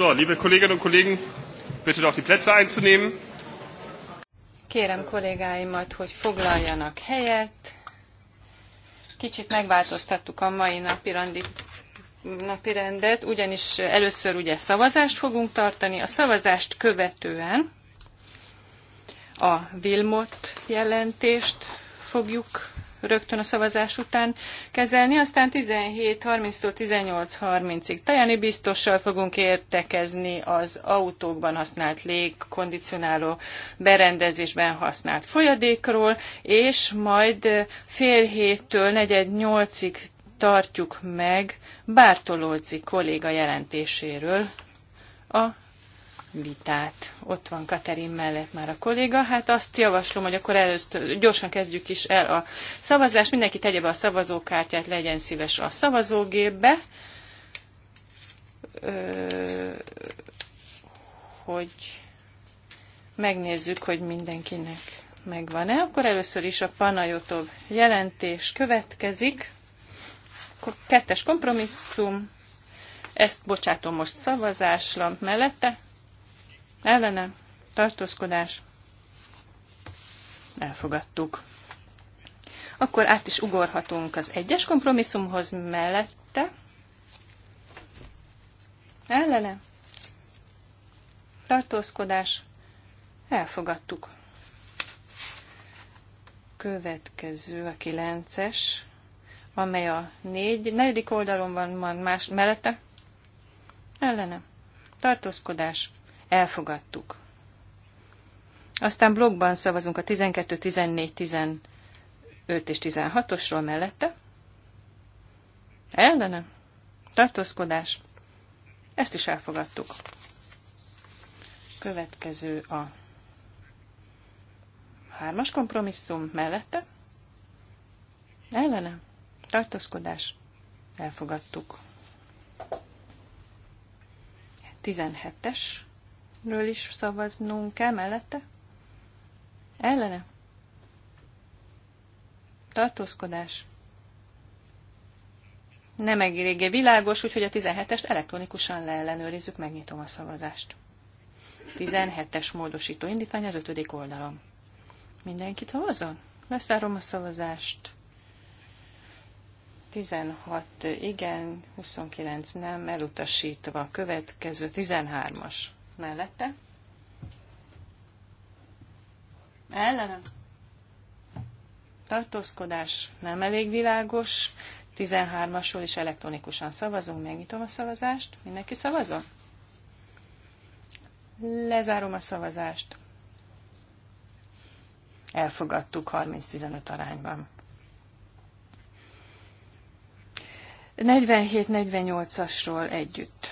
So, liebe Kolleginnen und Kollegen, bitte doch die Plätze einzunehmen. Kérem kollégáimat, hogy foglaljanak helyet. Kicsit megváltoztattuk a mai napi rendet, ugyanis először ugye szavazást fogunk tartani. A szavazást követően a Vilmot jelentést fogjuk rögtön a szavazás után kezelni, aztán 17.30-tól 18.30-ig Tajani biztossal fogunk értekezni az autókban használt légkondicionáló berendezésben használt folyadékról, és majd fél héttől negyed nyolcig tartjuk meg Bártolóci kolléga jelentéséről a vitát. Ott van Katerin mellett már a kolléga. Hát azt javaslom, hogy akkor először gyorsan kezdjük is el a szavazást. Mindenki tegye be a szavazókártyát, legyen szíves a szavazógépbe. Ö, hogy megnézzük, hogy mindenkinek megvan-e. Akkor először is a Panajotov jelentés következik. Kettes kompromisszum. Ezt bocsátom most szavazásra mellette ellene, tartózkodás, elfogadtuk. Akkor át is ugorhatunk az egyes kompromisszumhoz mellette, ellene, tartózkodás, elfogadtuk. Következő a kilences, amely a négy, negyedik oldalon van, van más, mellette, ellene, tartózkodás, elfogadtuk. Aztán blogban szavazunk a 12, 14, 15 és 16-osról mellette. Ellene. Tartózkodás. Ezt is elfogadtuk. Következő a hármas kompromisszum mellette. Ellene. Tartózkodás. Elfogadtuk. 17-es ről is szavaznunk kell mellette? Ellene? Tartózkodás. Nem eléggé világos, úgyhogy a 17-est elektronikusan leellenőrizzük, megnyitom a szavazást. 17-es módosító indítvány az ötödik oldalon. Mindenki szavazzon? Leszárom a szavazást. 16 igen, 29 nem, elutasítva. Következő 13-as mellette. Ellenem. Tartózkodás nem elég világos. 13-asról is elektronikusan szavazunk. Megnyitom a szavazást. Mindenki szavazol? Lezárom a szavazást. Elfogadtuk 30-15 arányban. 47-48-asról együtt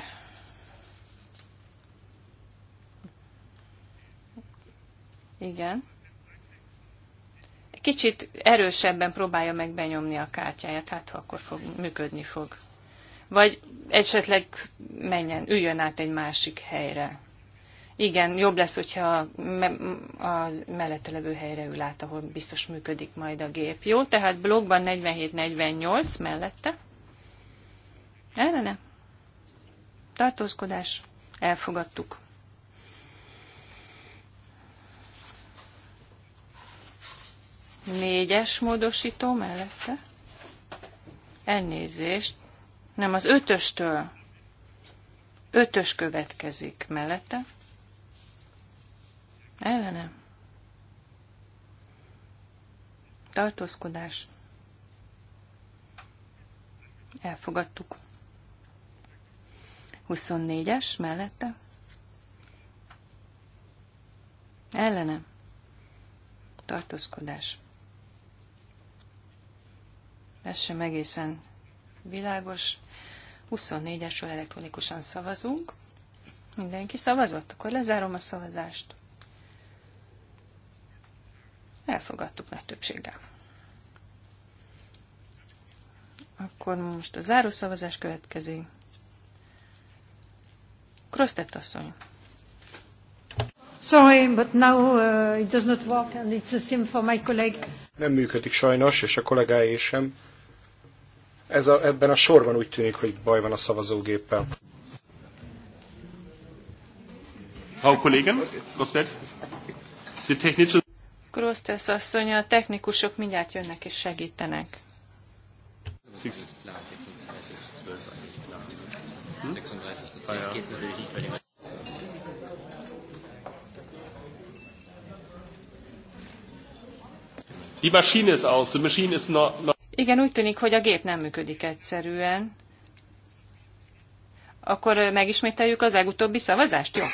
Igen. Kicsit erősebben próbálja meg benyomni a kártyáját, hát ha akkor fog, működni fog. Vagy esetleg menjen, üljön át egy másik helyre. Igen, jobb lesz, hogyha a mellette levő helyre ül át, ahol biztos működik majd a gép. Jó, tehát blogban 47-48 mellette. Ellene? Tartózkodás? Elfogadtuk. négyes módosító mellette. Elnézést. Nem, az ötöstől. Ötös következik mellette. Ellene. Tartózkodás. Elfogadtuk. 24-es mellette. Ellene. Tartózkodás ez sem egészen világos. 24-esről elektronikusan szavazunk. Mindenki szavazott? Akkor lezárom a szavazást. Elfogadtuk nagy többséggel. Akkor most a záró szavazás következik. Krosztett asszony. Sorry, but now uh, it does not work and it's the same for my colleague. Nem működik sajnos, és a kollégái sem. Ez a, ebben a sorban úgy tűnik, hogy baj van a szavazógéppel. Frau Kollegin, Grosztet? Sie technische... Grosztesz asszony, a technikusok mindjárt jönnek és segítenek. Hm? Die Maschine ist aus. Die Maschine ist noch, noch igen, úgy tűnik, hogy a gép nem működik egyszerűen. Akkor megismételjük az legutóbbi szavazást, jó?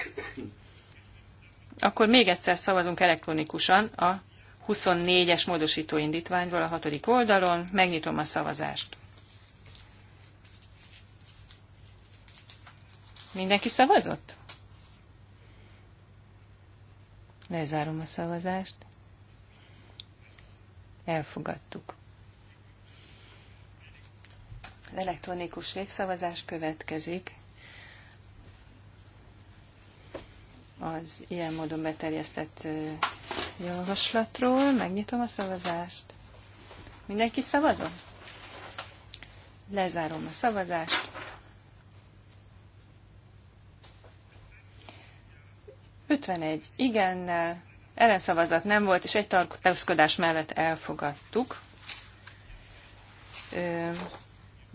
Akkor még egyszer szavazunk elektronikusan a 24-es módosító indítványról a hatodik oldalon. Megnyitom a szavazást. Mindenki szavazott? Lezárom a szavazást. Elfogadtuk. Elektronikus végszavazás következik. Az ilyen módon beterjesztett javaslatról. Megnyitom a szavazást. Mindenki szavazom. Lezárom a szavazást. 51 igennel, ellenszavazat nem volt, és egy tartózkodás mellett elfogadtuk.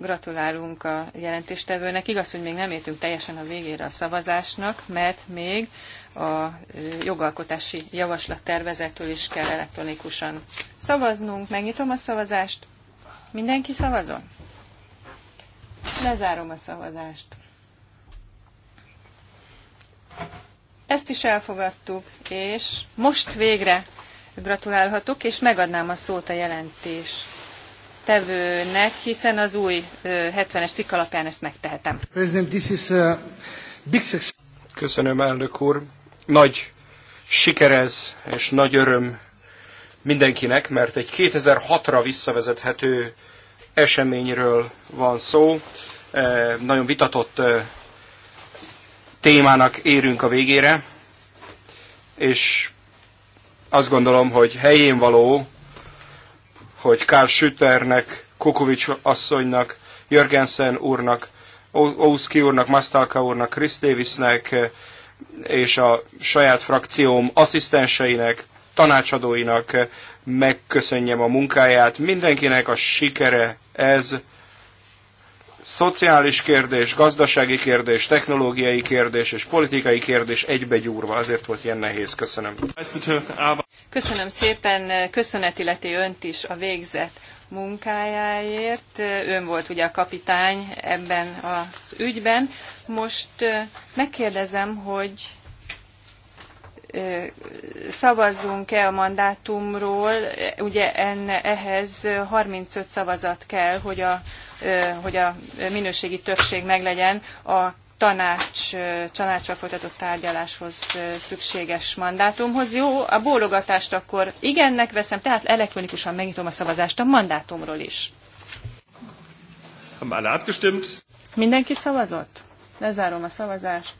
Gratulálunk a jelentéstevőnek. Igaz, hogy még nem értünk teljesen a végére a szavazásnak, mert még a jogalkotási javaslat tervezetről is kell elektronikusan szavaznunk. Megnyitom a szavazást. Mindenki szavazon? Lezárom a szavazást. Ezt is elfogadtuk, és most végre gratulálhatok, és megadnám a szót a jelentés tevőnek hiszen az új 70-es cikk alapján ezt megtehetem. Köszönöm, elnök úr. Nagy sikerez és nagy öröm mindenkinek, mert egy 2006-ra visszavezethető eseményről van szó. E, nagyon vitatott e, témának érünk a végére, és azt gondolom, hogy helyén való, hogy Karl Schütternek, Kukovics asszonynak, Jörgensen úrnak, Ouszki úrnak, Mastalka úrnak, Chris Davisnek eh, és a saját frakcióm asszisztenseinek, tanácsadóinak eh, megköszönjem a munkáját. Mindenkinek a sikere ez. Szociális kérdés, gazdasági kérdés, technológiai kérdés és politikai kérdés egybegyúrva. Azért volt ilyen nehéz. Köszönöm. Köszönöm szépen, köszönet illeti önt is a végzett munkájáért. Ön volt ugye a kapitány ebben az ügyben. Most megkérdezem, hogy szavazzunk-e a mandátumról, ugye enne, ehhez 35 szavazat kell, hogy a, hogy a minőségi többség meglegyen a tanács, tanácsra folytatott tárgyaláshoz szükséges mandátumhoz. Jó, a bólogatást akkor igennek veszem, tehát elektronikusan megnyitom a szavazást a mandátumról is. Mindenki szavazott? Lezárom a szavazást.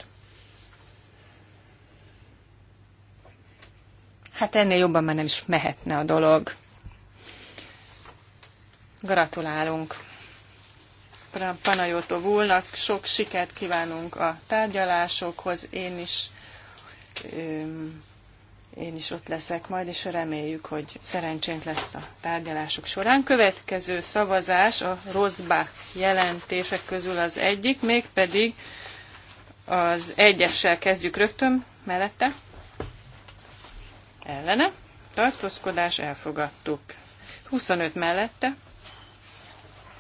Hát ennél jobban már nem is mehetne a dolog. Gratulálunk! Panajotov úrnak. Sok sikert kívánunk a tárgyalásokhoz. Én is, én is ott leszek majd, és reméljük, hogy szerencsénk lesz a tárgyalások során. Következő szavazás a Rosbach jelentések közül az egyik, mégpedig az egyessel kezdjük rögtön mellette. Ellene. Tartózkodás elfogadtuk. 25 mellette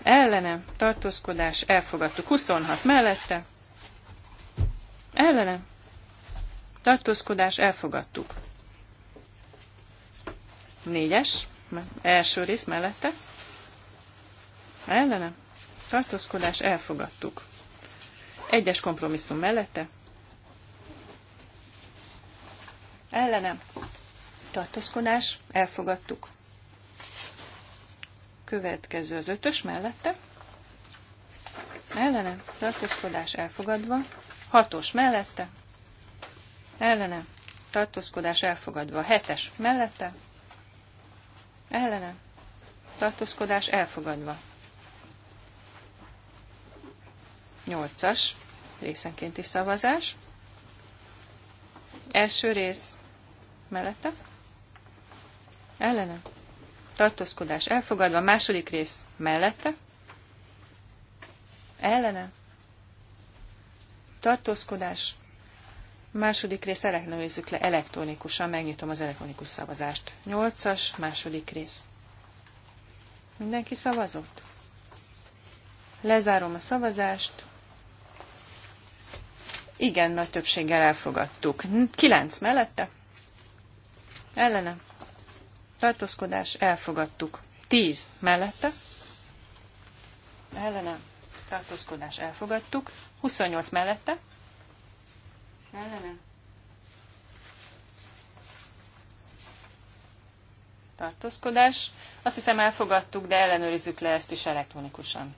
ellene, tartózkodás, elfogadtuk. 26 mellette, ellene, tartózkodás, elfogadtuk. Négyes, első rész mellette, ellene, tartózkodás, elfogadtuk. Egyes kompromisszum mellette, ellene, tartózkodás, elfogadtuk. Következő az ötös mellette. Ellene. Tartózkodás elfogadva. Hatos mellette. Ellene. Tartózkodás elfogadva. Hetes mellette. Ellene. Tartózkodás elfogadva. Nyolcas. Részenkénti szavazás. Első rész mellette. Ellene tartózkodás elfogadva, második rész mellette, ellene, tartózkodás, második rész ellenőrizzük le elektronikusan, megnyitom az elektronikus szavazást. Nyolcas, második rész. Mindenki szavazott? Lezárom a szavazást. Igen, nagy többséggel elfogadtuk. Kilenc mellette. Ellenem tartózkodás, elfogadtuk. 10 mellette, ellene, tartózkodás, elfogadtuk. 28 mellette, ellene, tartózkodás. Azt hiszem elfogadtuk, de ellenőrizzük le ezt is elektronikusan.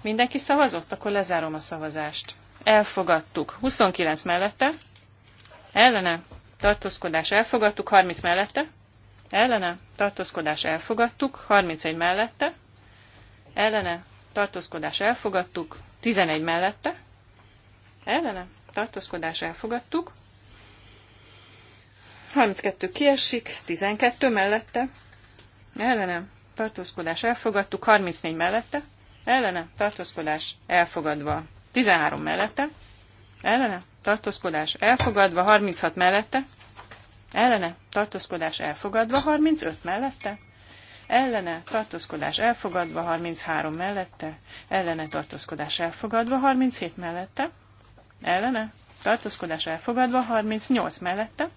Mindenki szavazott? Akkor lezárom a szavazást. Elfogadtuk. 29 mellette. Ellene tartózkodás elfogadtuk, 30 mellette, ellene, tartózkodás elfogadtuk, 31 mellette, ellene, tartózkodás elfogadtuk, 11 mellette, ellene, tartózkodás elfogadtuk, 32 kiesik, 12 mellette, ellene, tartózkodás elfogadtuk, 34 mellette, ellene, tartózkodás elfogadva, 13 mellette, ellene, tartózkodás elfogadva, 36 mellette, ellene, tartózkodás elfogadva, 35 mellette, ellene, tartózkodás elfogadva, 33 mellette, ellene, tartózkodás elfogadva, 37 mellette, ellene, tartózkodás elfogadva, 38 mellette,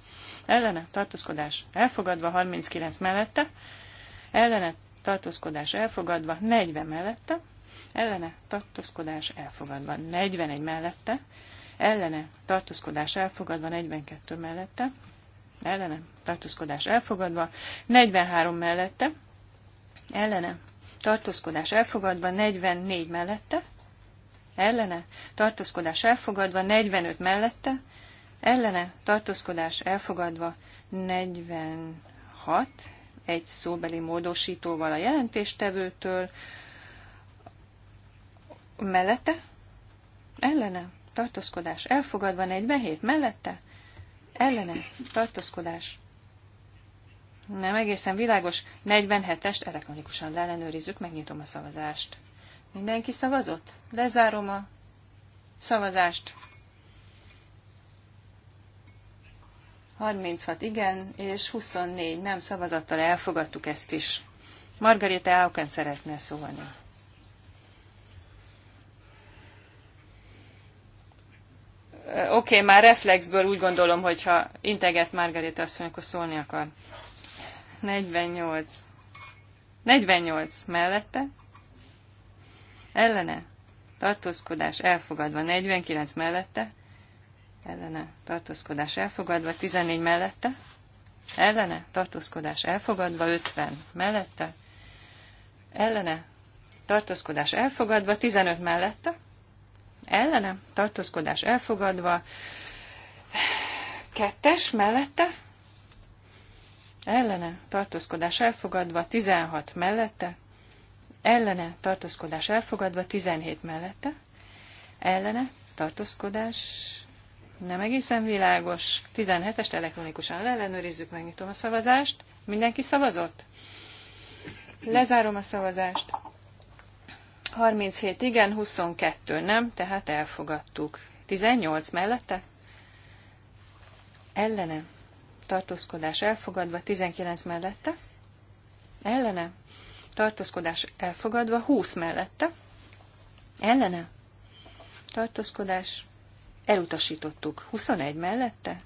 ellene, tartózkodás elfogadva, 39 mellette, ellene, tartózkodás elfogadva, 40 mellette, ellene, tartózkodás elfogadva, 41 mellette, ellene tartózkodás elfogadva 42 mellette, ellene tartózkodás elfogadva 43 mellette, ellene tartózkodás elfogadva 44 mellette, ellene tartózkodás elfogadva 45 mellette, ellene tartózkodás elfogadva 46, egy szóbeli módosítóval a jelentéstevőtől, mellette, ellene tartózkodás elfogadva, 47 mellette, ellene tartózkodás nem egészen világos, 47-est elektronikusan leellenőrizzük, megnyitom a szavazást. Mindenki szavazott? Lezárom a szavazást. 36 igen, és 24 nem szavazattal elfogadtuk ezt is. Margarita Auken szeretne szólni. Oké, okay, már reflexből úgy gondolom, hogyha integet Margarita asszony, akkor szólni akar. 48. 48 mellette. Ellene. Tartózkodás elfogadva. 49 mellette. Ellene. Tartózkodás elfogadva. 14 mellette. Ellene. Tartózkodás elfogadva. 50 mellette. Ellene. Tartózkodás elfogadva. 15 mellette ellene, tartózkodás elfogadva, kettes mellette, ellene, tartózkodás elfogadva, 16 mellette, ellene, tartózkodás elfogadva, 17 mellette, ellene, tartózkodás nem egészen világos, 17-est elektronikusan leellenőrizzük, megnyitom a szavazást, mindenki szavazott? Lezárom a szavazást. 37 igen, 22 nem, tehát elfogadtuk. 18 mellette? Ellene. Tartózkodás elfogadva, 19 mellette. Ellene. Tartózkodás elfogadva, 20 mellette. Ellene. Tartózkodás elutasítottuk. 21 mellette.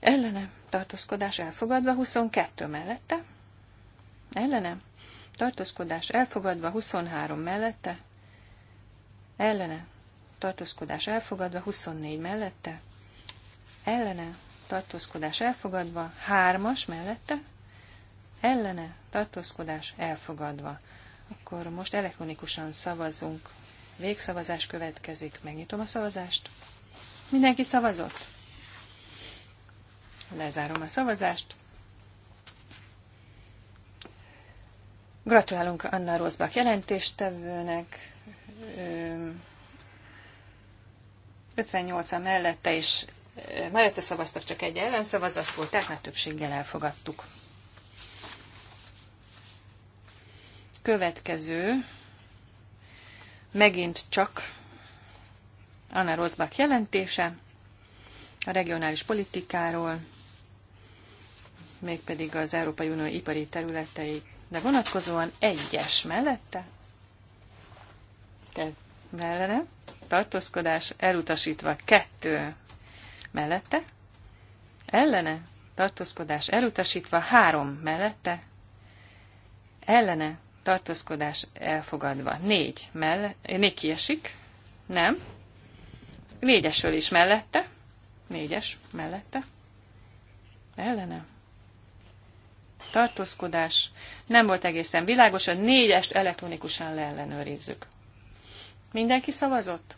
Ellene. Tartózkodás elfogadva, 22 mellette. Ellene tartózkodás elfogadva, 23 mellette, ellene, tartózkodás elfogadva, 24 mellette, ellene, tartózkodás elfogadva, 3-as mellette, ellene, tartózkodás elfogadva. Akkor most elektronikusan szavazunk. Végszavazás következik. Megnyitom a szavazást. Mindenki szavazott? Lezárom a szavazást. Gratulálunk Anna Rosbach jelentéstevőnek. 58 a mellette is mellette szavaztak, csak egy ellenszavazat volt, tehát már többséggel elfogadtuk. Következő, megint csak Anna Rosbach jelentése a regionális politikáról, mégpedig az Európai Unió ipari területei vonatkozóan egyes mellette, tehát mellene, tartózkodás elutasítva kettő mellette, ellene, tartózkodás elutasítva három mellette, ellene, tartózkodás elfogadva négy mellett, négy kiesik, nem, négyesről is mellette, négyes mellette, ellene, tartózkodás nem volt egészen világos, a négyest elektronikusan leellenőrizzük. Mindenki szavazott?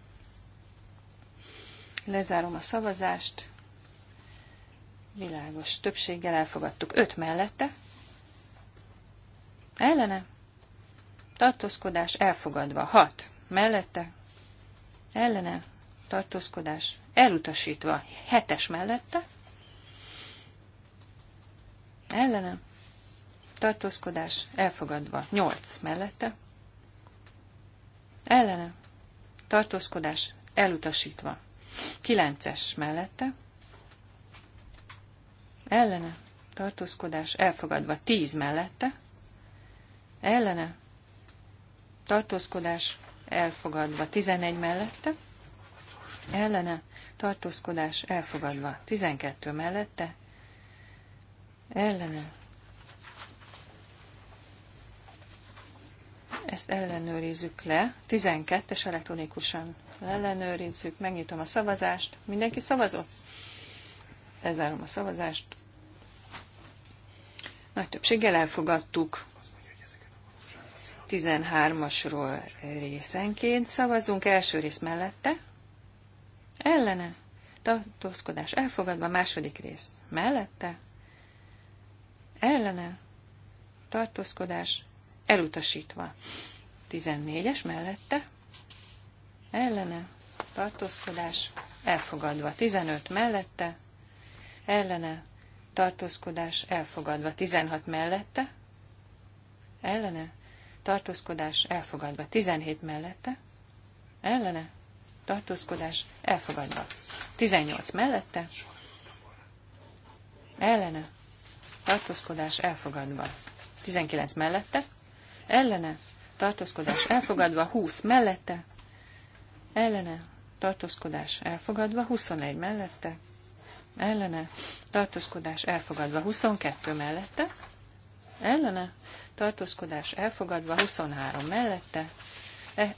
Lezárom a szavazást. Világos. Többséggel elfogadtuk. Öt mellette. Ellene. Tartózkodás elfogadva. Hat. Mellette. Ellene. Tartózkodás elutasítva. Hetes mellette. Ellene tartózkodás elfogadva. 8 mellette, ellene, tartózkodás elutasítva. 9-es mellette, ellene, tartózkodás elfogadva. 10 mellette, ellene, tartózkodás elfogadva. 11 mellette, ellene, tartózkodás elfogadva. 12 mellette, ellene, Ezt ellenőrizzük le. 12-es elektronikusan ellenőrizzük. Megnyitom a szavazást. Mindenki szavazott? Lezárom a szavazást. Nagy többséggel elfogadtuk. 13-asról részenként szavazunk. Első rész mellette. Ellene. Tartózkodás elfogadva. Második rész mellette. Ellene. Tartózkodás elutasítva. 14-es mellette, ellene, tartózkodás, elfogadva. 15 mellette, ellene, tartózkodás, elfogadva. 16 mellette, ellene, tartózkodás, elfogadva. 17 mellette, ellene, tartózkodás, elfogadva. 18 mellette, ellene, tartózkodás, elfogadva. 19 mellette, ellene, tartózkodás elfogadva, 20 mellette, ellene, tartózkodás elfogadva, 21 mellette, ellene, tartózkodás elfogadva, 22 mellette, ellene, tartózkodás elfogadva, 23 mellette, e,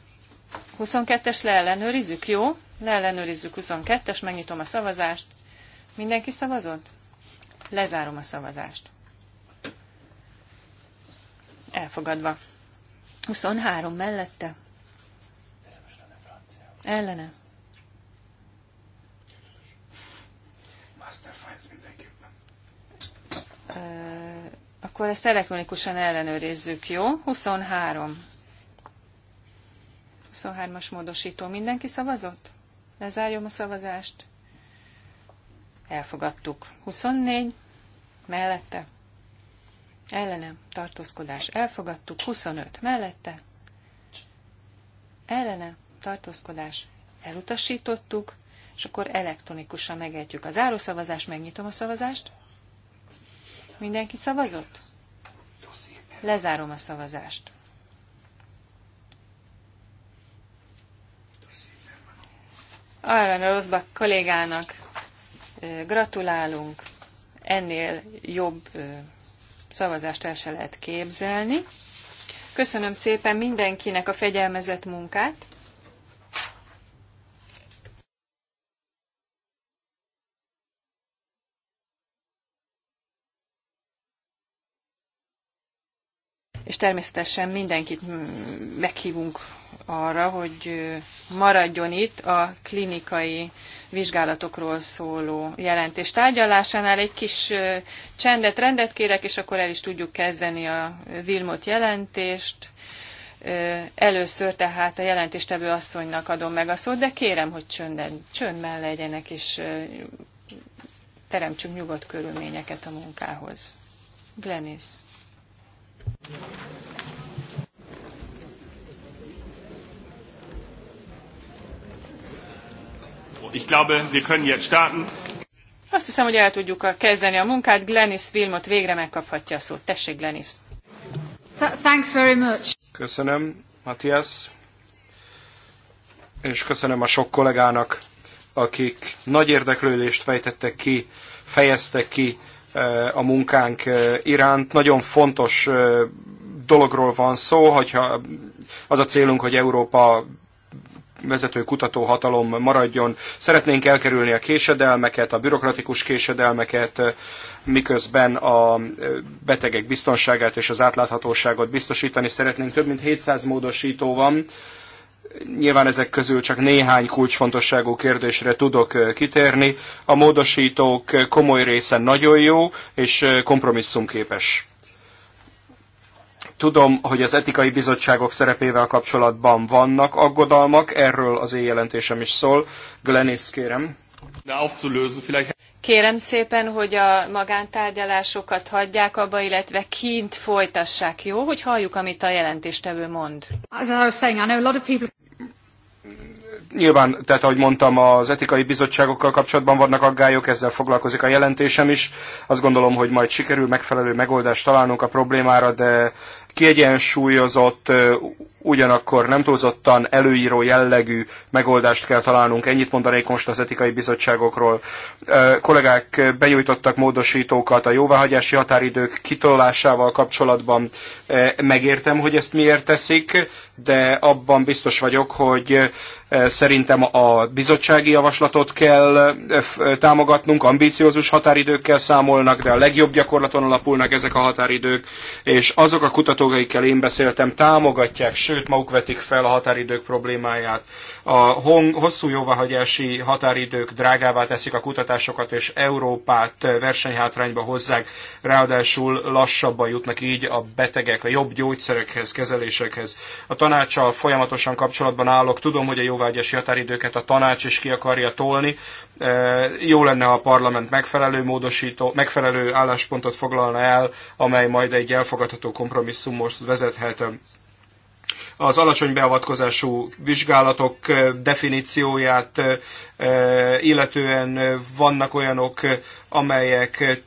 22-es leellenőrizzük, jó? Leellenőrizzük 22-es, megnyitom a szavazást. Mindenki szavazott? Lezárom a szavazást elfogadva. 23 mellette, ellene. Akkor ezt elektronikusan ellenőrizzük, jó? 23. 23-as módosító. Mindenki szavazott? Lezárjom a szavazást. Elfogadtuk. 24. Mellette ellene tartózkodás elfogadtuk, 25 mellette, ellene tartózkodás elutasítottuk, és akkor elektronikusan megejtjük a zárószavazást, megnyitom a szavazást. Mindenki szavazott? Lezárom a szavazást. Arra Rosbach kollégának gratulálunk, ennél jobb szavazást el se lehet képzelni. Köszönöm szépen mindenkinek a fegyelmezett munkát. És természetesen mindenkit meghívunk arra, hogy maradjon itt a klinikai vizsgálatokról szóló jelentés tárgyalásánál. Egy kis csendet, rendet kérek, és akkor el is tudjuk kezdeni a Vilmot jelentést. Először tehát a jelentéstevő asszonynak adom meg a szót, de kérem, hogy csönden, csöndben legyenek, és teremtsünk nyugodt körülményeket a munkához. Glenis. Ich glaube, wir können jetzt starten. Azt hiszem, hogy el tudjuk kezdeni a munkát. Glenis Wilmot végre megkaphatja a szót. Tessék, Glenis. thanks very much. Köszönöm, Matthias. És köszönöm a sok kollégának, akik nagy érdeklődést fejtettek ki, fejeztek ki eh, a munkánk eh, iránt. Nagyon fontos eh, dologról van szó, hogyha az a célunk, hogy Európa vezető kutatóhatalom maradjon. Szeretnénk elkerülni a késedelmeket, a bürokratikus késedelmeket, miközben a betegek biztonságát és az átláthatóságot biztosítani szeretnénk. Több mint 700 módosító van. Nyilván ezek közül csak néhány kulcsfontosságú kérdésre tudok kitérni. A módosítók komoly része nagyon jó és kompromisszumképes. Tudom, hogy az etikai bizottságok szerepével kapcsolatban vannak aggodalmak, erről az én jelentésem is szól. Glenis, kérem. Kérem szépen, hogy a magántárgyalásokat hagyják abba, illetve kint folytassák, jó? Hogy halljuk, amit a jelentéstevő mond. Nyilván, tehát ahogy mondtam, az etikai bizottságokkal kapcsolatban vannak aggályok, ezzel foglalkozik a jelentésem is. Azt gondolom, hogy majd sikerül megfelelő megoldást találnunk a problémára, de kiegyensúlyozott, ugyanakkor nem túlzottan előíró jellegű megoldást kell találnunk. Ennyit mondanék most az etikai bizottságokról. Kollégák benyújtottak módosítókat a jóváhagyási határidők kitolásával kapcsolatban. Megértem, hogy ezt miért teszik, de abban biztos vagyok, hogy szerintem a bizottsági javaslatot kell támogatnunk, ambíciózus határidőkkel számolnak, de a legjobb gyakorlaton alapulnak ezek a határidők, és azok a kutatók, szolgáikkel én beszéltem, támogatják, sőt maguk vetik fel a határidők problémáját. A hong, hosszú jóváhagyási határidők drágává teszik a kutatásokat, és Európát versenyhátrányba hozzák, ráadásul lassabban jutnak így a betegek a jobb gyógyszerekhez, kezelésekhez. A tanácssal folyamatosan kapcsolatban állok, tudom, hogy a jóváhagyási határidőket a tanács is ki akarja tolni. E, jó lenne, ha a parlament megfelelő módosító, megfelelő álláspontot foglalna el, amely majd egy elfogadható kompromisszumhoz vezethet az alacsony beavatkozású vizsgálatok definícióját illetően vannak olyanok, amelyek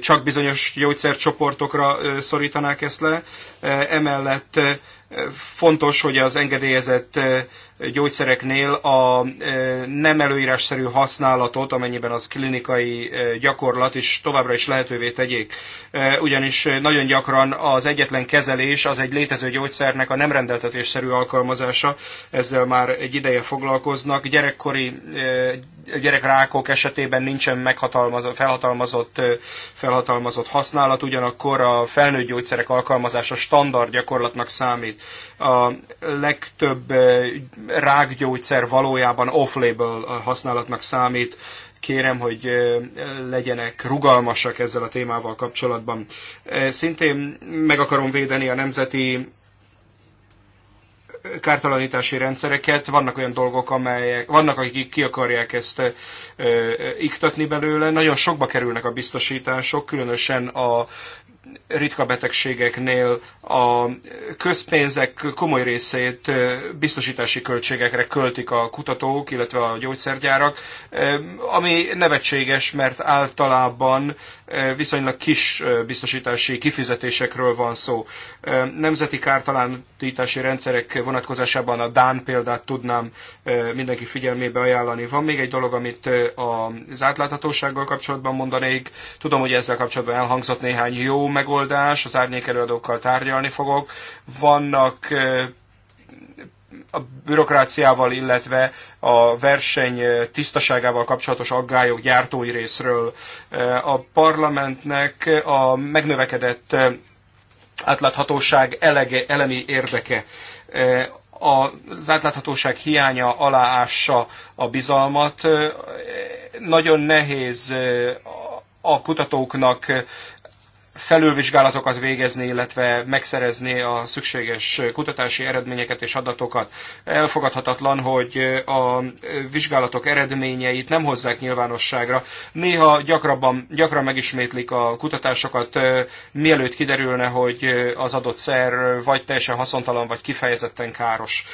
csak bizonyos gyógyszercsoportokra szorítanák ezt le. Emellett Fontos, hogy az engedélyezett gyógyszereknél a nem előírásszerű használatot, amennyiben az klinikai gyakorlat is továbbra is lehetővé tegyék. Ugyanis nagyon gyakran az egyetlen kezelés az egy létező gyógyszernek a nem rendeltetésszerű alkalmazása. Ezzel már egy ideje foglalkoznak. Gyerekkori gyerekrákok esetében nincsen meghatalmazott, felhatalmazott, felhatalmazott használat, ugyanakkor a felnőtt gyógyszerek alkalmazása standard gyakorlatnak számít a legtöbb eh, rákgyógyszer valójában off-label eh, használatnak számít, kérem, hogy eh, legyenek rugalmasak ezzel a témával kapcsolatban. Szintén meg akarom védeni a nemzeti kártalanítási rendszereket, vannak olyan dolgok, amelyek, vannak, akik ki akarják ezt ö, iktatni belőle, nagyon sokba kerülnek a biztosítások, különösen a ritka betegségeknél a közpénzek komoly részét biztosítási költségekre költik a kutatók, illetve a gyógyszergyárak, ami nevetséges, mert általában viszonylag kis biztosítási kifizetésekről van szó. Nemzeti kártalanítási rendszerek vonatkozásában a Dán példát tudnám mindenki figyelmébe ajánlani. Van még egy dolog, amit az átláthatósággal kapcsolatban mondanék. Tudom, hogy ezzel kapcsolatban elhangzott néhány jó megoldás, az árnyék előadókkal tárgyalni fogok. Vannak a bürokráciával, illetve a verseny tisztaságával kapcsolatos aggályok gyártói részről. A parlamentnek a megnövekedett átláthatóság elege, elemi érdeke az átláthatóság hiánya aláássa a bizalmat. Nagyon nehéz a kutatóknak felülvizsgálatokat végezni, illetve megszerezni a szükséges kutatási eredményeket és adatokat. Elfogadhatatlan, hogy a vizsgálatok eredményeit nem hozzák nyilvánosságra. Néha gyakrabban, gyakran megismétlik a kutatásokat, mielőtt kiderülne, hogy az adott szer vagy teljesen haszontalan, vagy kifejezetten káros.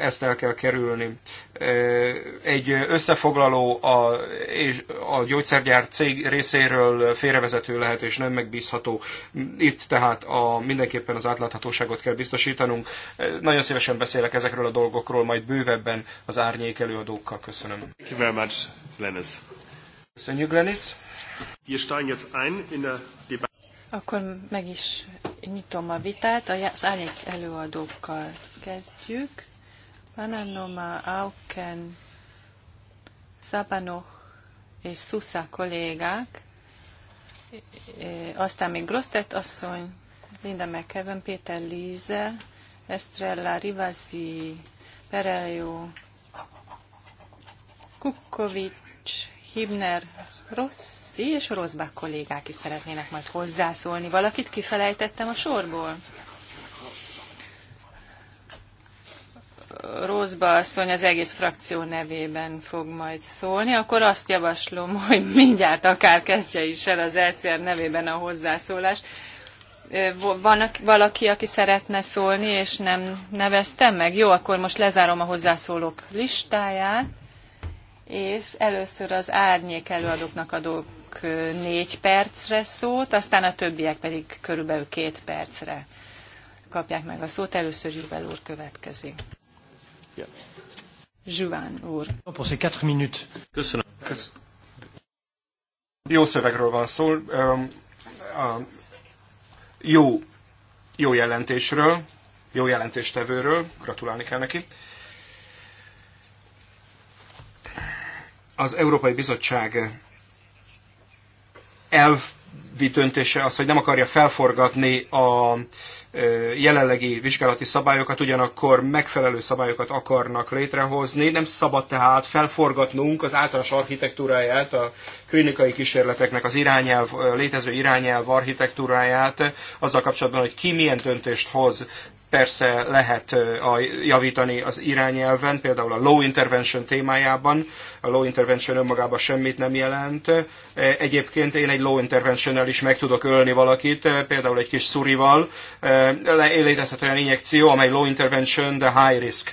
Ezt el kell kerülni egy összefoglaló a, és a gyógyszergyár cég részéről félrevezető lehet és nem megbízható. Itt tehát a, mindenképpen az átláthatóságot kell biztosítanunk. Nagyon szívesen beszélek ezekről a dolgokról, majd bővebben az árnyék előadókkal. Köszönöm. Thank you very much, Glenis. Köszönjük, Glenis. Wir steigen jetzt ein in der Debatte. Akkor meg is nyitom a vitát. Az árnyék előadókkal kezdjük. Pananoma, Auken, Szabanok és Susza kollégák, aztán még Grosztet asszony, Linda McKeven, Péter Líze, Estrella, Rivasi, Perejo, Kukovics, Hibner, Rossi és Rosbach kollégák is szeretnének majd hozzászólni. Valakit kifelejtettem a sorból? Rózba asszony az egész frakció nevében fog majd szólni, akkor azt javaslom, hogy mindjárt akár kezdje is el az LCR nevében a hozzászólás. Van valaki, aki szeretne szólni, és nem neveztem meg? Jó, akkor most lezárom a hozzászólók listáját, és először az árnyék előadóknak adok négy percre szót, aztán a többiek pedig körülbelül két percre kapják meg a szót. Először Jubel úr következik. Yeah. Zsuván úr. Köszönöm. Köszönöm. Jó szövegről van szó. A jó, jó jelentésről, jó jelentéstevőről. Gratulálni kell neki. Az Európai Bizottság elvi döntése az, hogy nem akarja felforgatni a jelenlegi vizsgálati szabályokat, ugyanakkor megfelelő szabályokat akarnak létrehozni. Nem szabad tehát felforgatnunk az általános architektúráját, a klinikai kísérleteknek az irányelv, létező irányelv architektúráját, azzal kapcsolatban, hogy ki milyen döntést hoz Persze lehet a, javítani az irányelven, például a low intervention témájában. A low intervention önmagában semmit nem jelent. Egyébként én egy low interventionnel is meg tudok ölni valakit, például egy kis szurival. Létezhet olyan injekció, amely low intervention, de high risk.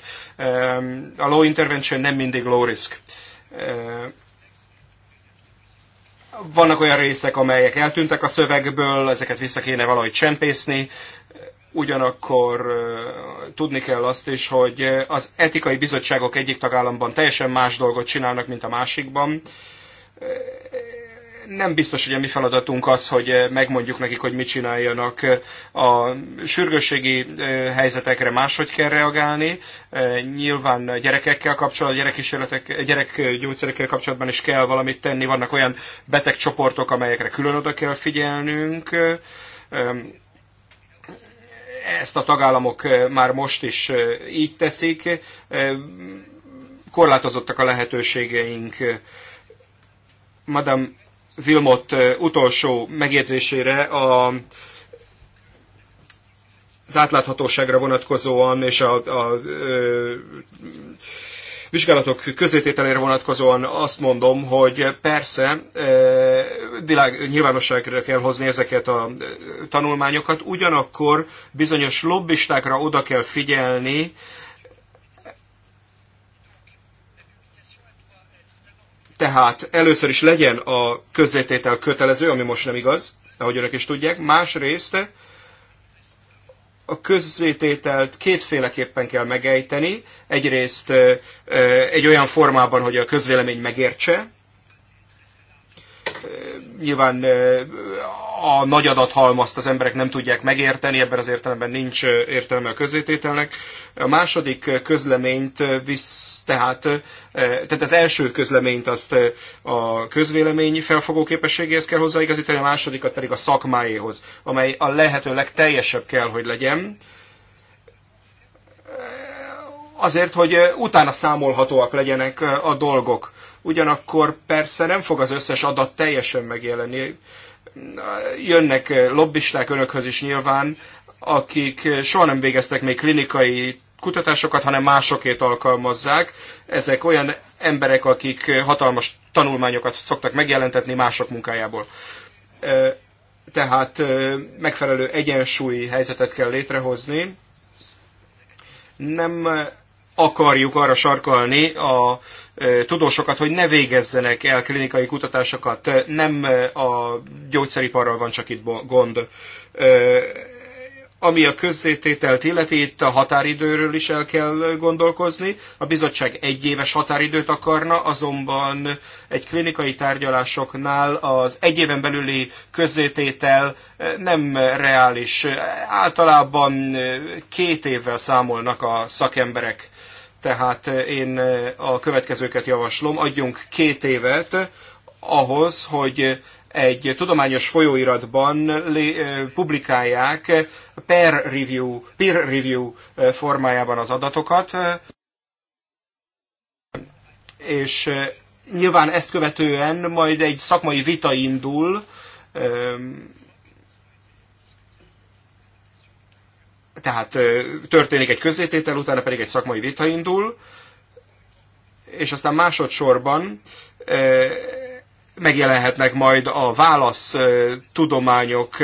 A low intervention nem mindig low risk vannak olyan részek, amelyek eltűntek a szövegből, ezeket vissza kéne valahogy csempészni, ugyanakkor tudni kell azt is, hogy az etikai bizottságok egyik tagállamban teljesen más dolgot csinálnak, mint a másikban. Nem biztos, hogy a mi feladatunk az, hogy megmondjuk nekik, hogy mit csináljanak. A sürgősségi helyzetekre máshogy kell reagálni. Nyilván gyerekekkel kapcsolatban, gyerekkísérletek, gyerekgyógyszerekkel kapcsolatban is kell valamit tenni. Vannak olyan betegcsoportok, amelyekre külön oda kell figyelnünk ezt a tagállamok már most is így teszik. Korlátozottak a lehetőségeink. Madame Vilmot utolsó megjegyzésére a, az átláthatóságra vonatkozóan és a, a, a vizsgálatok közétételére vonatkozóan azt mondom, hogy persze e, világ nyilvánosságra kell hozni ezeket a e, tanulmányokat, ugyanakkor bizonyos lobbistákra oda kell figyelni, tehát először is legyen a közzététel kötelező, ami most nem igaz, ahogy önök is tudják, másrészt a közzétételt kétféleképpen kell megejteni. Egyrészt egy olyan formában, hogy a közvélemény megértse, nyilván a nagy adathalmazt az emberek nem tudják megérteni, ebben az értelemben nincs értelme a közzétételnek. A második közleményt visz, tehát, tehát az első közleményt azt a közvélemény felfogó képességéhez kell hozzáigazítani, a másodikat pedig a szakmáéhoz, amely a lehető legteljesebb kell, hogy legyen azért, hogy utána számolhatóak legyenek a dolgok. Ugyanakkor persze nem fog az összes adat teljesen megjelenni. Jönnek lobbisták önökhöz is nyilván, akik soha nem végeztek még klinikai kutatásokat, hanem másokét alkalmazzák. Ezek olyan emberek, akik hatalmas tanulmányokat szoktak megjelentetni mások munkájából. Tehát megfelelő egyensúlyi helyzetet kell létrehozni. Nem akarjuk arra sarkalni a tudósokat, hogy ne végezzenek el klinikai kutatásokat. Nem a gyógyszeriparral van csak itt gond. Ami a közzétételt illeti, itt a határidőről is el kell gondolkozni. A bizottság egy éves határidőt akarna, azonban egy klinikai tárgyalásoknál az egy éven belüli közzététel nem reális. Általában két évvel számolnak a szakemberek tehát én eh, a következőket javaslom. Adjunk két évet ahhoz, hogy egy tudományos folyóiratban eh, publikálják peer review, peer review eh, formájában az adatokat, és nyilván ezt követően majd egy szakmai vita indul, Tehát történik egy közététel, utána pedig egy szakmai vita indul, és aztán másodszorban megjelenhetnek majd a válasz tudományok,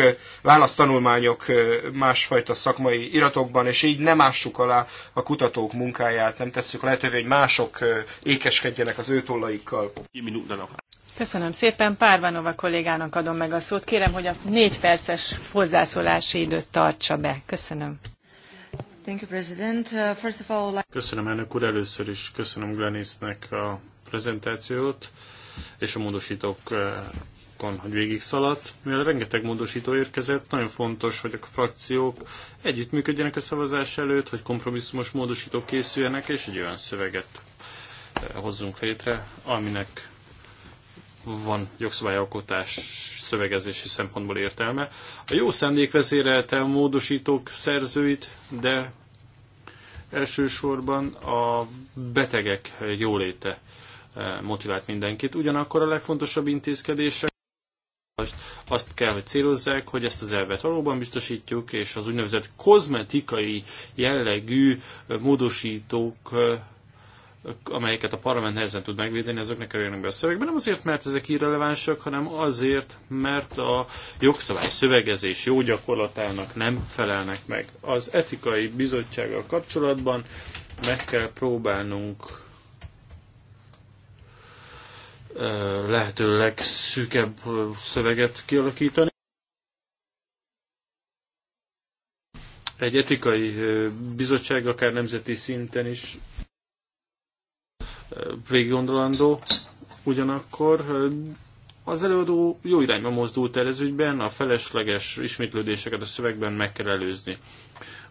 választanulmányok másfajta szakmai iratokban, és így nem ássuk alá a kutatók munkáját, nem tesszük lehetővé, hogy mások ékeskedjenek az ő tollaikkal. Köszönöm szépen. Párvanova kollégának adom meg a szót. Kérem, hogy a négy perces hozzászólási időt tartsa be. Köszönöm. Uh, köszönöm, elnök úr. Először is köszönöm Glenisnek a prezentációt és a módosítókon, hogy végigszaladt. Mivel rengeteg módosító érkezett, nagyon fontos, hogy a frakciók együttműködjenek a szavazás előtt, hogy kompromisszumos módosítók készüljenek, és egy olyan szöveget eh, hozzunk létre, aminek van jogszabályalkotás szövegezési szempontból értelme. A jó szendék vezérelte a módosítók szerzőit, de elsősorban a betegek jóléte eh, motivált mindenkit. Ugyanakkor a legfontosabb intézkedések azt kell, hogy célozzák, hogy ezt az elvet valóban biztosítjuk, és az úgynevezett kozmetikai jellegű eh, módosítók eh, amelyeket a parlament nehezen tud megvédeni, azok ne kerüljenek be a szövegbe. Nem azért, mert ezek irrelevánsak, hanem azért, mert a jogszabály szövegezés jó gyakorlatának nem felelnek meg. Az etikai bizottsággal kapcsolatban meg kell próbálnunk lehető legszűkebb szöveget kialakítani. Egy etikai bizottság akár nemzeti szinten is végiggondolandó. Ugyanakkor az előadó jó irányba mozdult el ez ügyben, a felesleges ismétlődéseket a szövegben meg kell előzni.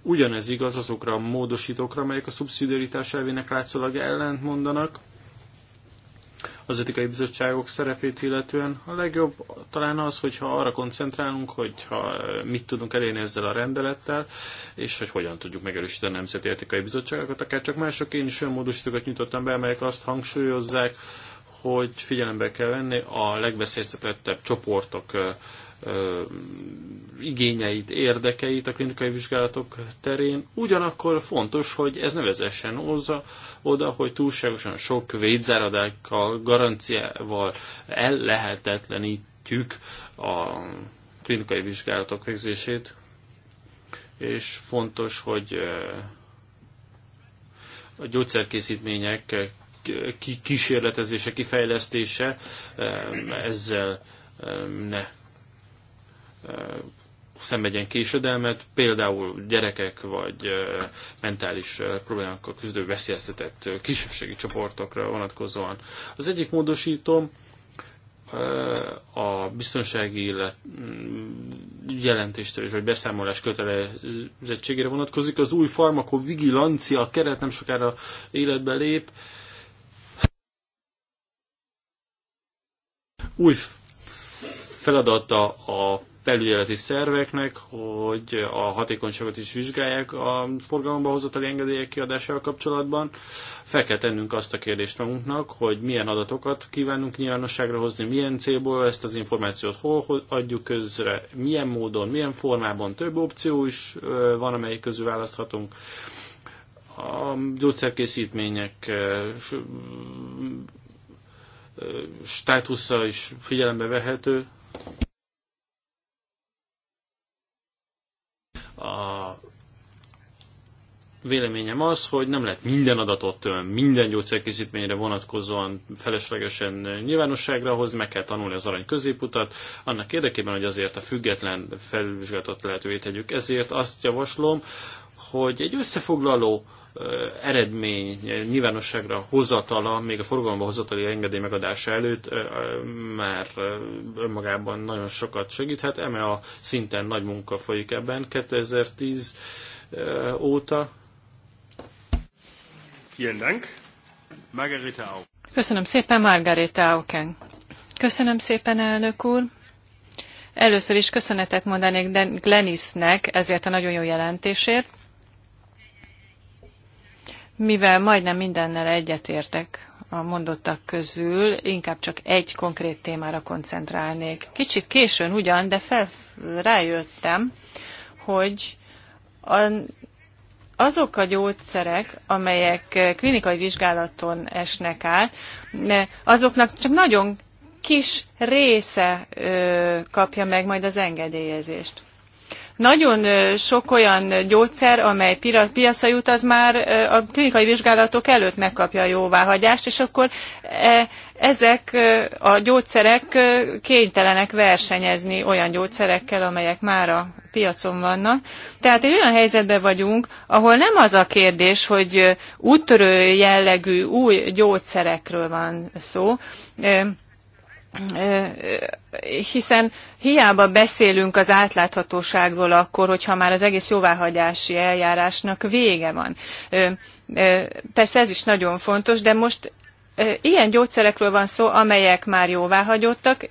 Ugyanez igaz azokra a módosítókra, amelyek a szubszidiaritás elvének látszólag ellent mondanak, az etikai bizottságok szerepét illetően. A legjobb talán az, hogyha arra koncentrálunk, hogyha eh, mit tudunk elérni ezzel a rendelettel, és hogy hogyan tudjuk megerősíteni a nemzeti etikai bizottságokat, akár csak mások. Én is olyan módosítókat nyitottam be, amelyek azt hangsúlyozzák, hogy figyelembe kell venni a legveszélyeztetettebb csoportok eh, igényeit, érdekeit a klinikai vizsgálatok terén. Ugyanakkor fontos, hogy ez ne vezessen hozzá oda, hogy túlságosan sok védzáradákkal, garanciával el lehetetlenítjük a klinikai vizsgálatok végzését, és fontos, hogy a gyógyszerkészítmények kísérletezése, kifejlesztése ezzel ne szenvedjen késedelmet, például gyerekek vagy mentális problémákkal küzdő veszélyeztetett kisebbségi csoportokra vonatkozóan. Az egyik módosítom a biztonsági mm, jelentéstől és vagy beszámolás kötelezettségére vonatkozik. Az új farmakovigilancia keret nem sokára életbe lép. Új feladata a felügyeleti szerveknek, hogy a hatékonyságot is vizsgálják a forgalomba hozatali engedélyek kiadásával kapcsolatban. Fel kell tennünk azt a kérdést magunknak, hogy milyen adatokat kívánunk nyilvánosságra hozni, milyen célból ezt az információt hol adjuk közre, milyen módon, milyen formában. Több opció is van, amelyik közül választhatunk a gyógyszerkészítmények státusza is figyelembe vehető. A véleményem az, hogy nem lehet minden adatot minden gyógyszerkészítményre vonatkozóan feleslegesen nyilvánosságra hozni, meg kell tanulni az arany középutat, annak érdekében, hogy azért a független felvizsgálatot lehetővé tegyük. Ezért azt javaslom, hogy egy összefoglaló eredmény nyilvánosságra hozatala, még a forgalomba hozatali engedély megadása előtt már önmagában nagyon sokat segíthet. Eme a szinten nagy munka folyik ebben 2010 óta. Köszönöm szépen, Margarita Auken. Köszönöm szépen, elnök úr. Először is köszönetet mondanék Glenisnek ezért a nagyon jó jelentésért mivel majdnem mindennel egyetértek a mondottak közül, inkább csak egy konkrét témára koncentrálnék. Kicsit későn ugyan, de fel, rájöttem, hogy a, azok a gyógyszerek, amelyek klinikai vizsgálaton esnek át, azoknak csak nagyon kis része kapja meg majd az engedélyezést. Nagyon sok olyan gyógyszer, amely piacra jut, az már a klinikai vizsgálatok előtt megkapja a jóváhagyást, és akkor e, ezek a gyógyszerek kénytelenek versenyezni olyan gyógyszerekkel, amelyek már a piacon vannak. Tehát egy olyan helyzetben vagyunk, ahol nem az a kérdés, hogy úttörő jellegű új gyógyszerekről van szó, hiszen hiába beszélünk az átláthatóságról akkor, hogyha már az egész jóváhagyási eljárásnak vége van. Persze ez is nagyon fontos, de most Ilyen gyógyszerekről van szó, amelyek már jóváhagyottak,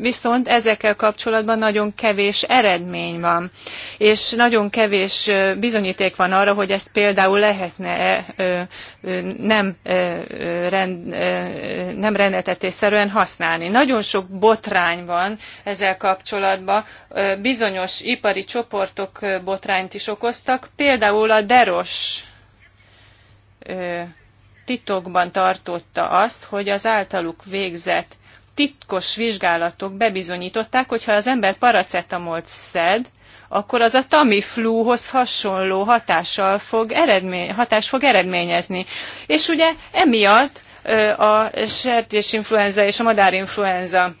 viszont ezekkel kapcsolatban nagyon kevés eredmény van, és nagyon kevés bizonyíték van arra, hogy ezt például lehetne -e nem, rend, nem rendeltetésszerűen használni. Nagyon sok botrány van ezzel kapcsolatban, bizonyos ipari csoportok botrányt is okoztak, például a deros titokban tartotta azt, hogy az általuk végzett titkos vizsgálatok bebizonyították, hogy ha az ember paracetamolt szed, akkor az a Tamifluhoz hasonló hatással fog eredmény, hatás fog eredményezni. És ugye emiatt a sertésinfluenza és a madárinfluenza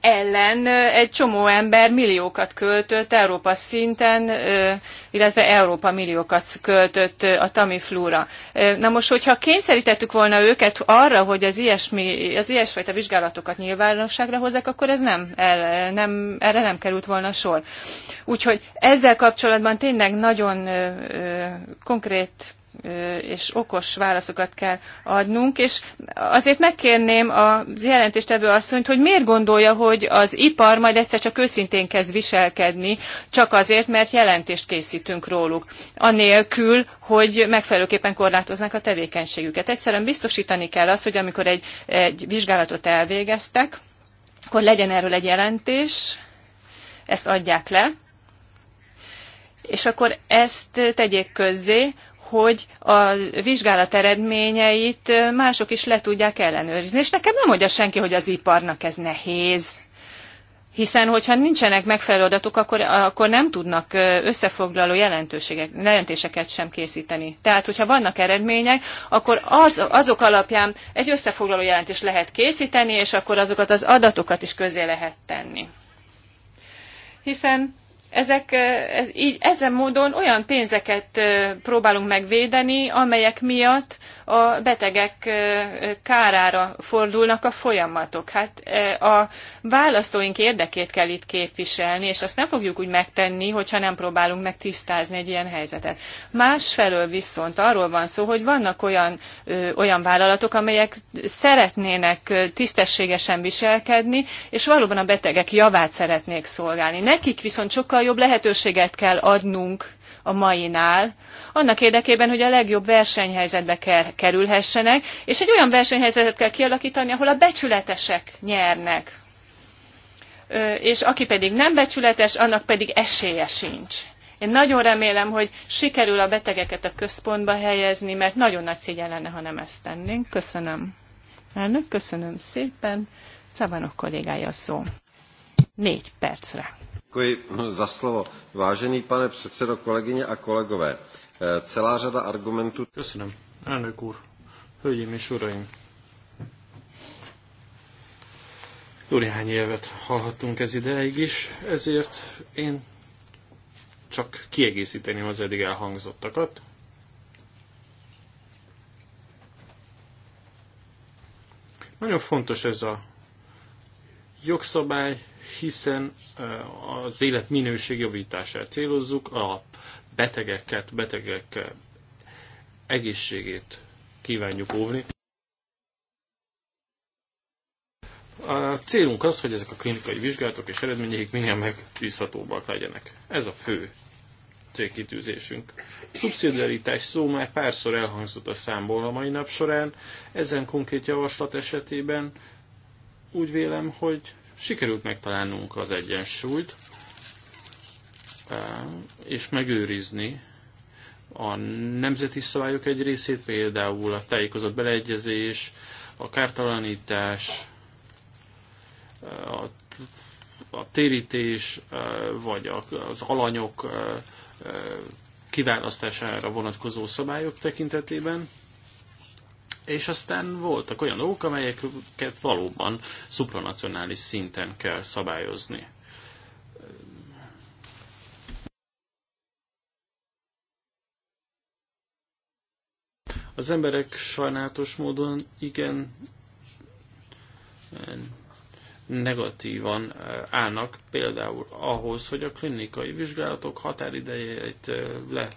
ellen egy csomó ember milliókat költött Európa szinten, illetve Európa milliókat költött a Tamiflúra. Na most, hogyha kényszerítettük volna őket arra, hogy az, ilyesmi, az ilyesfajta vizsgálatokat nyilvánosságra hozzák, akkor ez nem, el, nem, erre nem került volna sor. Úgyhogy ezzel kapcsolatban tényleg nagyon konkrét és okos válaszokat kell adnunk, és azért megkérném a jelentéstevő asszonyt, hogy miért gondolja, hogy az ipar majd egyszer csak őszintén kezd viselkedni, csak azért, mert jelentést készítünk róluk, anélkül, hogy megfelelőképpen korlátoznák a tevékenységüket. Egyszerűen biztosítani kell azt, hogy amikor egy, egy vizsgálatot elvégeztek, akkor legyen erről egy jelentés, ezt adják le, és akkor ezt tegyék közzé, hogy a vizsgálat eredményeit mások is le tudják ellenőrizni. És nekem nem mondja senki, hogy az iparnak ez nehéz. Hiszen, hogyha nincsenek megfelelő adatok, akkor, akkor nem tudnak összefoglaló jelentéseket sem készíteni. Tehát, hogyha vannak eredmények, akkor az, azok alapján egy összefoglaló jelentést lehet készíteni, és akkor azokat az adatokat is közé lehet tenni. Hiszen ezek, eh, ez, így, ezen módon olyan pénzeket eh, próbálunk megvédeni, amelyek miatt a betegek eh, kárára fordulnak a folyamatok. Hát a választóink érdekét kell itt képviselni, és azt nem fogjuk úgy megtenni, hogyha nem próbálunk meg tisztázni egy ilyen helyzetet. Másfelől viszont arról van szó, hogy vannak olyan, olyan vállalatok, amelyek szeretnének tisztességesen viselkedni, és valóban a betegek javát szeretnék szolgálni. Nekik viszont sokkal sokkal jobb lehetőséget kell adnunk a mainál, annak érdekében, hogy a legjobb versenyhelyzetbe kell, kerülhessenek, és egy olyan versenyhelyzetet kell kialakítani, ahol a becsületesek nyernek. És aki pedig nem becsületes, annak pedig esélye sincs. Én nagyon remélem, hogy sikerül a betegeket a központba helyezni, mert nagyon nagy szégyen lenne, ha nem ezt tennénk. Köszönöm. Elnök, köszönöm szépen. Szabanok kollégája a szó. Négy percre. Děkuji za slovo. Vážený pane předsedo, kolegyně a kolegové, eh, celá řada argumentů... Köszönöm. Elnök úr, hölgyeim és uraim, jó évet hallhattunk ez ideig is, ezért én csak kiegészíteném az eddig elhangzottakat. Nagyon fontos ez a jogszabály, hiszen eh, az élet minőség javítását célozzuk, a betegeket, betegek eh, egészségét kívánjuk óvni. A célunk az, hogy ezek a klinikai vizsgálatok és eredményeik minél megbízhatóbbak legyenek. Ez a fő célkitűzésünk. szubszidiaritás szó már párszor elhangzott a számból a mai nap során. Ezen konkrét javaslat esetében úgy vélem, hogy Sikerült megtalálnunk az egyensúlyt, e, és megőrizni a nemzeti szabályok egy részét, például a tájékozott beleegyezés, a kártalanítás, e, a, a térítés, e, vagy az alanyok kiválasztására vonatkozó szabályok tekintetében, és aztán voltak olyan dolgok, amelyeket valóban szupranacionális szinten kell szabályozni. Az emberek sajnálatos módon igen eh, negatívan eh, állnak például ahhoz, hogy a klinikai vizsgálatok határidejét eh, le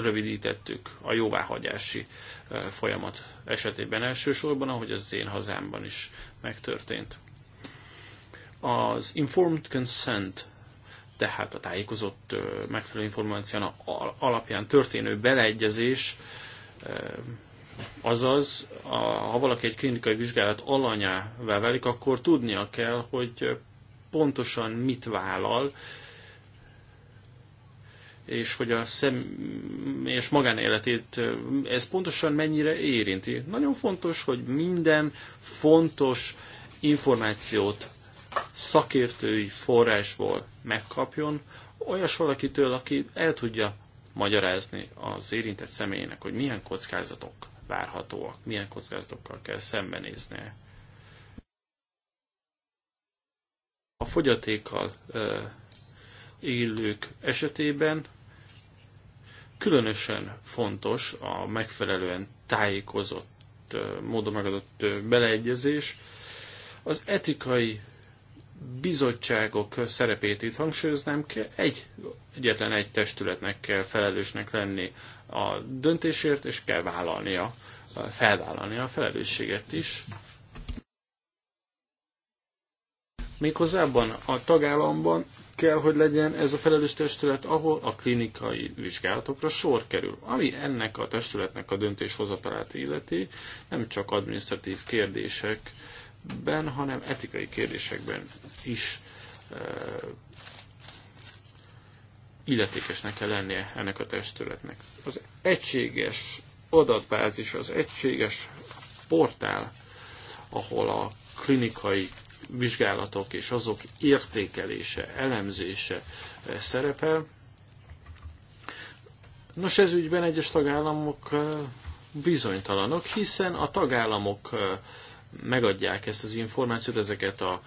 rövidítettük a jóváhagyási folyamat esetében elsősorban, ahogy az én hazámban is megtörtént. Az informed consent, tehát a tájékozott megfelelő információ alapján történő beleegyezés, azaz, ha valaki egy klinikai vizsgálat alanyává válik, akkor tudnia kell, hogy pontosan mit vállal, és hogy a személyes magánéletét ez pontosan mennyire érinti. Nagyon fontos, hogy minden fontos információt szakértői forrásból megkapjon, olyas valakitől, aki el tudja magyarázni az érintett személynek, hogy milyen kockázatok várhatóak, milyen kockázatokkal kell szembenéznie. A fogyatékkal élők esetében különösen fontos a megfelelően tájékozott módon megadott beleegyezés. Az etikai bizottságok szerepét itt hangsúlyoznám kell, egy, egyetlen egy testületnek kell felelősnek lenni a döntésért, és kell vállalnia, felvállalnia a felelősséget is. Méghozzában a tagállamban, kell, hogy legyen ez a felelős testület, ahol a klinikai vizsgálatokra sor kerül. Ami ennek a testületnek a döntéshozatalát illeti, nem csak administratív kérdésekben, hanem etikai kérdésekben is e, illetékesnek kell lennie ennek a testületnek. Az egységes adatbázis, az egységes portál, ahol a klinikai vizsgálatok és azok értékelése, elemzése eh, szerepel. Nos, ez ügyben egyes tagállamok eh, bizonytalanok, hiszen a tagállamok eh, megadják ezt az információt, ezeket a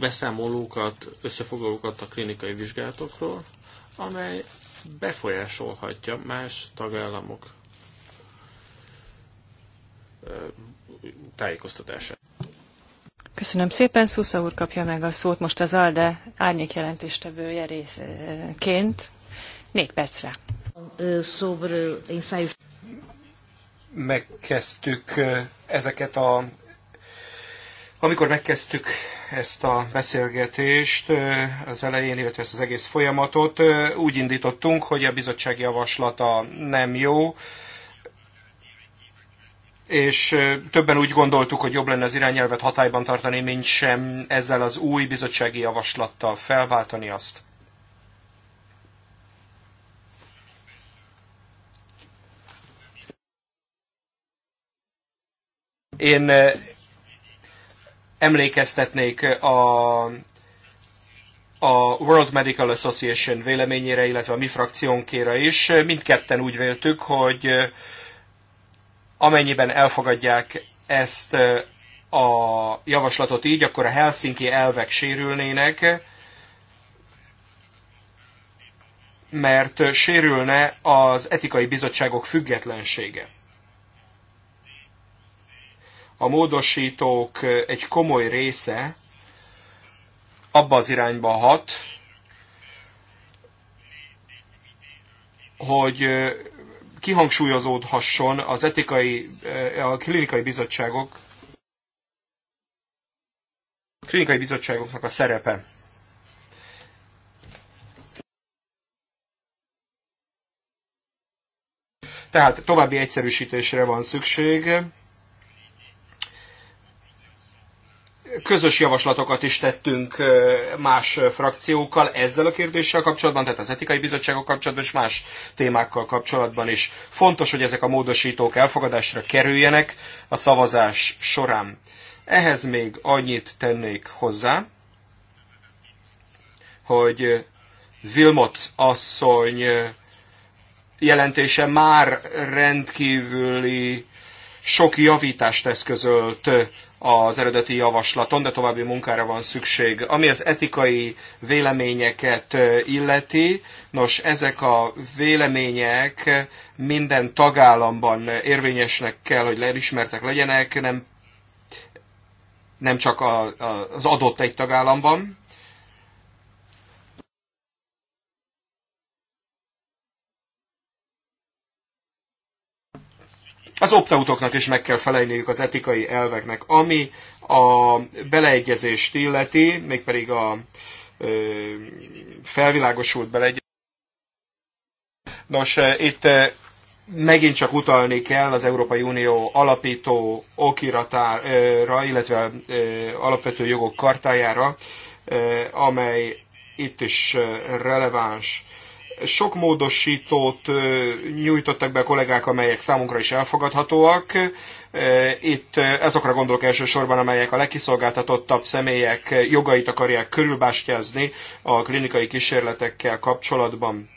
beszámolókat, összefoglalókat a klinikai vizsgálatokról, amely befolyásolhatja más tagállamok tájékoztatását. Köszönöm szépen. Szusza úr kapja meg a szót most az ALDE árnyék jelentéstevője részként. Négy percre. Megkezdtük ezeket a... Amikor megkezdtük ezt a beszélgetést az elején, illetve ezt az egész folyamatot, úgy indítottunk, hogy a bizottság javaslata nem jó, és többen úgy gondoltuk, hogy jobb lenne az irányelvet hatályban tartani, mint sem ezzel az új bizottsági javaslattal felváltani azt. Én emlékeztetnék a, a World Medical Association véleményére, illetve a mi frakciónkére is. Mindketten úgy véltük, hogy Amennyiben elfogadják ezt a javaslatot így, akkor a Helsinki elvek sérülnének, mert sérülne az etikai bizottságok függetlensége. A módosítók egy komoly része abba az irányba hat, hogy kihangsúlyozódhasson az etikai, eh, a klinikai bizottságok a klinikai bizottságoknak a szerepe. Tehát további egyszerűsítésre van szükség. Közös javaslatokat is tettünk más frakciókkal ezzel a kérdéssel kapcsolatban, tehát az etikai bizottságok kapcsolatban és más témákkal kapcsolatban is. Fontos, hogy ezek a módosítók elfogadásra kerüljenek a szavazás során. Ehhez még annyit tennék hozzá, hogy Vilmot asszony jelentése már rendkívüli sok javítást eszközölt az eredeti javaslaton, de további munkára van szükség. Ami az etikai véleményeket illeti, nos, ezek a vélemények minden tagállamban érvényesnek kell, hogy elismertek legyenek, nem, nem csak a, a, az adott egy tagállamban. Az optautoknak is meg kell felelniük az etikai elveknek, ami a beleegyezést illeti, mégpedig a ö, felvilágosult beleegyezést. Nos, itt megint csak utalni kell az Európai Unió alapító okiratára, illetve alapvető jogok kartájára, amely itt is releváns. Sok módosítót nyújtottak be a kollégák, amelyek számunkra is elfogadhatóak. Itt ezokra gondolok elsősorban, amelyek a legkiszolgáltatottabb személyek jogait akarják körülbástyázni a klinikai kísérletekkel kapcsolatban.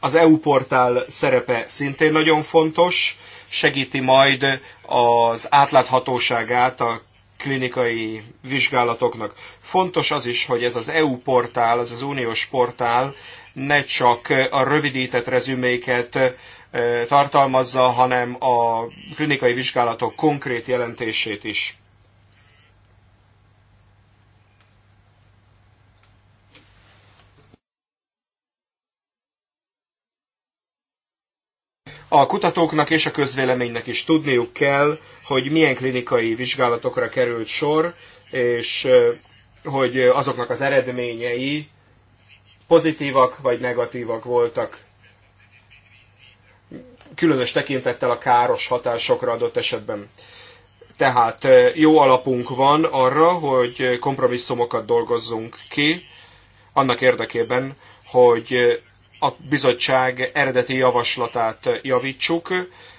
Az EU portál szerepe szintén nagyon fontos, segíti majd az átláthatóságát a klinikai vizsgálatoknak. Fontos az is, hogy ez az EU portál, ez az uniós portál ne csak a rövidített rezüméket tartalmazza, hanem a klinikai vizsgálatok konkrét jelentését is. A kutatóknak és a közvéleménynek is tudniuk kell, hogy milyen klinikai vizsgálatokra került sor, és hogy azoknak az eredményei pozitívak vagy negatívak voltak, különös tekintettel a káros hatásokra adott esetben. Tehát jó alapunk van arra, hogy kompromisszumokat dolgozzunk ki, annak érdekében, hogy a bizottság eredeti javaslatát javítsuk,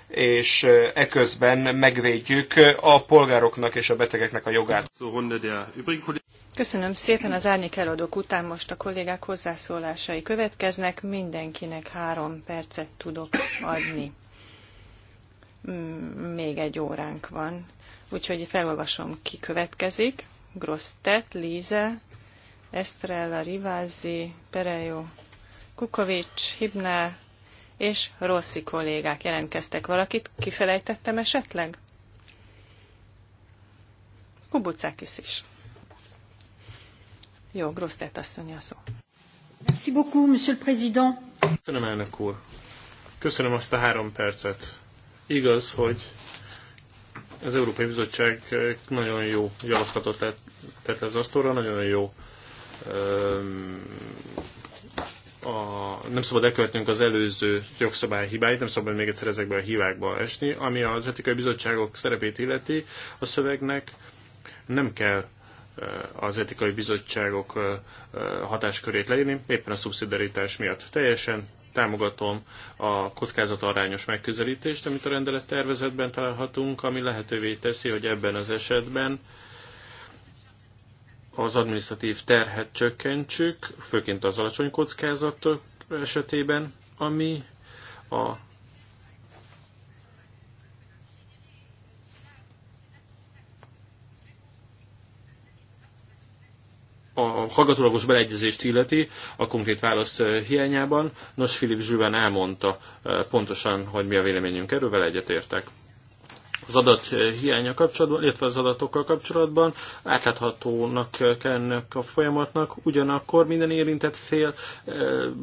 és eközben megvédjük a polgároknak és a betegeknek a jogát. Köszönöm szépen az árnyék eladók után most a kollégák hozzászólásai következnek. Mindenkinek három percet tudok adni. Mm, még egy óránk van. Úgyhogy felolvasom, ki következik. Grosztet, Líze, Estrella, Rivázi, Perejo, Kukovics, Hibner és Rossi kollégák jelentkeztek. Valakit kifelejtettem esetleg? Kubucákis is. Jó, Grosztert asszony a szó. Merci beaucoup, monsieur le président. Köszönöm, elnök úr. Köszönöm azt a három percet. Igaz, hogy az Európai Bizottság eh, nagyon jó javaslatot tett le az asztalra, nagyon jó ehm, a, nem szabad elkövetnünk az előző jogszabály hibáit, nem szabad még egyszer ezekbe a hívákba esni. Ami az etikai bizottságok szerepét illeti, a szövegnek nem kell eh, az etikai bizottságok eh, eh, hatáskörét leírni, éppen a szubszidaritás miatt. Teljesen támogatom a kockázatarányos megközelítést, amit a rendelet tervezetben találhatunk, ami lehetővé teszi, hogy ebben az esetben az administratív terhet csökkentsük, főként az alacsony kockázatok esetében, ami a a hallgatólagos beleegyezést illeti a konkrét válasz hiányában. Nos, Filip Zsüven elmondta eh, pontosan, hogy mi a véleményünk erről, vele egyetértek az adat eh, hiánya kapcsolatban, illetve az adatokkal kapcsolatban. Átláthatónak kell ennek a folyamatnak, ugyanakkor minden érintett fél eh,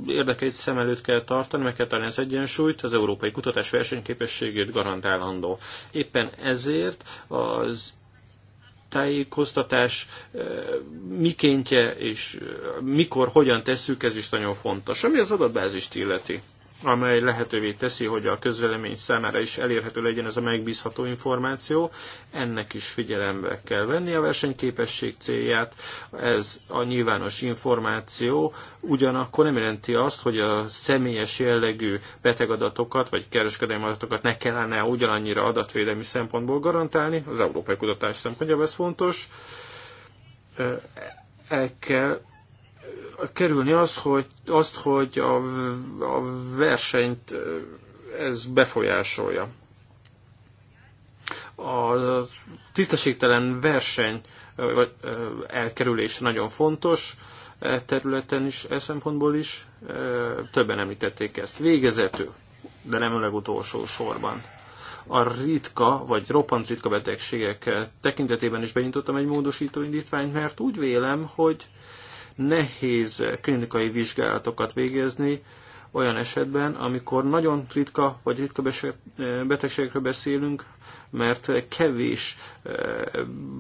érdekeit szem előtt kell tartani, meg kell találni az egyensúlyt, az európai kutatás versenyképességét garantálandó. Éppen ezért az tájékoztatás eh, mikéntje és mikor, hogyan tesszük, ez is nagyon fontos. Ami az adatbázist illeti amely lehetővé teszi, hogy a közvélemény számára is elérhető legyen ez a megbízható információ. Ennek is figyelembe kell venni a versenyképesség célját. Ez a nyilvános információ ugyanakkor nem jelenti azt, hogy a személyes jellegű betegadatokat vagy kereskedelmi adatokat ne kellene ugyanannyira adatvédelmi szempontból garantálni. Az európai kutatás szempontjából ez fontos. E- el kell kerülni az, hogy, azt, hogy a, a versenyt ez befolyásolja. A tisztességtelen verseny vagy elkerülése nagyon fontos e területen is, e szempontból is. E, többen említették ezt végezetül, de nem a legutolsó sorban a ritka, vagy roppant ritka betegségek tekintetében is benyitottam egy módosító indítványt, mert úgy vélem, hogy nehéz klinikai vizsgálatokat végezni olyan esetben, amikor nagyon ritka vagy ritka betegségekről beszélünk, mert kevés e,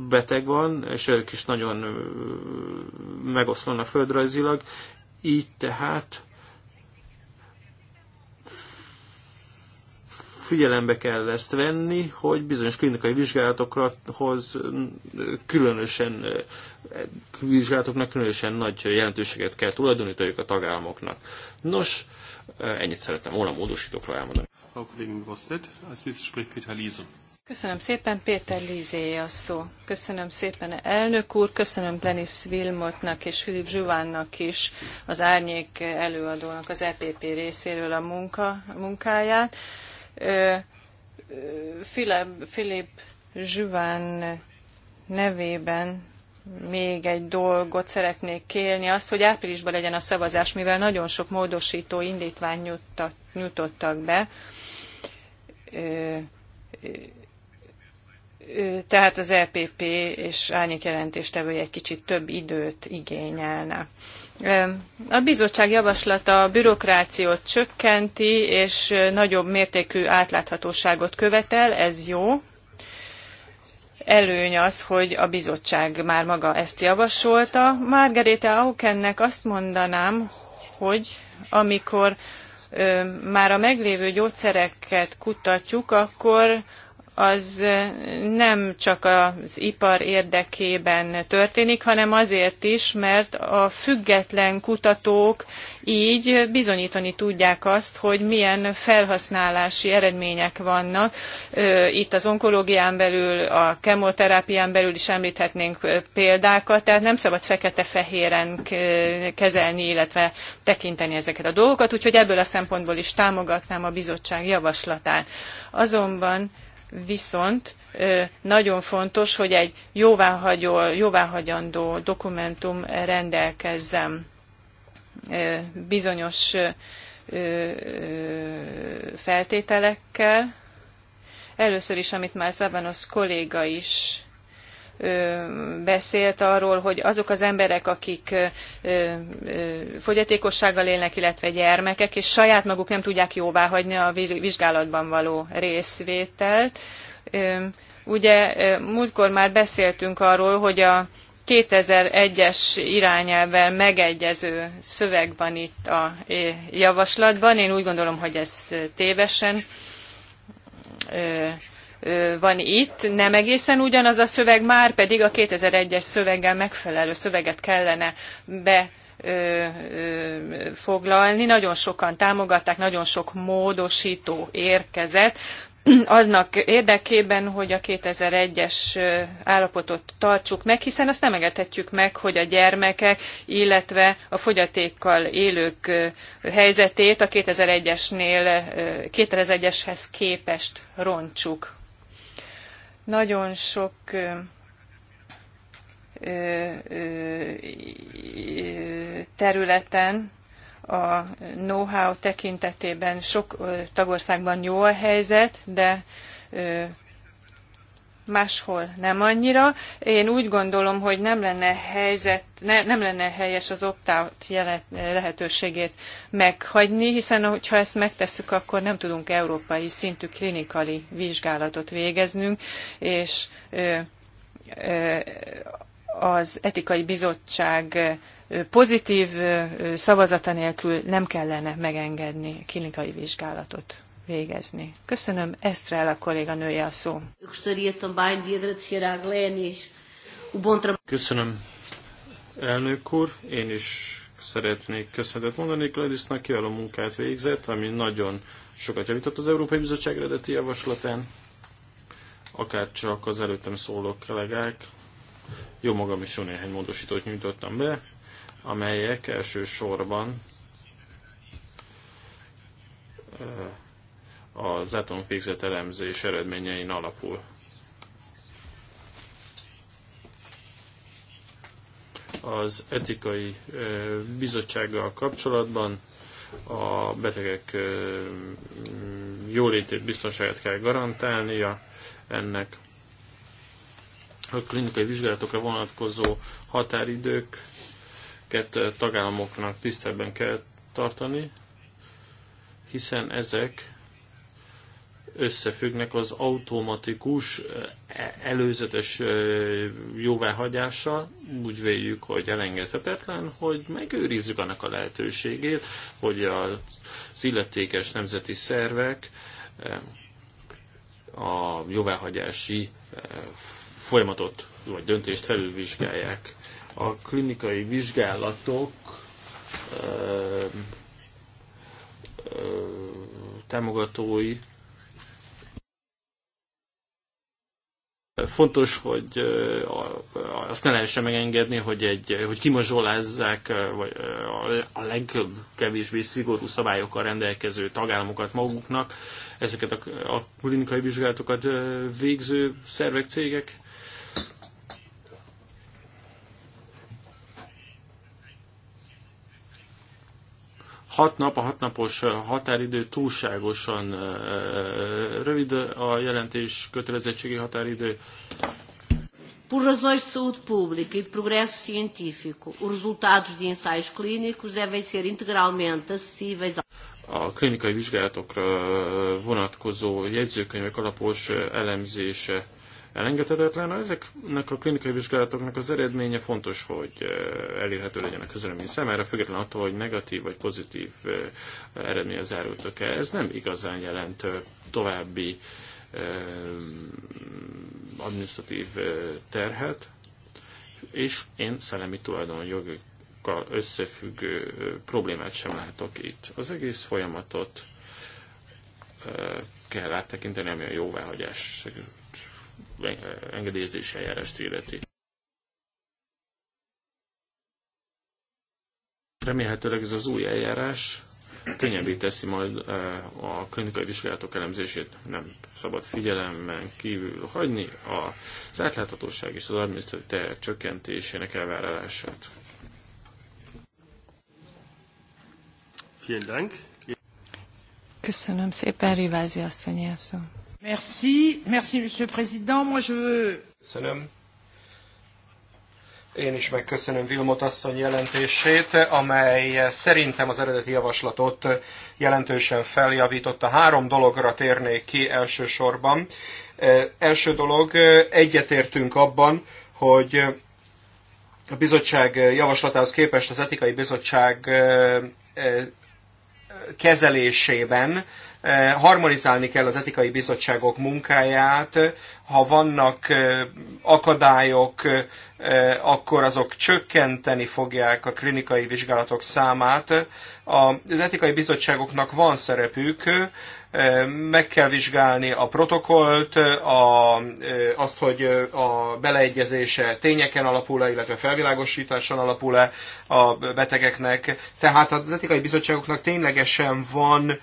beteg van, és ők is nagyon e, megoszlanak földrajzilag, így tehát figyelembe kell ezt venni, hogy bizonyos klinikai vizsgálatokhoz különösen vizsgálatoknak különösen nagy jelentőséget kell tulajdonítaniuk a tagállamoknak. Nos, ennyit szerettem volna módosítókra elmondani. Köszönöm szépen, Péter Lízéje a szó. Köszönöm szépen, elnök úr, köszönöm Glenis Wilmotnak és Filip Zsuvánnak is, az árnyék előadónak az EPP részéről a munka, munkáját. Philip, Filip Zsüván nevében még egy dolgot szeretnék kérni, azt, hogy áprilisban legyen a szavazás, mivel nagyon sok módosító indítvány nyújtottak be. Tehát az EPP és árnyék jelentéstevője egy kicsit több időt igényelne. A bizottság javaslata a bürokrációt csökkenti, és nagyobb mértékű átláthatóságot követel, ez jó. Előny az, hogy a bizottság már maga ezt javasolta. Margarete Aukennek azt mondanám, hogy amikor már a meglévő gyógyszereket kutatjuk, akkor az nem csak az ipar érdekében történik, hanem azért is, mert a független kutatók így bizonyítani tudják azt, hogy milyen felhasználási eredmények vannak. Itt az onkológián belül, a kemoterápián belül is említhetnénk példákat, tehát nem szabad fekete-fehéren kezelni, illetve tekinteni ezeket a dolgokat, úgyhogy ebből a szempontból is támogatnám a bizottság javaslatát. Azonban viszont nagyon fontos, hogy egy jóváhagyó, jóváhagyandó dokumentum rendelkezzen bizonyos feltételekkel. Először is, amit már Szabanosz kolléga is beszélt arról, hogy azok az emberek, akik fogyatékossággal élnek, illetve gyermekek, és saját maguk nem tudják jóváhagyni a vizsgálatban való részvételt. Ugye múltkor már beszéltünk arról, hogy a 2001-es irányelvvel megegyező szöveg van itt a javaslatban. Én úgy gondolom, hogy ez tévesen van itt, nem egészen ugyanaz a szöveg, már pedig a 2001-es szöveggel megfelelő szöveget kellene be foglalni. Nagyon sokan támogatták, nagyon sok módosító érkezett, aznak érdekében, hogy a 2001-es állapotot tartsuk meg, hiszen azt nem engedhetjük meg, hogy a gyermekek, illetve a fogyatékkal élők helyzetét a 2001-esnél, 2001-eshez képest rontsuk nagyon sok területen a know-how tekintetében sok tagországban jó a helyzet, de máshol nem annyira. Én úgy gondolom, hogy nem lenne, helyzet, ne, nem lenne helyes az opt-out lehetőségét meghagyni, hiszen ha ezt megtesszük, akkor nem tudunk európai szintű klinikali vizsgálatot végeznünk, és ö, ö, az etikai bizottság pozitív szavazata nélkül nem kellene megengedni klinikai vizsgálatot végezni. Köszönöm, Esztrella kolléganője a szó. Köszönöm, elnök úr. Én is szeretnék köszönetet mondani Gladysnak, kiváló munkát végzett, ami nagyon sokat javított az Európai Bizottság eredeti javaslatán, akár csak az előttem szóló kollégák. Jó magam is jó néhány módosítót nyújtottam be, amelyek elsősorban az általunk elemzés eredményein alapul. Az etikai bizottsággal kapcsolatban a betegek jólétét, biztonságát kell garantálnia ennek. A klinikai vizsgálatokra vonatkozó határidők, két tagállamoknak tisztelben kell tartani, hiszen ezek összefüggnek az automatikus, e, előzetes e, jóváhagyással. Úgy véljük, hogy elengedhetetlen, hogy megőrizzük annak a lehetőségét, hogy az illetékes nemzeti szervek e, a jóváhagyási folyamatot vagy döntést felülvizsgálják. A klinikai vizsgálatok támogatói Fontos, hogy azt ne lehessen megengedni, hogy, egy, hogy kimazsolázzák vagy a legkevésbé szigorú szabályokkal rendelkező tagállamokat maguknak, ezeket a, a klinikai vizsgálatokat végző szervek, cégek, Hat nap, a hatnapos határidő túlságosan rövid a jelentés kötelezettségi határidő. Por razões de saúde pública e de progresso científico, os resultados de ensaios clínicos devem ser integralmente acessíveis a... A klinikai vizsgálatokra vonatkozó jegyzőkönyvek alapos elemzése elengedhetetlen. Ezeknek a klinikai vizsgálatoknak az eredménye fontos, hogy eh, elérhető legyen a közölemény számára, függetlenül attól, hogy negatív vagy pozitív eh, eredménye zárultak-e. Ez nem igazán jelent eh, további administratív terhet, és én szellemi tulajdonjogokkal összefüggő problémát sem látok itt. Az egész folyamatot kell áttekinteni, ami a jóváhagyás engedélyezési eljárást illeti. Remélhetőleg ez az új eljárás könnyebbé teszi majd eh, a klinikai vizsgálatok elemzését, nem szabad figyelemben kívül hagyni az átláthatóság és az adminisztrációi teher csökkentésének elvárását. Vielen Dank. Köszönöm szépen, Rivázi asszony Merci, merci, monsieur président. Moi, je veux... Én is megköszönöm Vilmot asszony jelentését, amely szerintem az eredeti javaslatot jelentősen feljavította. Három dologra térnék ki elsősorban. E, első dolog, egyetértünk abban, hogy a bizottság javaslatához képest az etikai bizottság e, e, kezelésében Eh, harmonizálni kell az etikai bizottságok munkáját ha vannak akadályok, akkor azok csökkenteni fogják a klinikai vizsgálatok számát. Az etikai bizottságoknak van szerepük, meg kell vizsgálni a protokollt, a, azt, hogy a beleegyezése tényeken alapul-e, illetve felvilágosításon alapul-e a betegeknek. Tehát az etikai bizottságoknak ténylegesen van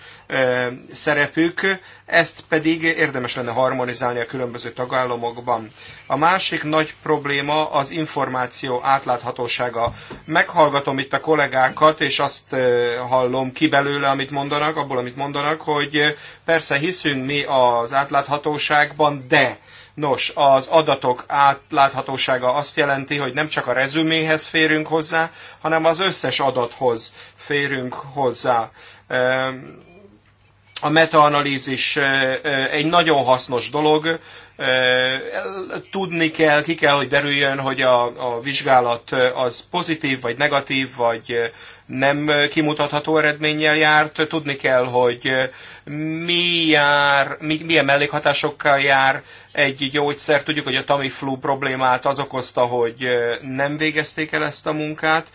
szerepük, ezt pedig érdemes lenne harmonizálni a különböző tagállamokban. A másik nagy probléma az információ átláthatósága. Meghallgatom itt a kollégákat, és azt hallom ki belőle, amit mondanak, abból, amit mondanak, hogy persze hiszünk mi az átláthatóságban, de Nos, az adatok átláthatósága azt jelenti, hogy nem csak a rezüméhez férünk hozzá, hanem az összes adathoz férünk hozzá a metaanalízis egy nagyon hasznos dolog. Tudni kell, ki kell, hogy derüljön, hogy a, a vizsgálat az pozitív, vagy negatív, vagy nem kimutatható eredménnyel járt. Tudni kell, hogy mi jár, mi, milyen mellékhatásokkal jár egy gyógyszer. Tudjuk, hogy a Tamiflu problémát az okozta, hogy nem végezték el ezt a munkát.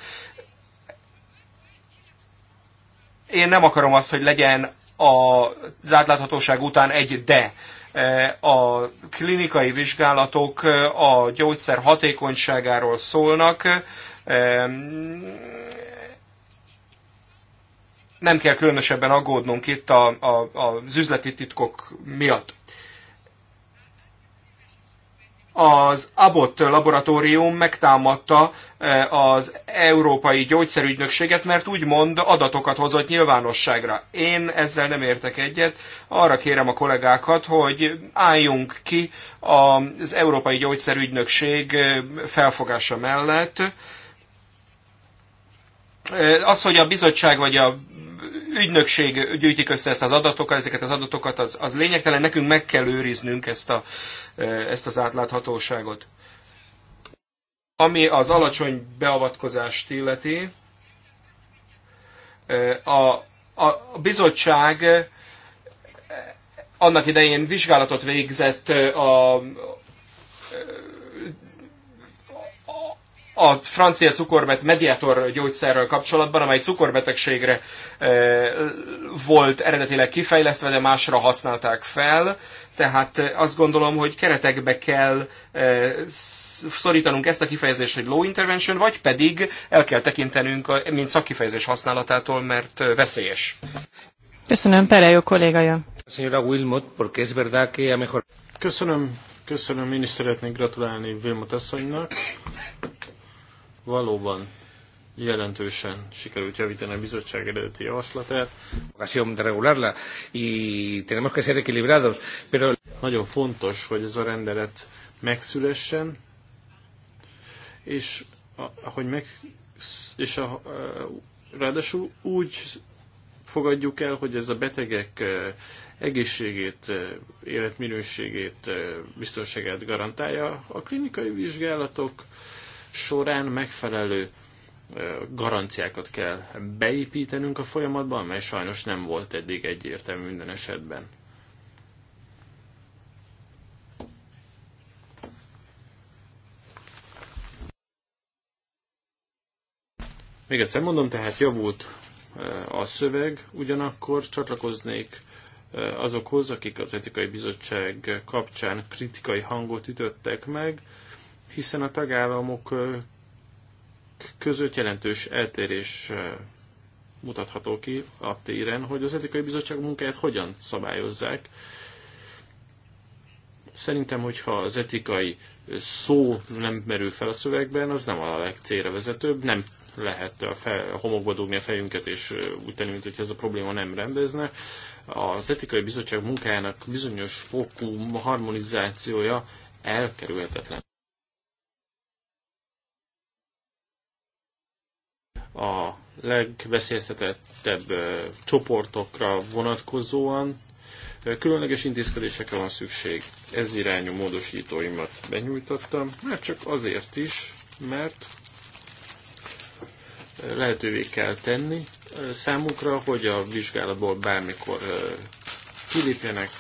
Én nem akarom azt, hogy legyen az átláthatóság után egy de. E, a klinikai vizsgálatok e, a gyógyszer hatékonyságáról szólnak, e, nem kell különösebben aggódnunk itt a, a, az üzleti titkok miatt az Abbott laboratórium megtámadta e, az Európai Gyógyszerügynökséget, mert úgymond adatokat hozott nyilvánosságra. Én ezzel nem értek egyet. Arra kérem a kollégákat, hogy álljunk ki az Európai Gyógyszerügynökség e, felfogása mellett, az, hogy a bizottság vagy a ügynökség gyűjtik össze ezt az adatokat, ezeket az adatokat, az, az lényegtelen, nekünk meg kell őriznünk ezt, a, ezt az átláthatóságot. Ami az alacsony beavatkozást illeti, a, a bizottság annak idején vizsgálatot végzett a, a francia cukorbet mediátor gyógyszerrel kapcsolatban, amely cukorbetegségre e, volt eredetileg kifejlesztve, de másra használták fel. Tehát e, azt gondolom, hogy keretekbe kell e, szorítanunk ezt a kifejezést, hogy low intervention, vagy pedig el kell tekintenünk, a, mint szakkifejezés használatától, mert veszélyes. Köszönöm, Perejo kollégája. Señora Wilmot, porque es verdad que ha mejor... Köszönöm, köszönöm, én is szeretnék gratulálni Wilmot asszonynak. Valóban jelentősen sikerült javítani a bizottság eredeti javaslatát. Nagyon fontos, hogy ez a rendelet megszülessen, és ahogy meg, és a, ráadásul úgy fogadjuk el, hogy ez a betegek e, egészségét, e, életminőségét, e, biztonságát garantálja. A klinikai vizsgálatok során megfelelő garanciákat kell beépítenünk a folyamatba, amely sajnos nem volt eddig egyértelmű minden esetben. Még egyszer mondom, tehát javult a szöveg, ugyanakkor csatlakoznék azokhoz, akik az etikai bizottság kapcsán kritikai hangot ütöttek meg, hiszen a tagállamok között jelentős eltérés mutatható ki a téren, hogy az etikai bizottság munkáját hogyan szabályozzák. Szerintem, hogyha az etikai szó nem merül fel a szövegben, az nem a legcélre vezetőbb, nem lehet a, fel, a homokba dugni a fejünket, és úgy tenni, mint hogy ez a probléma nem rendezne. Az etikai bizottság munkájának bizonyos fokú harmonizációja elkerülhetetlen. a legveszélyeztetettebb csoportokra vonatkozóan különleges intézkedésekre van szükség. Ez irányú módosítóimat benyújtottam, már hát csak azért is, mert lehetővé kell tenni számukra, hogy a vizsgálatból bármikor kilépjenek,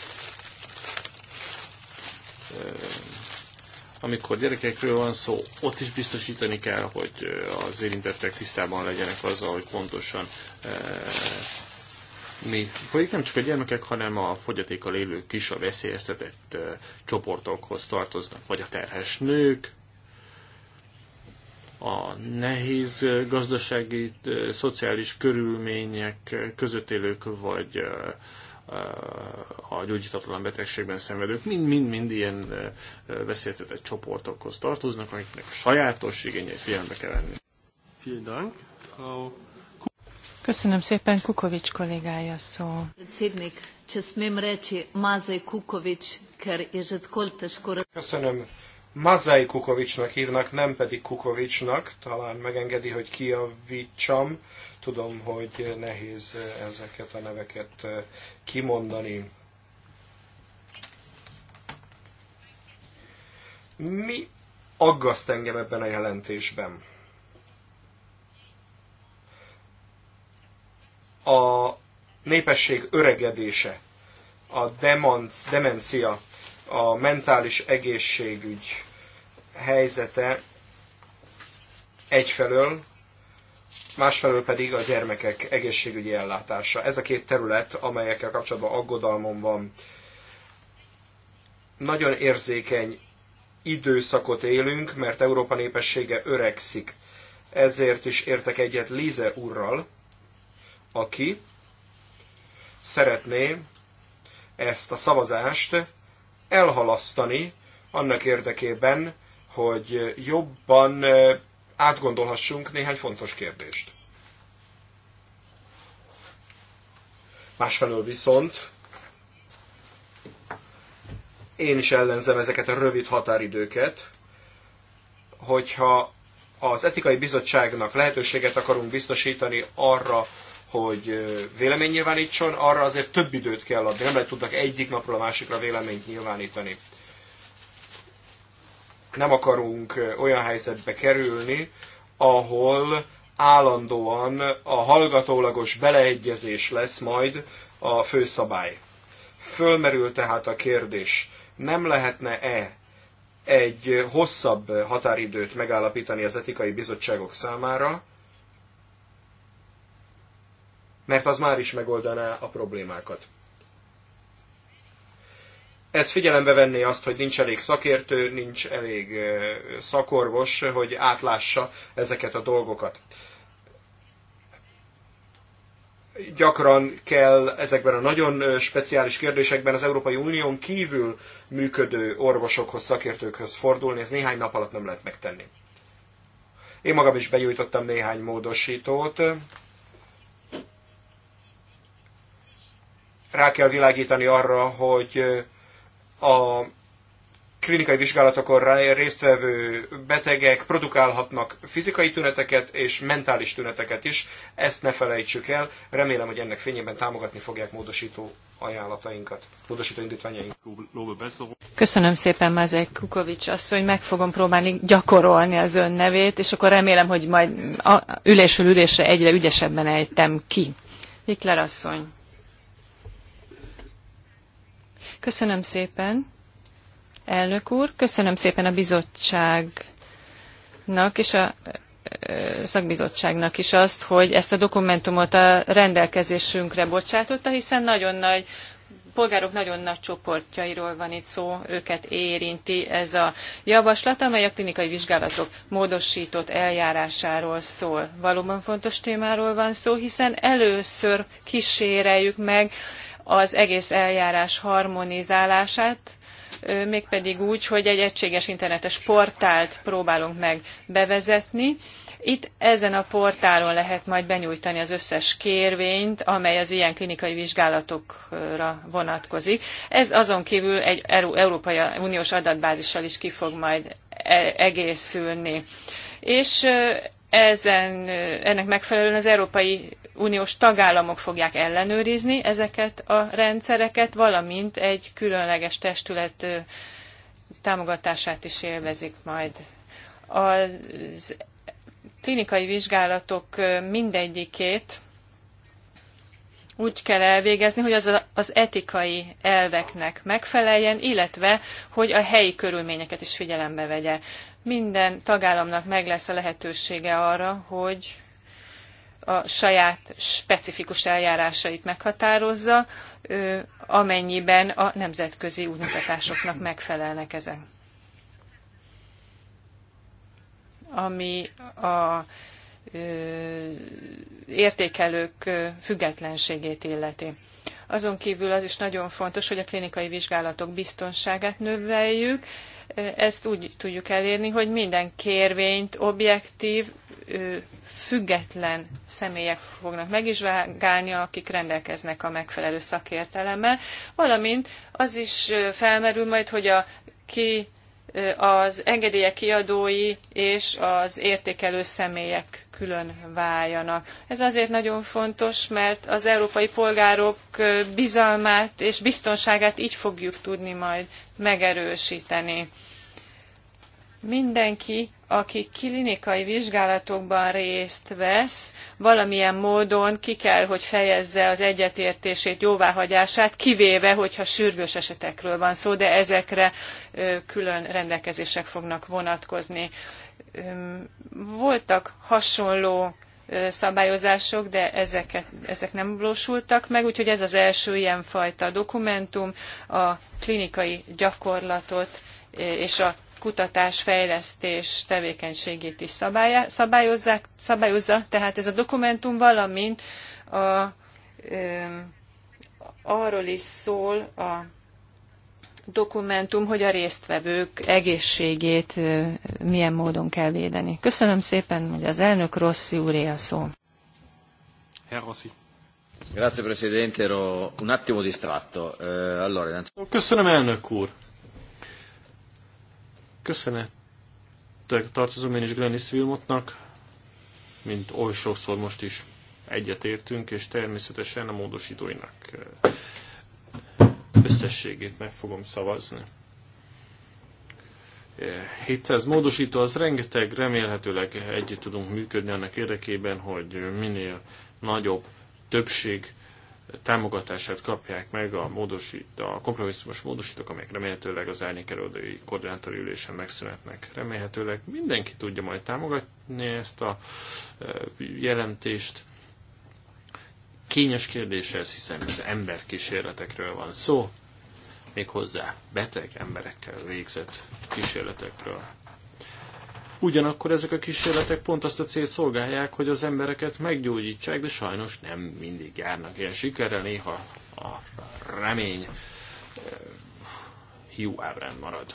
amikor gyerekekről van szó, ott is biztosítani kell, hogy az érintettek tisztában legyenek azzal, hogy pontosan mi folyik, nem csak a gyermekek, hanem a fogyatékkal élők is a veszélyeztetett csoportokhoz tartoznak, vagy a terhes nők, a nehéz gazdasági, szociális körülmények között élők, vagy a gyógyítatlan betegségben szenvedők mind-mind-mind ilyen veszélyeztetett csoportokhoz tartoznak, amiknek a sajátos igényeit figyelembe kell venni. Köszönöm szépen, Kukovics kollégája szó. Köszönöm, Mazai Kukovicsnak hívnak, nem pedig Kukovicsnak. Talán megengedi, hogy kiavítsam. Tudom, hogy nehéz eh, ezeket a neveket eh, kimondani. Mi aggaszt engem ebben a jelentésben? A népesség öregedése, a demanc, demencia, a mentális egészségügy, helyzete egyfelől, másfelől pedig a gyermekek egészségügyi ellátása. Ez a két terület, amelyekkel kapcsolatban aggodalmom van. Nagyon érzékeny időszakot élünk, mert Európa népessége öregszik. Ezért is értek egyet Líze úrral, aki szeretné ezt a szavazást elhalasztani annak érdekében, hogy jobban átgondolhassunk néhány fontos kérdést. Másfelől viszont én is ellenzem ezeket a rövid határidőket, hogyha az etikai bizottságnak lehetőséget akarunk biztosítani arra, hogy vélemény nyilvánítson, arra azért több időt kell adni. Nem lehet tudnak egyik napról a másikra véleményt nyilvánítani nem akarunk olyan helyzetbe kerülni, ahol állandóan a hallgatólagos beleegyezés lesz majd a főszabály. Fölmerül tehát a kérdés, nem lehetne-e egy hosszabb határidőt megállapítani az etikai bizottságok számára, mert az már is megoldaná a problémákat ez figyelembe venné azt, hogy nincs elég szakértő, nincs elég szakorvos, hogy átlássa ezeket a dolgokat. Gyakran kell ezekben a nagyon speciális kérdésekben az Európai Unión kívül működő orvosokhoz, szakértőkhöz fordulni, ez néhány nap alatt nem lehet megtenni. Én magam is begyújtottam néhány módosítót. Rá kell világítani arra, hogy a klinikai vizsgálatokon résztvevő betegek produkálhatnak fizikai tüneteket és mentális tüneteket is. Ezt ne felejtsük el. Remélem, hogy ennek fényében támogatni fogják módosító ajánlatainkat, módosító indítványainkat. Köszönöm szépen, Mazek Kukovics asszony, meg fogom próbálni gyakorolni az ön nevét, és akkor remélem, hogy majd a ülésről ülésre egyre ügyesebben ejtem ki. Hitler asszony. Köszönöm szépen, elnök úr, köszönöm szépen a bizottságnak és a szakbizottságnak is azt, hogy ezt a dokumentumot a rendelkezésünkre bocsátotta, hiszen nagyon nagy polgárok nagyon nagy csoportjairól van itt szó, őket érinti ez a javaslat, amely a klinikai vizsgálatok módosított eljárásáról szól. Valóban fontos témáról van szó, hiszen először kíséreljük meg az egész eljárás harmonizálását, mégpedig úgy, hogy egy egységes internetes portált próbálunk meg bevezetni. Itt ezen a portálon lehet majd benyújtani az összes kérvényt, amely az ilyen klinikai vizsgálatokra vonatkozik. Ez azon kívül egy Európai Uniós adatbázissal is ki fog majd e-, egészülni. És ezen, ennek megfelelően az Európai uniós tagállamok fogják ellenőrizni ezeket a rendszereket, valamint egy különleges testület támogatását is élvezik majd. Az klinikai vizsgálatok mindegyikét úgy kell elvégezni, hogy az, az etikai elveknek megfeleljen, illetve hogy a helyi körülményeket is figyelembe vegye. Minden tagállamnak meg lesz a lehetősége arra, hogy a saját specifikus eljárásait meghatározza, amennyiben a nemzetközi útmutatásoknak megfelelnek ezek. Ami a értékelők függetlenségét illeti. Azon kívül az is nagyon fontos, hogy a klinikai vizsgálatok biztonságát növeljük. Ezt úgy tudjuk elérni, hogy minden kérvényt objektív, független személyek fognak megvizsgálni, akik rendelkeznek a megfelelő szakértelemmel, valamint az is felmerül majd, hogy a ki az engedélyek kiadói és az értékelő személyek külön váljanak. Ez azért nagyon fontos, mert az európai polgárok bizalmát és biztonságát így fogjuk tudni majd megerősíteni mindenki, aki klinikai vizsgálatokban részt vesz, valamilyen módon ki kell, hogy fejezze az egyetértését, jóváhagyását, kivéve, hogyha sürgős esetekről van szó, de ezekre külön rendelkezések fognak vonatkozni. Voltak hasonló szabályozások, de ezeket, ezek nem valósultak meg, úgyhogy ez az első ilyen fajta dokumentum a klinikai gyakorlatot és a kutatás, fejlesztés tevékenységét is szabályozzák, szabályozza. Tehát ez a dokumentum valamint a, ö, arról is szól a dokumentum, hogy a résztvevők egészségét milyen módon kell védeni. Köszönöm szépen, hogy az elnök Rossi úré a szó. Herr Rossi. Grazie Presidente, ero un attimo distratto. Eh, allora, Köszönöm elnök úr köszönet tartozom én is Glenis Wilmotnak, mint oly sokszor most is egyetértünk, és természetesen a módosítóinak eh, összességét meg fogom szavazni. 700 eh, módosító az rengeteg, remélhetőleg együtt tudunk működni annak érdekében, hogy minél nagyobb többség támogatását kapják meg a, módosít, a kompromisszumos módosítók, amelyek remélhetőleg az árnyékelődői koordinátori ülésen megszületnek. Remélhetőleg mindenki tudja majd támogatni ezt a e, jelentést. Kényes kérdés ez, hiszen az emberkísérletekről van szó, méghozzá beteg emberekkel végzett kísérletekről. Ugyanakkor ezek a kísérletek pont azt a célt szolgálják, hogy az embereket meggyógyítsák, de sajnos nem mindig járnak ilyen sikerrel, néha a remény eh, hiú ábrán marad.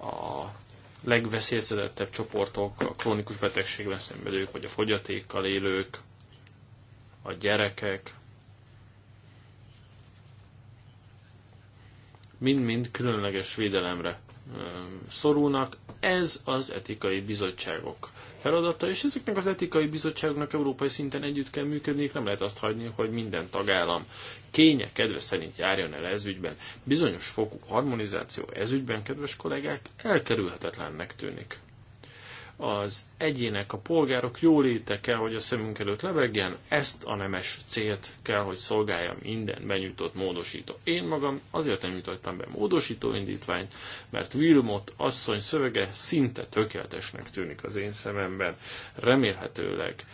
A legveszélyeztetettebb csoportok a krónikus betegségben szenvedők, vagy a fogyatékkal élők, a gyerekek, mind-mind különleges védelemre szorulnak. Ez az etikai bizottságok feladata, és ezeknek az etikai bizottságoknak európai szinten együtt kell működniük, nem lehet azt hagyni, hogy minden tagállam kénye, kedve szerint járjon el ezügyben. Bizonyos fokú harmonizáció ezügyben, kedves kollégák, elkerülhetetlennek tűnik az egyének, a polgárok jóléte kell, hogy a szemünk előtt lebegjen, ezt a nemes célt kell, hogy szolgáljam minden benyújtott módosító. Én magam azért nem nyújtottam be módosító indítványt, mert Wilmot asszony szövege szinte tökéletesnek tűnik az én szememben. Remélhetőleg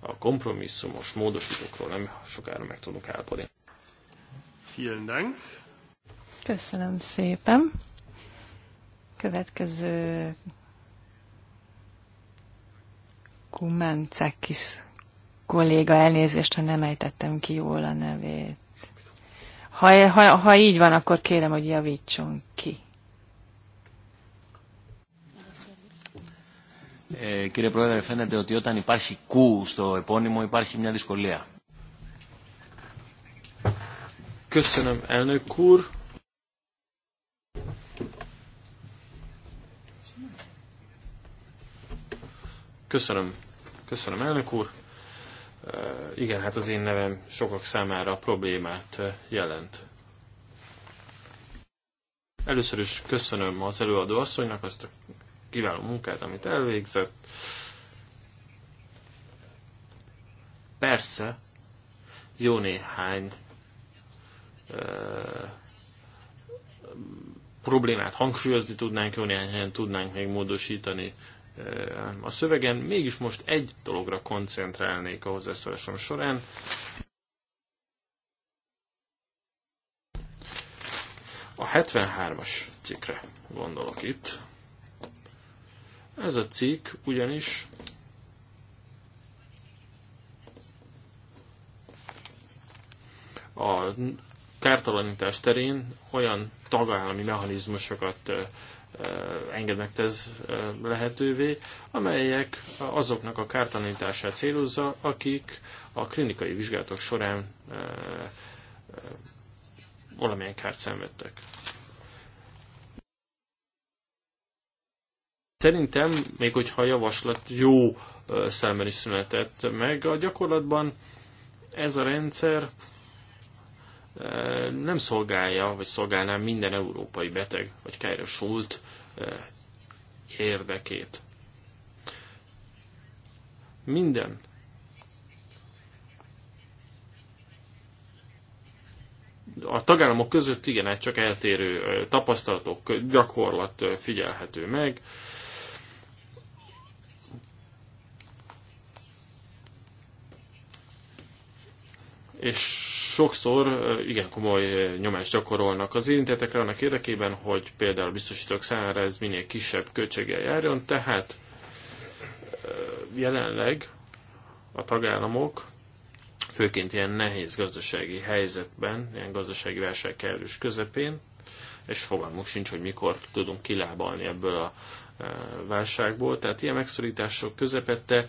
a kompromisszumos módosítókról nem sokára meg tudunk állapodni. Vielen Dank. Köszönöm szépen. Következő Kumencekis kolléga elnézést, ha nem ejtettem ki jól a nevét. Ha, ha, ha így van, akkor kérem, hogy javítson ki. Ε, eh, κύριε Πρόεδρε, φαίνεται ότι όταν υπάρχει κου στο επώνυμο υπάρχει μια δυσκολία. Köszönöm, elnök úr. Köszönöm, Köszönöm, elnök úr. Igen, hát az én nevem sokak számára problémát jelent. Először is köszönöm az előadó asszonynak azt a kiváló munkát, amit elvégzett. Persze, jó néhány problémát hangsúlyozni tudnánk, jó néhány helyen tudnánk még módosítani a szövegen, mégis most egy dologra koncentrálnék a hozzászólásom során. A 73-as cikkre gondolok itt. Ez a cikk ugyanis a kártalanítás terén olyan tagállami mechanizmusokat engednek ez lehetővé, amelyek azoknak a kártanítását célozza, akik a klinikai vizsgálatok során valamilyen kárt szenvedtek. Szerintem, még hogyha a javaslat jó szemben is született meg, a gyakorlatban ez a rendszer nem szolgálja, vagy szolgálná minden európai beteg, vagy károsult érdekét. Minden a tagállamok között igen, csak eltérő tapasztalatok, gyakorlat figyelhető meg. és sokszor igen komoly nyomást gyakorolnak az érintettekre annak érdekében, hogy például biztosítók számára ez minél kisebb költséggel járjon, tehát jelenleg a tagállamok főként ilyen nehéz gazdasági helyzetben, ilyen gazdasági válságkerülés közepén, és fogalmuk sincs, hogy mikor tudunk kilábalni ebből a válságból. Tehát ilyen megszorítások közepette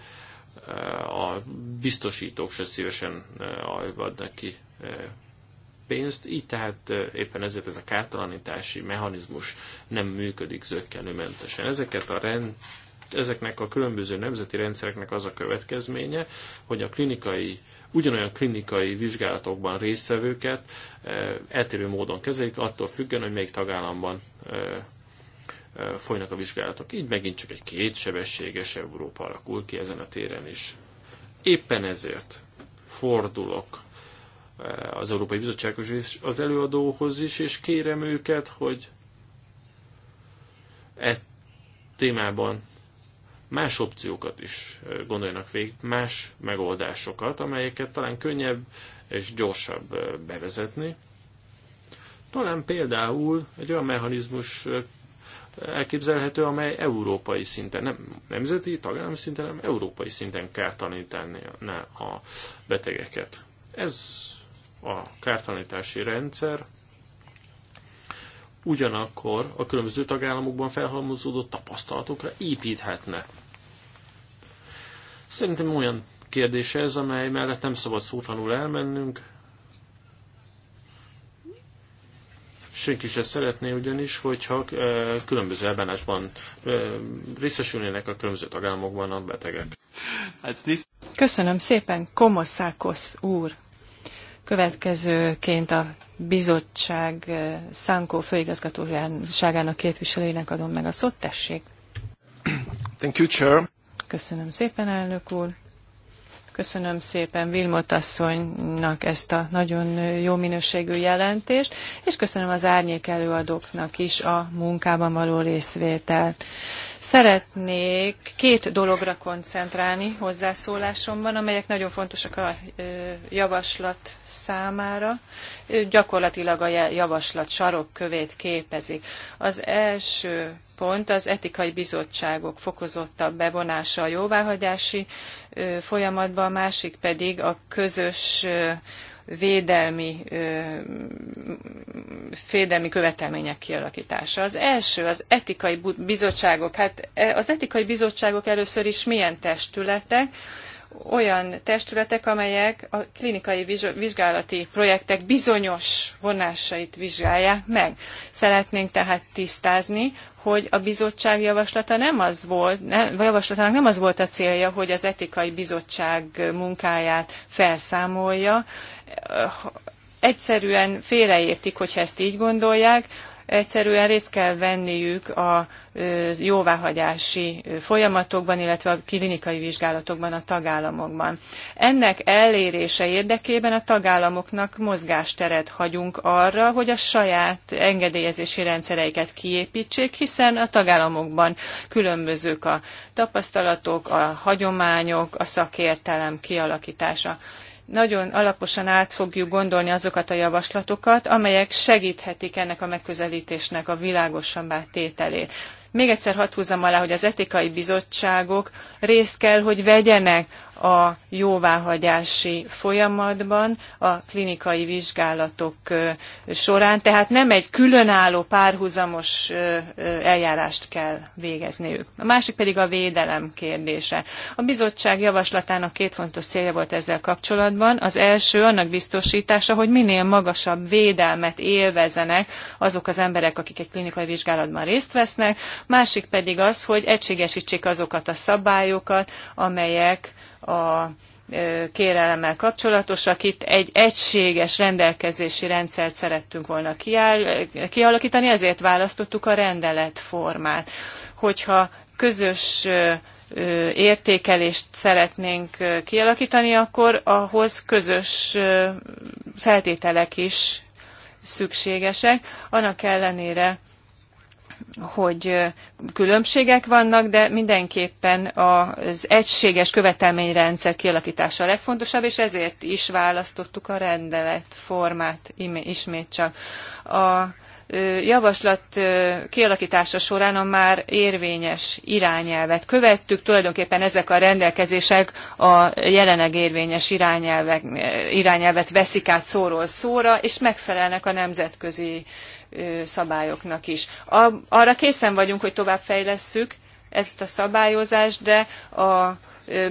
a biztosítók se szívesen eh, adnak ki eh, pénzt, így tehát eh, éppen ezért ez a kártalanítási mechanizmus nem működik zöggenőmentesen. Ezeket a rend, ezeknek a különböző nemzeti rendszereknek az a következménye, hogy a klinikai, ugyanolyan klinikai vizsgálatokban résztvevőket eltérő módon kezelik, attól függően, hogy melyik tagállamban folynak a vizsgálatok. Így megint csak egy kétsebességes Európa alakul ki ezen a téren is. Éppen ezért fordulok az Európai Bizottsághoz és az előadóhoz is, és kérem őket, hogy e témában más opciókat is gondoljanak végig, más megoldásokat, amelyeket talán könnyebb és gyorsabb bevezetni. Talán például egy olyan mechanizmus elképzelhető, amely európai szinten, nem nemzeti, tagállami szinten, hanem európai szinten kártalanítani a betegeket. Ez a kártalanítási rendszer ugyanakkor a különböző tagállamokban felhalmozódott tapasztalatokra építhetne. Szerintem olyan kérdés ez, amely mellett nem szabad szótlanul elmennünk, Senki sem szeretné ugyanis, hogyha eh, különböző elbánásban eh, részesülnének a különböző tagállamokban a betegek. Köszönöm szépen, Komoszákos úr! Következőként a bizottság eh, Szánkó főigazgatóságának képviselőjének adom meg a szót. Tessék! Thank you, Chair. Köszönöm szépen, elnök úr! Köszönöm szépen Vilmot asszonynak ezt a nagyon jó minőségű jelentést, és köszönöm az árnyék előadóknak is a munkában való részvételt. Szeretnék két dologra koncentrálni hozzászólásomban, amelyek nagyon fontosak a javaslat számára. Gyakorlatilag a javaslat sarokkövét képezik. Az első pont az etikai bizottságok fokozottabb bevonása a jóváhagyási folyamatba, a másik pedig a közös védelmi, védelmi követelmények kialakítása. Az első, az etikai bizottságok. Hát e, az etikai bizottságok először is milyen testületek? Olyan testületek, amelyek a klinikai vizsgálati projektek bizonyos vonásait vizsgálják meg. Szeretnénk tehát tisztázni, hogy a bizottság javaslata nem az volt, nem, javaslatának nem az volt a célja, hogy az etikai bizottság munkáját felszámolja, egyszerűen félreértik, hogyha ezt így gondolják, egyszerűen részt kell venniük a jóváhagyási folyamatokban, illetve a klinikai vizsgálatokban a tagállamokban. Ennek elérése érdekében a tagállamoknak mozgásteret hagyunk arra, hogy a saját engedélyezési rendszereiket kiépítsék, hiszen a tagállamokban különbözők a tapasztalatok, a hagyományok, a szakértelem kialakítása nagyon alaposan át fogjuk gondolni azokat a javaslatokat, amelyek segíthetik ennek a megközelítésnek a világosabbá tételét. Még egyszer hadd húzzam alá, hogy az etikai bizottságok részt kell, hogy vegyenek a jóváhagyási folyamatban, a klinikai vizsgálatok során, tehát nem egy különálló párhuzamos eljárást kell végezniük. A másik pedig a védelem kérdése. A bizottság javaslatának két fontos célja volt ezzel kapcsolatban. Az első annak biztosítása, hogy minél magasabb védelmet élvezenek azok az emberek, akik egy klinikai vizsgálatban részt vesznek, másik pedig az, hogy egységesítsék azokat a szabályokat, amelyek a kérelemmel kapcsolatosak. Itt egy egységes rendelkezési rendszert szerettünk volna kialakítani, ezért választottuk a rendelet formát, Hogyha közös értékelést szeretnénk kialakítani, akkor ahhoz közös feltételek is szükségesek. Annak ellenére, hogy különbségek vannak, de mindenképpen az egységes követelményrendszer kialakítása a legfontosabb, és ezért is választottuk a rendelet formát ismét csak. A javaslat kialakítása során a már érvényes irányelvet követtük. Tulajdonképpen ezek a rendelkezések a jelenleg érvényes irányelvet veszik át szóról szóra, és megfelelnek a nemzetközi szabályoknak is. Arra készen vagyunk, hogy továbbfejlesszük ezt a szabályozást, de a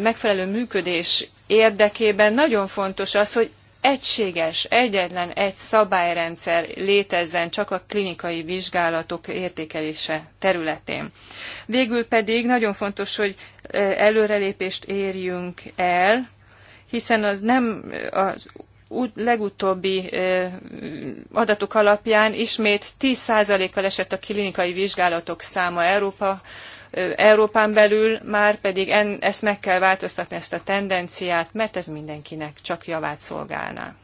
megfelelő működés érdekében nagyon fontos az, hogy egységes, egyetlen egy szabályrendszer létezzen csak a klinikai vizsgálatok értékelése területén. Végül pedig nagyon fontos, hogy előrelépést érjünk el, hiszen az nem az legutóbbi adatok alapján ismét 10%-kal esett a klinikai vizsgálatok száma Európa, Európán belül, már pedig en, ezt meg kell változtatni, ezt a tendenciát, mert ez mindenkinek csak javát szolgálná.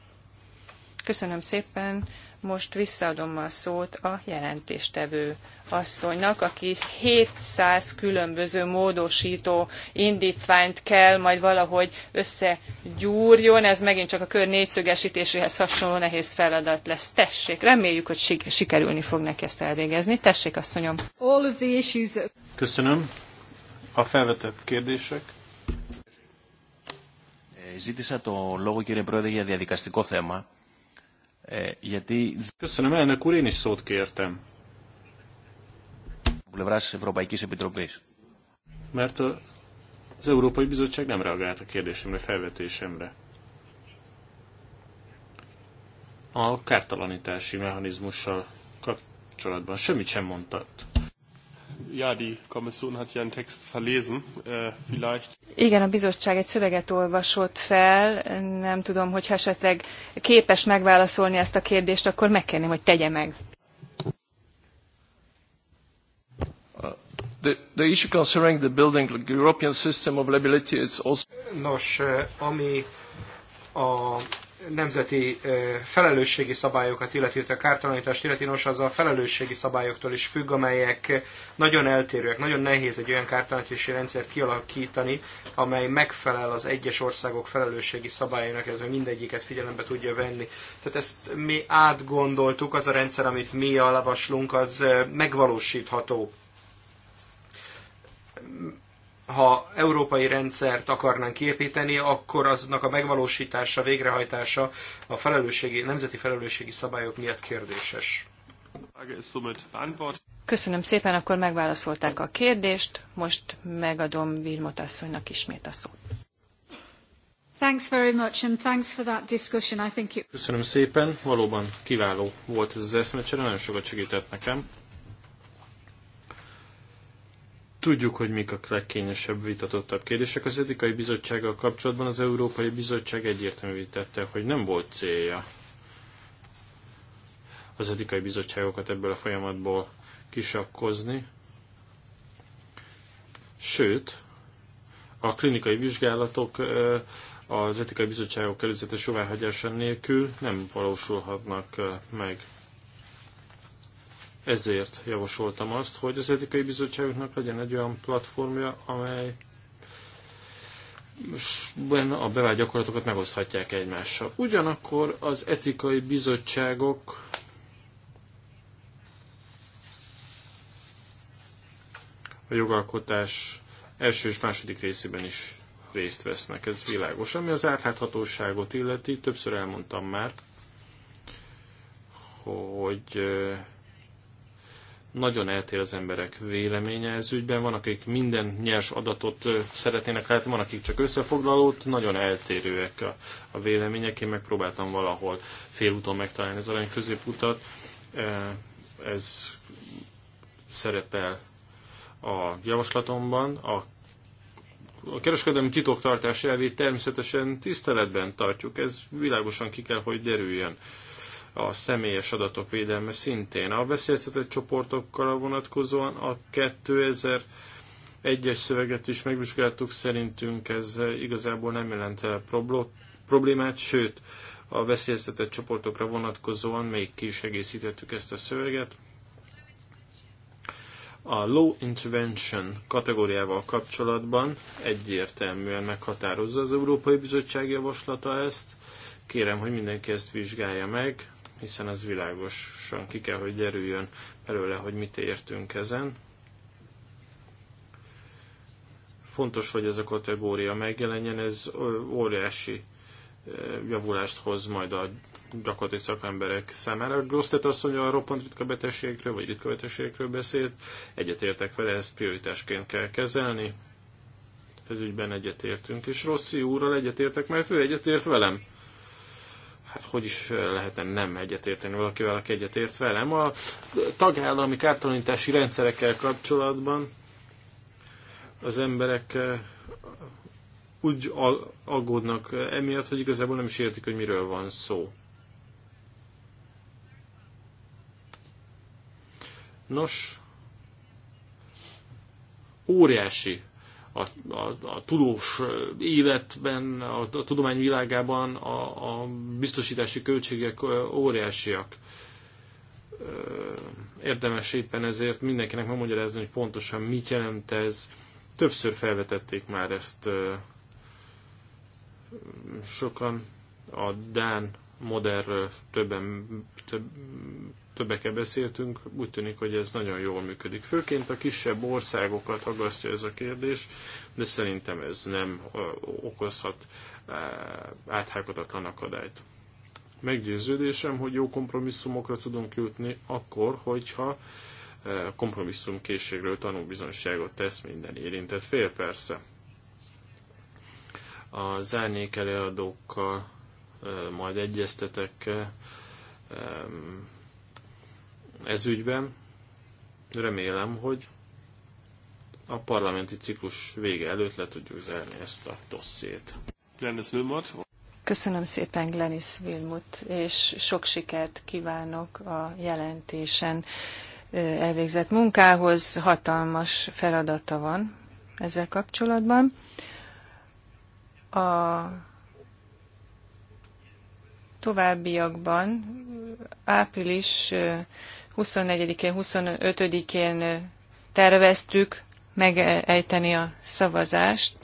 Köszönöm szépen most visszaadom a szót a jelentéstevő asszonynak, aki 700 különböző módosító indítványt kell majd valahogy összegyúrjon. Ez megint csak a kör négyszögesítéséhez hasonló nehéz feladat lesz. Tessék, reméljük, hogy sikerülni fog neki ezt elvégezni. Tessék, asszonyom. Köszönöm. A felvetett kérdések. Ζήτησα το λόγο κύριε Πρόεδρε για διαδικαστικό θέμα. Köszönöm, elnök úr, én is szót kértem. Mert a, az Európai Bizottság nem reagált a kérdésemre, felvetésemre. A kártalanítási mechanizmussal kapcsolatban semmit sem mondtat. Ja, die Kommission hat ja einen Text verlesen, äh, vielleicht. Igen, a bizottság egy szöveget olvasott fel, nem tudom, hogy esetleg képes megválaszolni ezt a kérdést, akkor megkérném, hogy tegye meg. Uh, the, the issue concerning the building the European system of liability is also... Nos, uh, ami a nemzeti felelősségi szabályokat, illetve a kártalanítást, illetve nos, az a felelősségi szabályoktól is függ, amelyek nagyon eltérőek. Nagyon nehéz egy olyan kártalanítási rendszert kialakítani, amely megfelel az egyes országok felelősségi szabályainak, illetve mindegyiket figyelembe tudja venni. Tehát ezt mi átgondoltuk, az a rendszer, amit mi javaslunk, az megvalósítható ha európai rendszert akarnánk képíteni, akkor aznak a megvalósítása, végrehajtása a felelősségi, nemzeti felelősségi szabályok miatt kérdéses. Köszönöm szépen, akkor megválaszolták a kérdést. Most megadom Vilmot asszonynak ismét a szót. Köszönöm szépen, valóban kiváló volt ez az eszmecsere, nagyon sokat segített nekem. Tudjuk, hogy mik a legkényesebb, vitatottabb kérdések. Az etikai bizottsággal kapcsolatban az Európai Bizottság egyértelművé tette, hogy nem volt célja az etikai bizottságokat ebből a folyamatból kisakkozni. Sőt, a klinikai vizsgálatok az etikai bizottságok előzetes jóváhagyása nélkül nem valósulhatnak meg. Ezért javasoltam azt, hogy az etikai bizottságoknak legyen egy olyan platformja, amely a bevált gyakorlatokat megoszthatják egymással. Ugyanakkor az etikai bizottságok a jogalkotás első és második részében is részt vesznek, ez világos. Ami az átláthatóságot illeti, többször elmondtam már, hogy nagyon eltér az emberek véleménye ez ügyben. Van, akik minden nyers adatot szeretnének látni, van, akik csak összefoglalót, nagyon eltérőek a, a vélemények. Én megpróbáltam valahol félúton megtalálni az arany középutat. Ez szerepel a javaslatomban. A a kereskedelmi titoktartás elvét természetesen tiszteletben tartjuk, ez világosan ki kell, hogy derüljön a személyes adatok védelme szintén. A beszélgetett csoportokkal vonatkozóan a 2000 egyes szöveget is megvizsgáltuk, szerintünk ez igazából nem jelent problémát, sőt, a veszélyeztetett csoportokra vonatkozóan még ki is egészítettük ezt a szöveget. A low intervention kategóriával kapcsolatban egyértelműen meghatározza az Európai Bizottság javaslata ezt. Kérem, hogy mindenki ezt vizsgálja meg hiszen az világosan ki kell, hogy derüljön belőle, hogy mit értünk ezen. Fontos, hogy ez a kategória megjelenjen, ez óriási javulást hoz majd a gyakorlati szakemberek számára. Grosztet asszony a roppant ritka betegségekről, vagy ritka betegségekről beszélt, egyetértek vele, ezt prioritásként kell kezelni. Ez ügyben egyetértünk, és Rossi úrral egyetértek, mert ő egyetért velem hát hogy is lehetne nem egyetérteni valakivel, aki egyetért velem. A tagállami kártalanítási rendszerekkel kapcsolatban az emberek eh, úgy aggódnak emiatt, hogy igazából nem is értik, hogy miről van szó. Nos, óriási a, a, a tudós életben, a, a tudomány világában a, a biztosítási költségek óriásiak. Érdemes éppen ezért mindenkinek megmagyarázni, hogy pontosan mit jelent ez. Többször felvetették már ezt sokan a Dán modern többen több, többeke beszéltünk, úgy tűnik, hogy ez nagyon jól működik. Főként a kisebb országokat hagasztja ez a kérdés, de szerintem ez nem okozhat áthágatatlan akadályt. Meggyőződésem, hogy jó kompromisszumokra tudunk jutni akkor, hogyha kompromisszum készségről tanúbizonyságot tesz minden érintett fél persze. Az árnyék előadókkal majd egyeztetek, ez ügyben. Remélem, hogy a parlamenti ciklus vége előtt le tudjuk zárni ezt a dossziét. Köszönöm szépen Glenis Wilmut, és sok sikert kívánok a jelentésen elvégzett munkához. Hatalmas feladata van ezzel kapcsolatban. A továbbiakban április 24-én, 25-én terveztük megejteni a szavazást,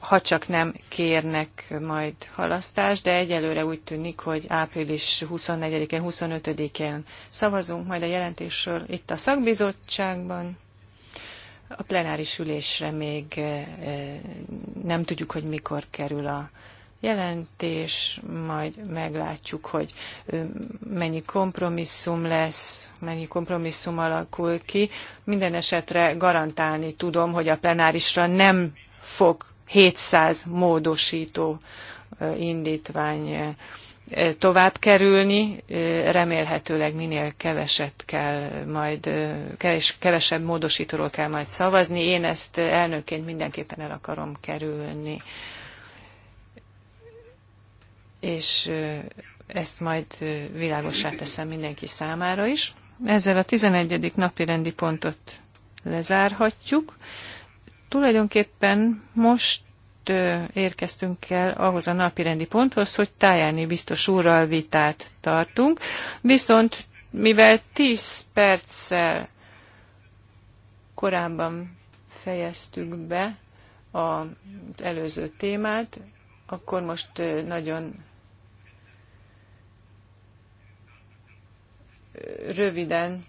ha csak nem kérnek majd halasztást, de egyelőre úgy tűnik, hogy április 24-én, 25-én szavazunk majd a jelentésről itt a szakbizottságban. A plenáris ülésre még nem tudjuk, hogy mikor kerül a jelentés, majd meglátjuk, hogy mennyi kompromisszum lesz, mennyi kompromisszum alakul ki. Minden esetre garantálni tudom, hogy a plenárisra nem fog 700 módosító indítvány tovább kerülni. Remélhetőleg minél keveset kell majd, keves, kevesebb módosítóról kell majd szavazni. Én ezt elnökként mindenképpen el akarom kerülni és ezt majd világossá teszem mindenki számára is. Ezzel a 11. napi rendi pontot lezárhatjuk. Tulajdonképpen most érkeztünk el ahhoz a napirendi ponthoz, hogy Tájáni biztos úrral vitát tartunk, viszont mivel 10 perccel korábban fejeztük be az előző témát, akkor most nagyon röviden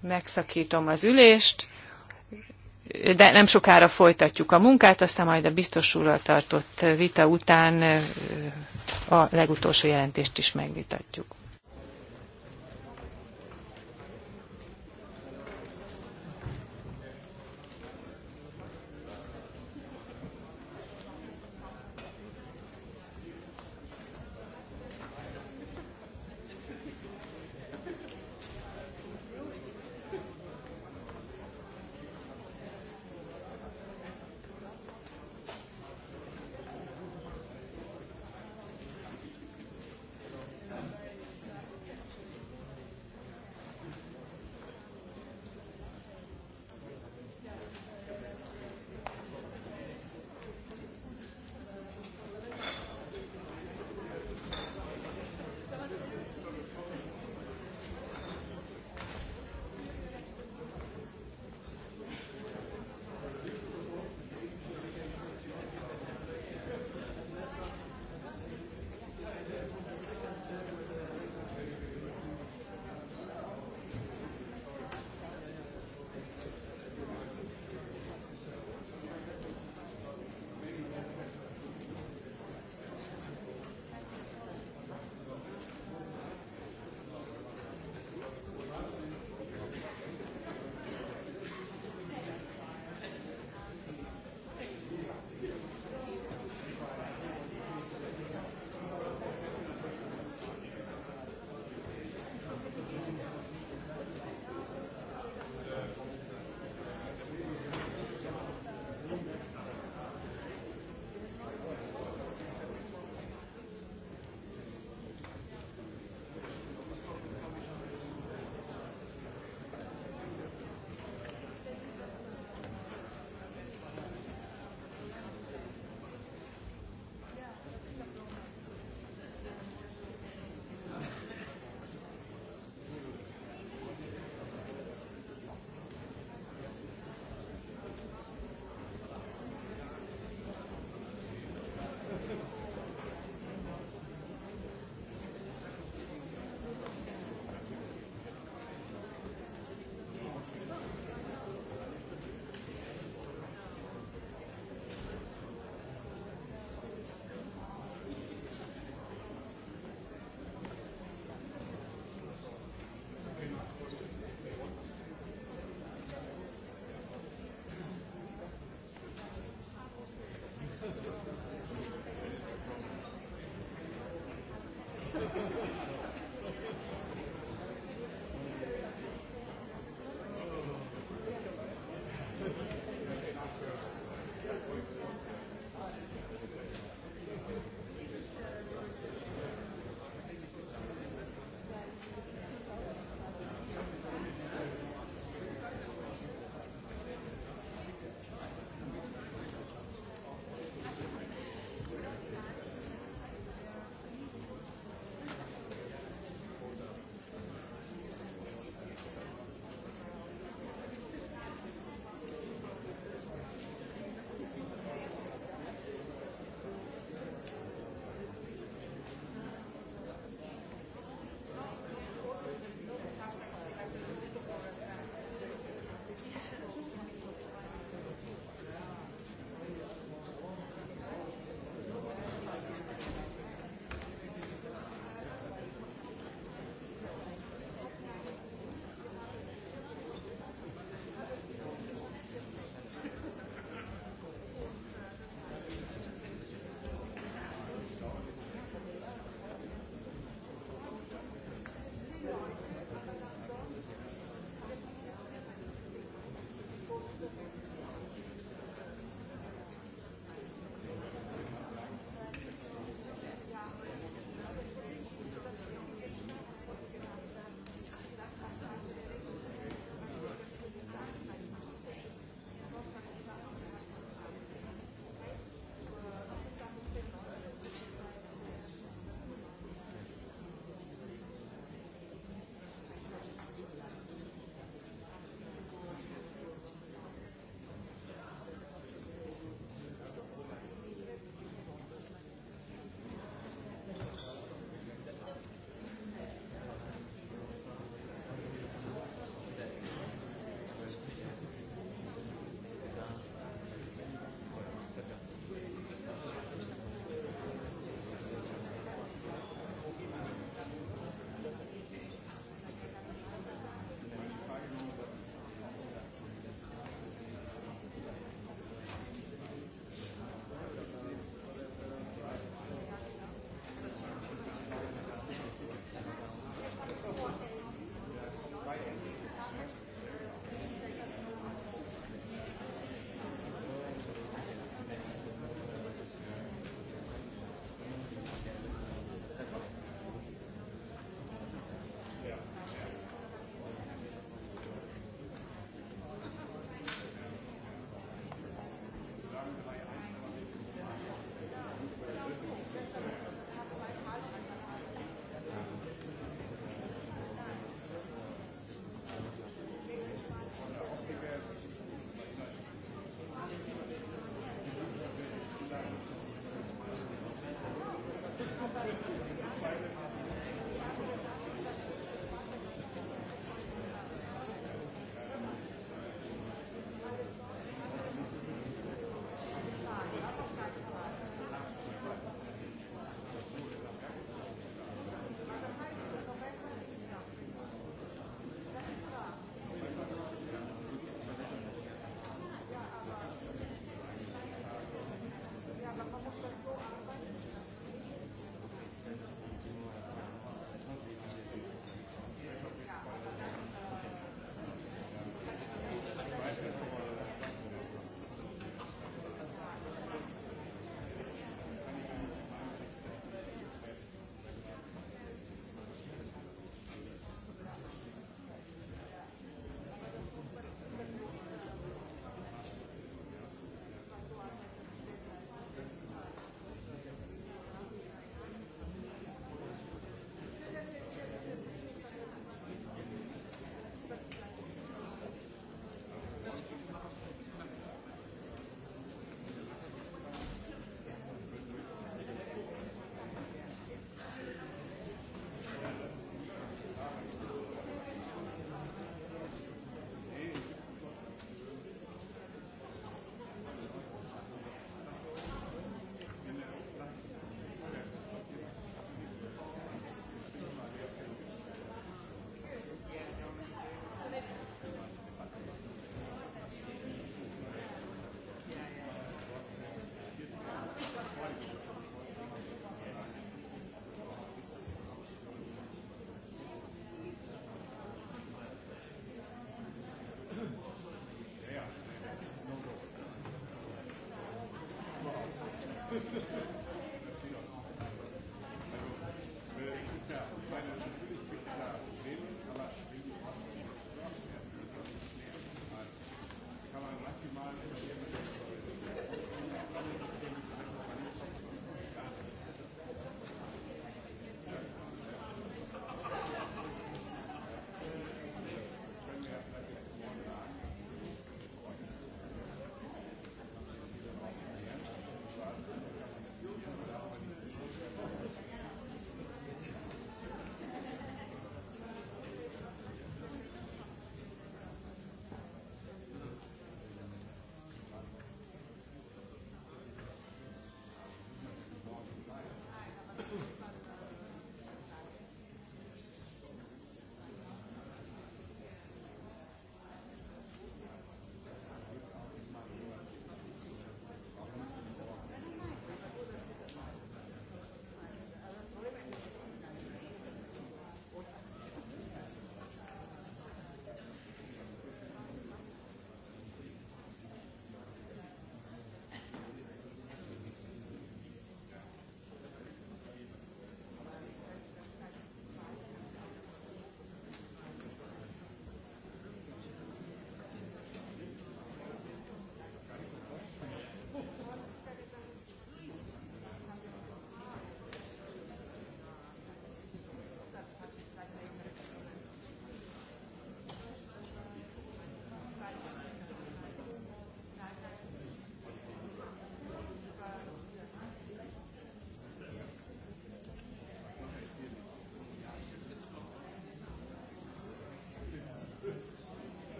megszakítom az ülést, de nem sokára folytatjuk a munkát, aztán majd a biztos úrral tartott vita után a legutolsó jelentést is megvitatjuk.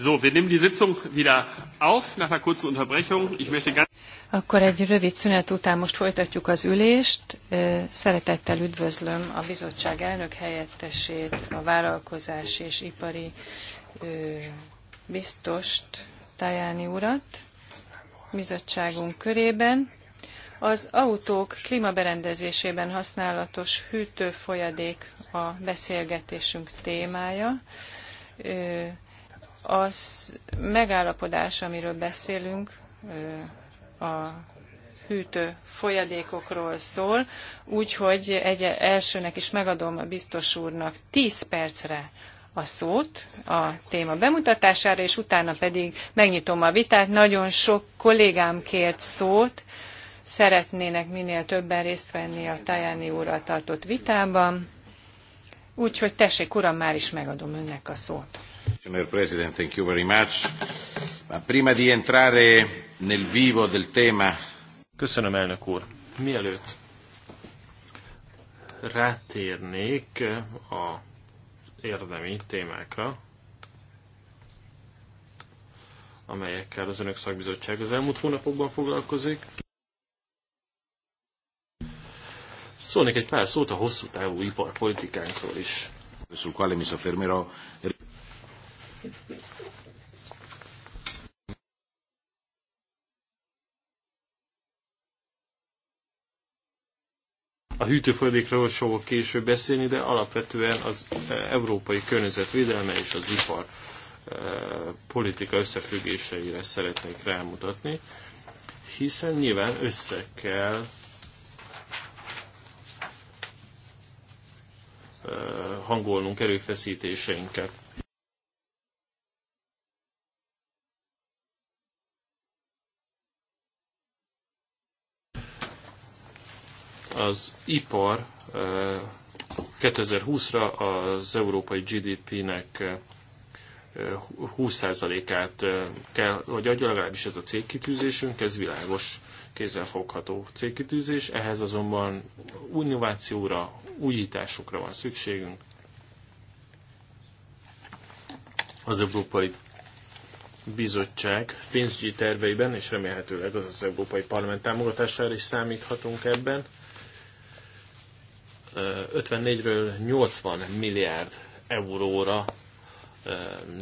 So, wir nehmen die Sitzung wieder auf nach einer kurzen Unterbrechung. Ich möchte ganz akkor egy rövid szünet után most folytatjuk az ülést. Szeretettel üdvözlöm a bizottság elnök helyettesét, a vállalkozás és ipari biztost, Tajáni urat bizottságunk körében. Az autók klímaberendezésében használatos hűtőfolyadék a beszélgetésünk témája. Az megállapodás, amiről beszélünk, a hűtő folyadékokról szól, úgyhogy egy elsőnek is megadom a biztos úrnak 10 percre a szót a téma bemutatására, és utána pedig megnyitom a vitát. Nagyon sok kollégám kért szót, szeretnének minél többen részt venni a Tajani úrral tartott vitában. Úgyhogy tessék, uram, már is megadom önnek a szót. President, thank you very much. prima di entrare nel vivo del tema. Köszönöm, elnök úr. Mielőtt rátérnék a érdemi témákra, amelyekkel az Önök Szakbizottság az elmúlt hónapokban foglalkozik. Szólnék egy pár szót a hosszú távú iparpolitikánkról is. A hűtőfolyadékról fogok később beszélni, de alapvetően az e, európai környezetvédelme és az ipar e, politika összefüggéseire szeretnék rámutatni, hiszen nyilván össze kell e, hangolnunk erőfeszítéseinket. az ipar 2020-ra az európai GDP-nek 20%-át kell, vagy adja legalábbis ez a cégkitűzésünk, ez világos, kézzelfogható cégkitűzés. ehhez azonban innovációra, újításokra van szükségünk. Az Európai Bizottság pénzügyi terveiben, és remélhetőleg az, az Európai Parlament támogatására is számíthatunk ebben, 54-ről 80 milliárd euróra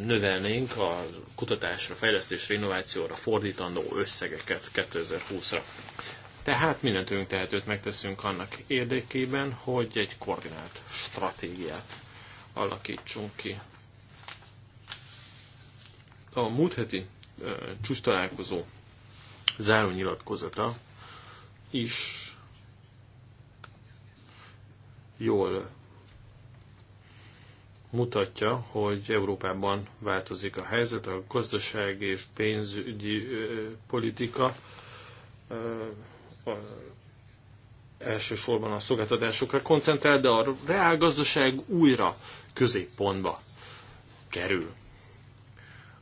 növelnénk a kutatásra, fejlesztésre, innovációra fordítandó összegeket 2020-ra. Tehát mindent önk tehetőt megteszünk annak érdekében, hogy egy koordinált stratégiát alakítsunk ki. A múlt heti csúcs találkozó zárónyilatkozata is jól mutatja, hogy Európában változik a helyzet, a gazdaság és pénzügyi politika elsősorban a szolgáltatásokra koncentrál, de a gazdaság újra középpontba kerül.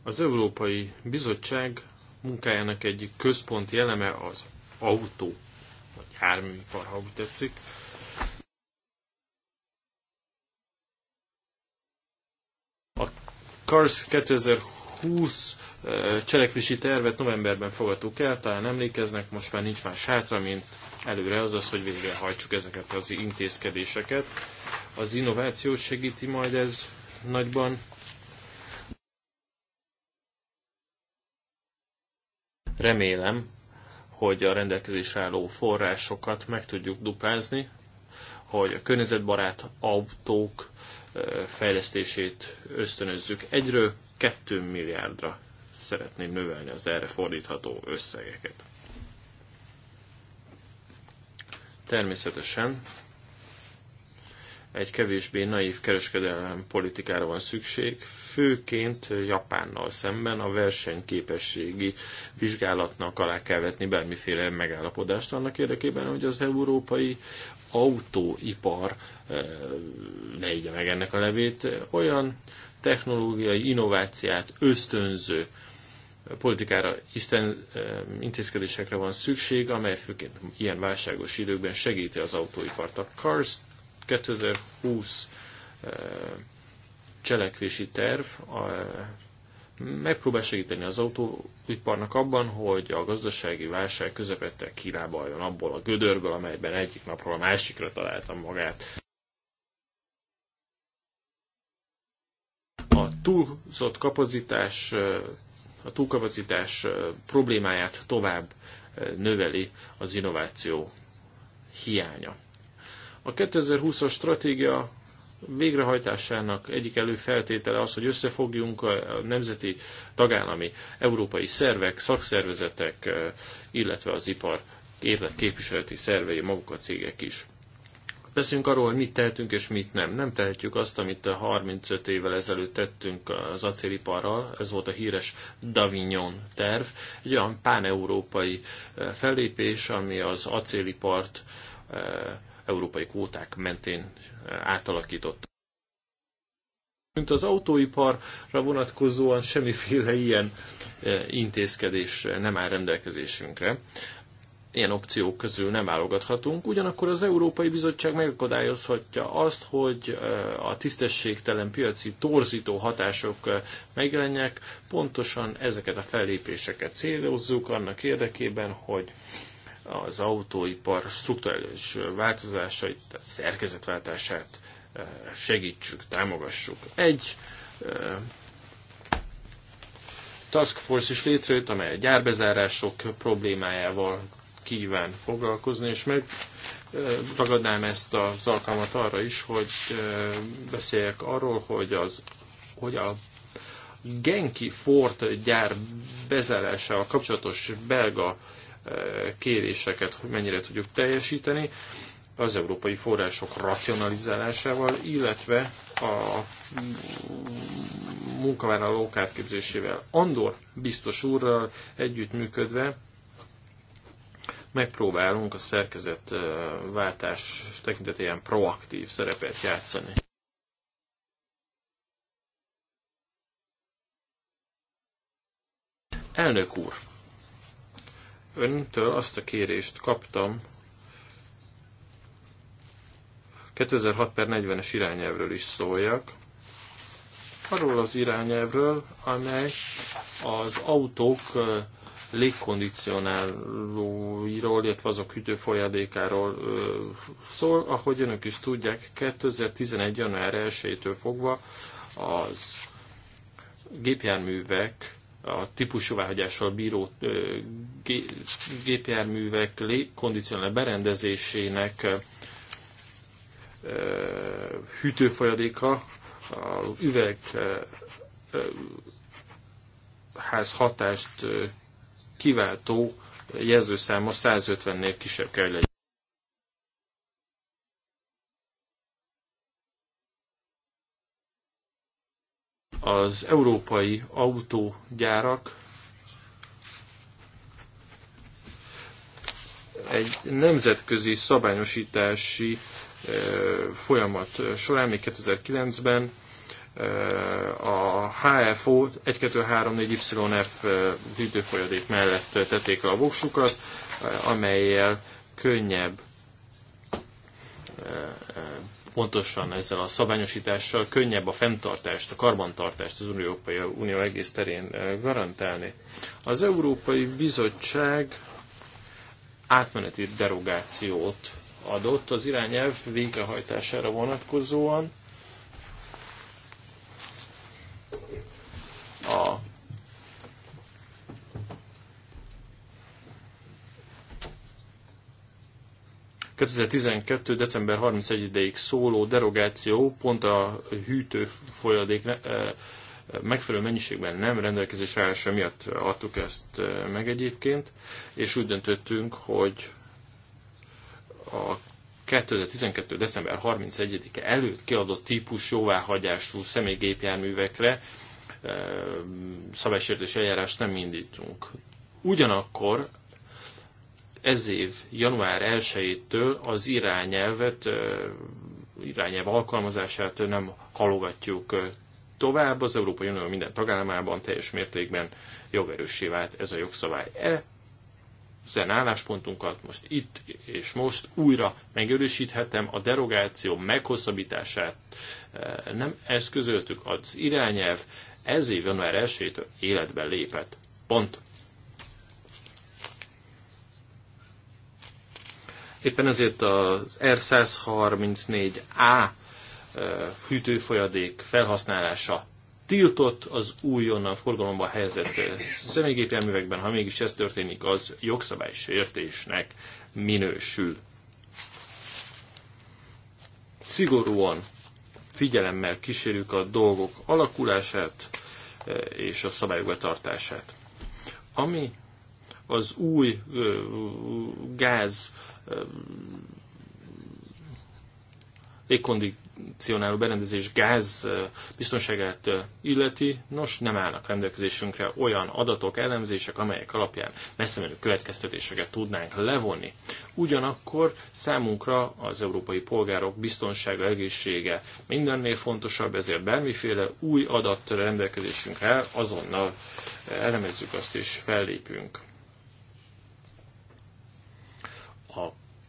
Az Európai Bizottság munkájának egyik központi eleme az autó, vagy járműipar, ha úgy tetszik, Cars 2020 eh, cselekvési tervet novemberben fogadtuk el, talán emlékeznek, most már nincs más hátra, mint előre az az, hogy végrehajtsuk ezeket az intézkedéseket. Az innovációt segíti majd ez nagyban. Remélem, hogy a rendelkezés álló forrásokat meg tudjuk duplázni, hogy a környezetbarát autók fejlesztését ösztönözzük. Egyről 2 milliárdra szeretném növelni az erre fordítható összegeket. Természetesen egy kevésbé naív kereskedelem politikára van szükség, főként Japánnal szemben a versenyképességi vizsgálatnak alá kell vetni bármiféle megállapodást annak érdekében, hogy az európai autóipar ne így meg ennek a levét, olyan technológiai innováciát ösztönző politikára, isten intézkedésekre van szükség, amely főként ilyen válságos időkben segíti az autóipart. A CARS 2020 cselekvési terv megpróbál segíteni az autóiparnak abban, hogy a gazdasági válság közepette kilábaljon abból a gödörből, amelyben egyik napról a másikra találtam magát. A túlzott kapacitás, a túlkapacitás problémáját tovább növeli az innováció hiánya. A 2020-as stratégia végrehajtásának egyik előfeltétele az, hogy összefogjunk a nemzeti tagállami európai szervek, szakszervezetek, illetve az ipar képviseleti szervei, maguk a cégek is. Beszélünk arról, hogy mit tehetünk és mit nem. Nem tehetjük azt, amit 35 évvel ezelőtt tettünk az acéliparral, ez volt a híres Davignon terv, egy olyan páneurópai fellépés, ami az acélipart európai kvóták mentén eh, átalakított. Mint az autóiparra vonatkozóan semmiféle ilyen eh, intézkedés eh, nem áll rendelkezésünkre. Ilyen opciók közül nem válogathatunk, ugyanakkor az Európai Bizottság megakadályozhatja azt, hogy a tisztességtelen piaci torzító hatások megjelenjek. Pontosan ezeket a fellépéseket célozzuk annak érdekében, hogy az autóipar strukturális változásait, tehát szerkezetváltását eh, segítsük, támogassuk. Egy eh, task force is létrejött, amely a gyárbezárások problémájával kíván foglalkozni, és meg eh, ragadnám ezt az alkalmat arra is, hogy beszéljek arról, hogy, az, hogy a Genki Ford gyár bezárásával kapcsolatos belga kéréseket mennyire tudjuk teljesíteni az európai források racionalizálásával, illetve a munkavállalók átképzésével. Andor biztos úrral együttműködve megpróbálunk a szerkezet váltás tekintetében proaktív szerepet játszani. Elnök úr, öntől azt a kérést kaptam, 2006 per 40-es irányelvről is szóljak, arról az irányelvről, amely az autók légkondicionálóiról, illetve azok hűtőfolyadékáról szól. Ahogy önök is tudják, 2011. január 1-től fogva az gépjárművek a típusúvágyással bíró gépjárművek kondicionál berendezésének hűtőfolyadéka, a üvegház hatást kiváltó jelzőszáma 150-nél kisebb kell legyen. az európai autógyárak egy nemzetközi szabályosítási eh, folyamat során, még 2009-ben eh, a HFO 1234YF eh, hűtőfolyadék mellett tették a voksukat, amelyel könnyebb pontosan ezzel a szabályosítással könnyebb a fenntartást, a karbantartást az Európai Unió egész terén eh, garantálni. Az Európai Bizottság átmeneti derogációt adott az irányelv végrehajtására vonatkozóan. A 2012. december 31-ig szóló derogáció pont a hűtő folyadék e, megfelelő mennyiségben nem rendelkezésre állása miatt adtuk ezt e, meg egyébként, és úgy döntöttünk, hogy a 2012. december 31-e előtt kiadott típus jóváhagyású személygépjárművekre e, szabálysértés eljárást nem indítunk. Ugyanakkor ez év január 1-től az irányelvet, irányelv alkalmazását nem halogatjuk tovább. Az Európai Unió minden tagállamában teljes mértékben jogerőssé vált ez a jogszabály. E ezen álláspontunkat most itt és most újra megerősíthetem, a derogáció meghosszabbítását nem eszközöltük, az irányelv ez év január 1-től életbe lépett. Pont. Éppen ezért az R134A eh, hűtőfolyadék felhasználása tiltott az újonnan forgalomba helyezett eh, személygépjárművekben, ha mégis ez történik, az jogszabály sértésnek minősül. Szigorúan figyelemmel kísérjük a dolgok alakulását eh, és a szabályok betartását. Ami az új gáz légkondicionáló berendezés gáz biztonságát illeti, nos nem állnak rendelkezésünkre olyan adatok, elemzések, amelyek alapján messze menő következtetéseket tudnánk levonni. Ugyanakkor számunkra az európai polgárok biztonsága, egészsége mindennél fontosabb, ezért bármiféle új adat rendelkezésünkre azonnal elemezzük azt és fellépünk.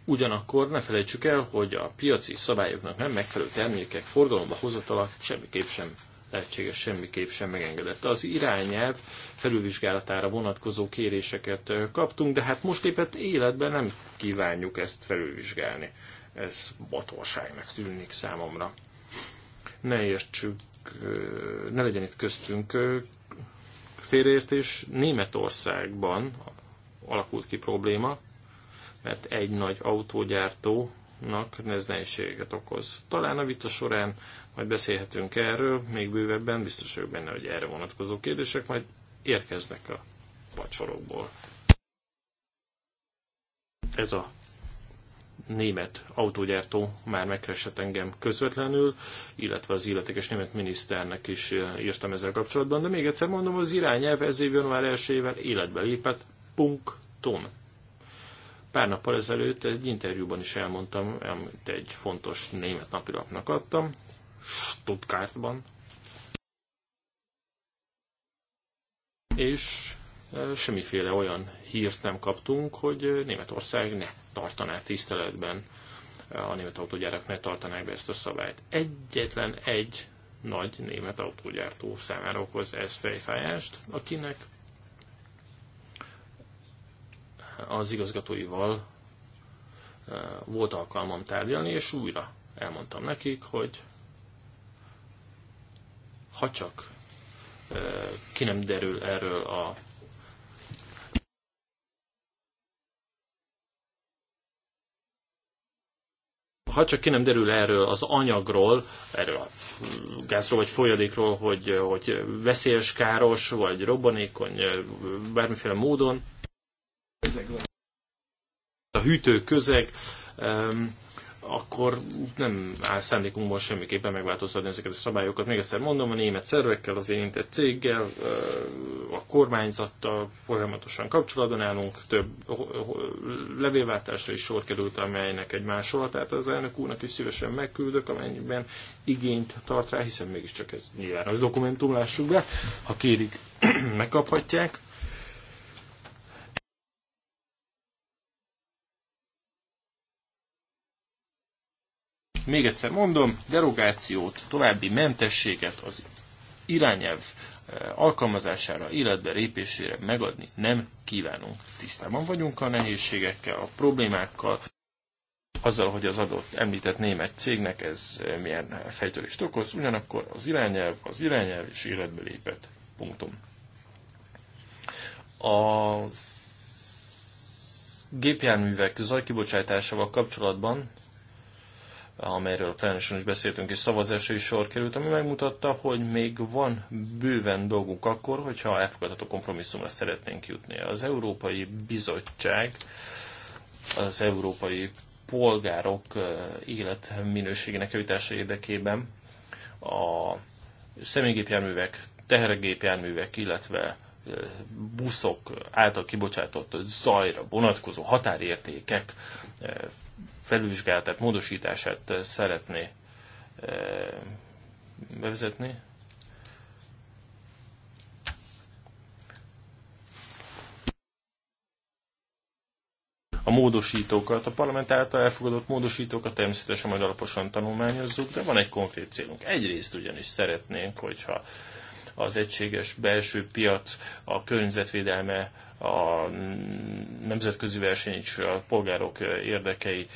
Ugyanakkor ne felejtsük el, hogy a piaci szabályoknak nem megfelelő termékek forgalomba hozatala semmiképp sem lehetséges, semmiképp sem megengedett. Az irányelv felülvizsgálatára vonatkozó kéréseket kaptunk, de hát most éppen életben nem kívánjuk ezt felülvizsgálni. Ez batorságnak tűnik számomra. Ne értsük, ne legyen itt köztünk félreértés. Németországban alakult ki probléma, mert egy nagy autógyártónak ez nehézséget okoz. Talán a vita során majd beszélhetünk erről, még bővebben, biztos vagyok benne, hogy erre vonatkozó kérdések majd érkeznek a vacsorokból. Ez a német autógyártó már megkeresett engem közvetlenül, illetve az illetékes német miniszternek is eh, írtam ezzel kapcsolatban, de még egyszer mondom, az irányelv ez év január 1 életbe lépett, punktum. Pár nappal ezelőtt egy interjúban is elmondtam, amit egy fontos német napilapnak adtam, Stuttgartban. És e, semmiféle olyan hírt nem kaptunk, hogy Németország ne tartaná tiszteletben, e, a német autógyárak ne tartanák be ezt a szabályt. Egyetlen egy nagy német autógyártó számára okoz ez fejfájást, akinek az igazgatóival eh, volt alkalmam tárgyalni, és újra elmondtam nekik, hogy ha csak eh, ki nem derül erről a ha csak ki nem derül erről az anyagról, erről a gázról vagy folyadékról, hogy, hogy veszélyes, káros, vagy robbanékony, eh, bármiféle módon, közeg van. a hűtő közeg, akkor nem áll szándékunkban semmiképpen megváltoztatni ezeket a szabályokat. Még egyszer mondom, a német szervekkel, az érintett céggel, a kormányzattal folyamatosan kapcsolatban állunk, több levélváltásra is sor került, amelynek egy másolatát az elnök úrnak is szívesen megküldök, amennyiben igényt tart rá, hiszen mégiscsak ez nyilvános dokumentum, lássuk be, ha kérik, megkaphatják. Még egyszer mondom, derogációt, további mentességet az irányelv eh, alkalmazására, illetve lépésére megadni nem kívánunk. Tisztában vagyunk a nehézségekkel, a problémákkal, azzal, hogy az adott említett német cégnek ez eh, milyen eh, fejtörést okoz, ugyanakkor az irányelv, az irányelv és életbe lépett. Punktum. A gépjárművek zajkibocsátásával kapcsolatban amelyről plenesen is beszéltünk, és szavazásra is sor került, ami megmutatta, hogy még van bőven dolgunk akkor, hogyha elfogadható kompromisszumra szeretnénk jutni. Az Európai Bizottság az európai polgárok életminőségének javítása érdekében a személygépjárművek, tehergépjárművek, illetve buszok által kibocsátott zajra vonatkozó határértékek felvizsgálatát, módosítását szeretné bevezetni. A módosítókat, a parlament által elfogadott módosítókat természetesen majd alaposan tanulmányozzuk, de van egy konkrét célunk. Egyrészt ugyanis szeretnénk, hogyha az egységes belső piac, a környezetvédelme, a nemzetközi verseny és a polgárok érdekei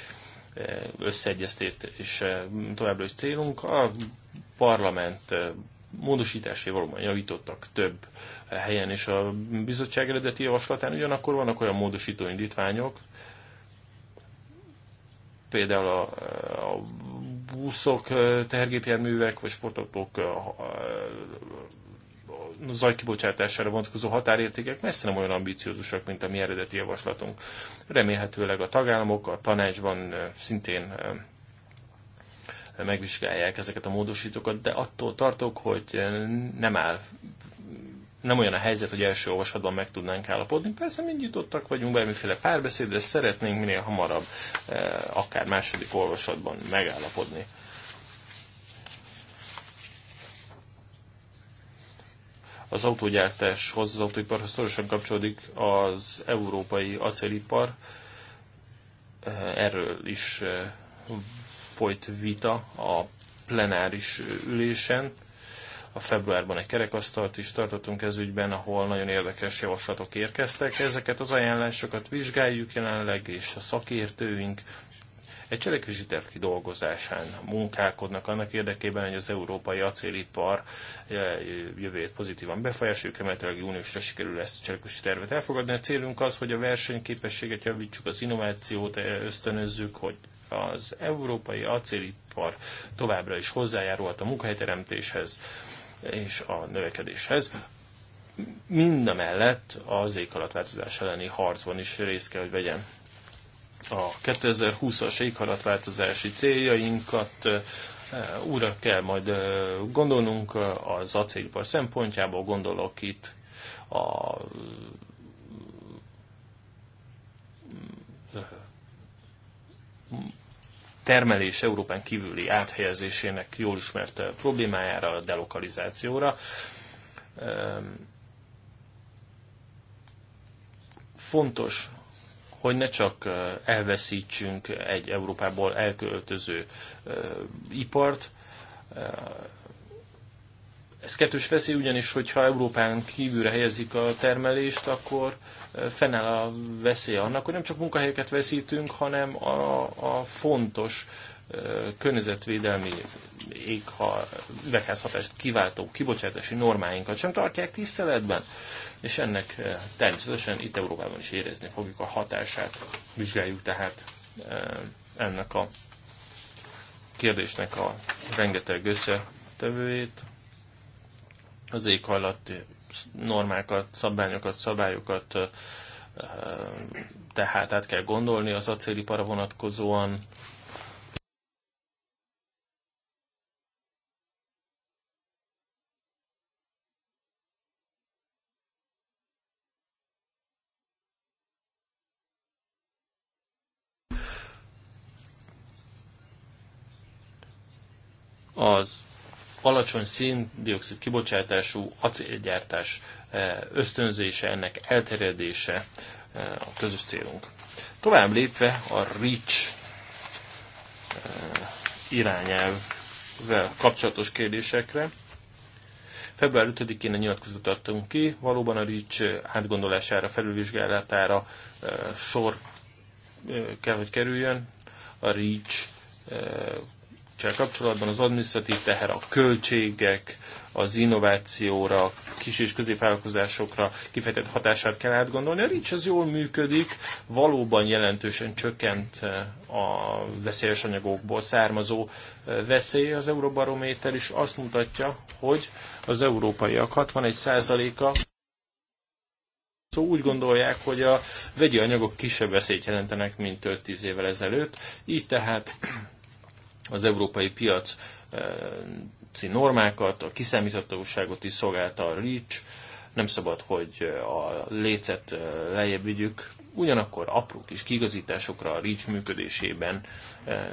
és eh, továbbra is célunk. A parlament eh, módosításai valóban javítottak több helyen és a bizottság eredeti javaslatán, ugyanakkor vannak olyan módosító indítványok, például a, a buszok, eh, tehergépjárművek vagy sportautók zajkibocsátására vonatkozó határértékek messze nem olyan ambiciózusak, mint a mi eredeti javaslatunk. Remélhetőleg a tagállamok a tanácsban szintén megvizsgálják ezeket a módosítókat, de attól tartok, hogy nem áll nem olyan a helyzet, hogy első olvasatban meg tudnánk állapodni. Persze mind jutottak vagyunk bármiféle párbeszédre, szeretnénk minél hamarabb, akár második olvasatban megállapodni. az autógyártáshoz, az autóiparhoz szorosan kapcsolódik az európai acélipar. Erről is eh, folyt vita a plenáris ülésen. A februárban egy kerekasztalt is tartottunk ez ügyben, ahol nagyon érdekes javaslatok érkeztek. Ezeket az ajánlásokat vizsgáljuk jelenleg, és a szakértőink egy cselekvési terv kidolgozásán munkálkodnak annak érdekében, hogy az európai acélipar eh, jövőjét pozitívan befolyásoljuk, remélhetőleg júniusra sikerül ezt a cselekvési tervet elfogadni. A célunk az, hogy a versenyképességet javítsuk, az innovációt eh, ösztönözzük, hogy az európai acélipar továbbra is hozzájárulhat a munkahelyteremtéshez és a növekedéshez. Mind a mellett az változás elleni harcban is részt kell, hogy vegyen a 2020-as éghajlatváltozási céljainkat újra kell majd gondolnunk az acélipar szempontjából, gondolok itt a termelés Európán kívüli áthelyezésének jól ismert problémájára, a delokalizációra. Fontos hogy ne csak elveszítsünk egy Európából elköltöző ipart, ez kettős veszély, ugyanis hogyha Európán kívülre helyezik a termelést, akkor fennáll a veszély annak, hogy nem csak munkahelyeket veszítünk, hanem a, a fontos környezetvédelmi égha, üvegházhatást kiváltó kibocsátási normáinkat sem tartják tiszteletben és ennek eh, természetesen itt Európában is érezni fogjuk a hatását. Vizsgáljuk tehát eh, ennek a kérdésnek a rengeteg összetevőjét, az éghajlat normákat, szabványokat, szabályokat, eh, tehát át kell gondolni az acélipara vonatkozóan, az alacsony széndiokszid kibocsátású acélgyártás eh, ösztönzése, ennek elterjedése eh, a közös célunk. Tovább lépve a REACH eh, irányelvvel kapcsolatos kérdésekre. Február 5-én a nyilatkozatot adtunk ki, valóban a REACH átgondolására, felülvizsgálatára sor kell, hogy kerüljön. A REACH csel kapcsolatban az adminisztratív teher, a költségek, az innovációra, kis és középvállalkozásokra kifejtett hatását kell átgondolni. A RICS az jól működik, valóban jelentősen csökkent eh, a veszélyes anyagokból származó eh, veszély. Az Euróbarométer is azt mutatja, hogy az európaiak 61%-a szó szóval úgy gondolják, hogy a vegyi anyagok kisebb veszélyt jelentenek, mint 5-10 évvel ezelőtt. Így tehát az európai piac eh, normákat, a kiszámíthatóságot is szolgálta a REACH, nem szabad, hogy eh, a lécet eh, lejjebb vigyük, ugyanakkor apró kis kigazításokra a REACH működésében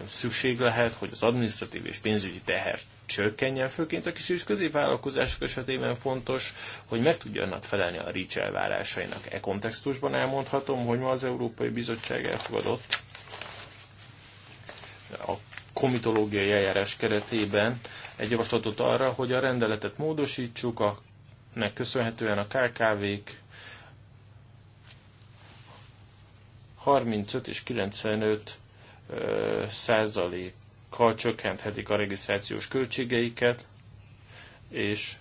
szükség lehet, hogy az adminisztratív és pénzügyi teher csökkenjen, főként a kis és középvállalkozások esetében fontos, hogy meg tudjanak felelni a REACH elvárásainak. E kontextusban elmondhatom, hogy ma az Európai Bizottság elfogadott a komitológiai eljárás keretében egy javaslatot arra, hogy a rendeletet módosítsuk, a, nek köszönhetően a KKV-k 35 és 95 százalékkal csökkenthetik a regisztrációs költségeiket, és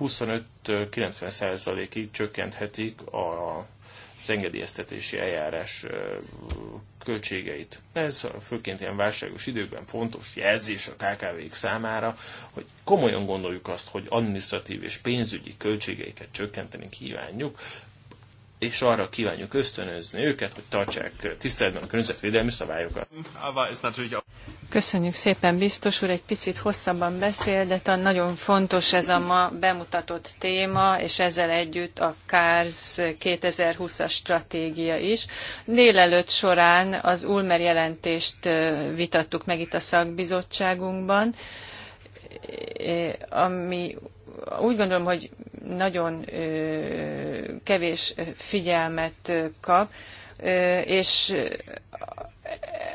25-90 százalékig csökkenthetik a az engedélyeztetési eljárás költségeit. Ez főként ilyen válságos időkben fontos jelzés a KKV-k számára, hogy komolyan gondoljuk azt, hogy administratív és pénzügyi költségeiket csökkenteni kívánjuk, és arra kívánjuk ösztönözni őket, hogy tartsák tiszteletben a környezetvédelmi szabályokat. Köszönjük szépen, biztos úr, egy picit hosszabban beszél, de nagyon fontos ez a ma bemutatott téma, és ezzel együtt a KARS 2020-as stratégia is. Délelőtt során az Ulmer jelentést vitattuk meg itt a szakbizottságunkban, ami úgy gondolom, hogy nagyon kevés figyelmet kap, és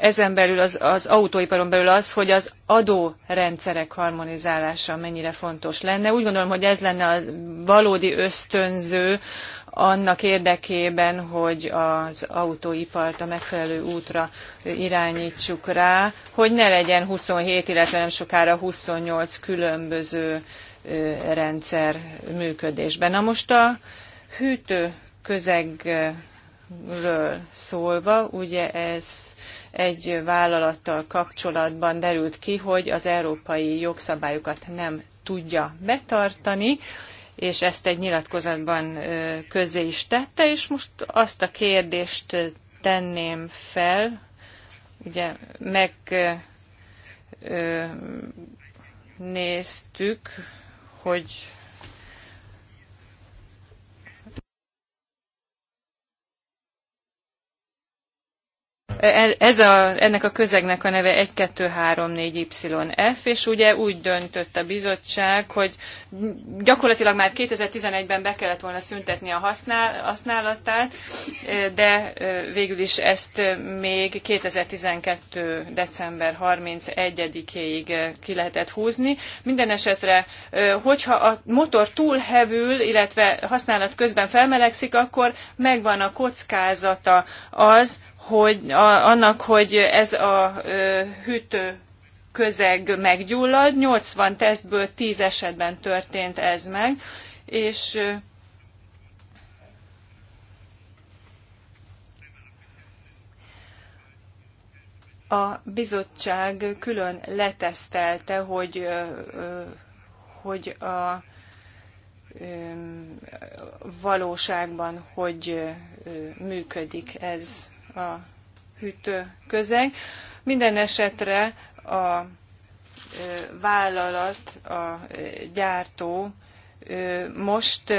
ezen belül az, az autóiparon belül az, hogy az adórendszerek harmonizálása mennyire fontos lenne. Úgy gondolom, hogy ez lenne a valódi ösztönző annak érdekében, hogy az autóipart a megfelelő útra irányítsuk rá, hogy ne legyen 27, illetve nem sokára 28 különböző rendszer működésben. Na most a hűtő közeg ről szólva, ugye ez egy vállalattal kapcsolatban derült ki, hogy az európai jogszabályokat nem tudja betartani, és ezt egy nyilatkozatban közé is tette, és most azt a kérdést tenném fel, ugye meg néztük, hogy E, ez a, ennek a közegnek a neve 1234YF, és ugye úgy döntött a bizottság, hogy gyakorlatilag már 2011-ben be kellett volna szüntetni a használ, használatát, e, de e, végül is ezt még 2012. december 31-éig ki lehetett húzni. Minden esetre, hogyha a motor túlhevül, illetve használat közben felmelegszik, akkor megvan a kockázata az, hogy a, annak, hogy ez a ö, hűtő közeg meggyullad, 80 tesztből 10 esetben történt ez meg, és ö, a bizottság külön letesztelte, hogy, ö, hogy a valóságban hogy működik ez a hűtőközeg Minden esetre a vállalat, a gyártó most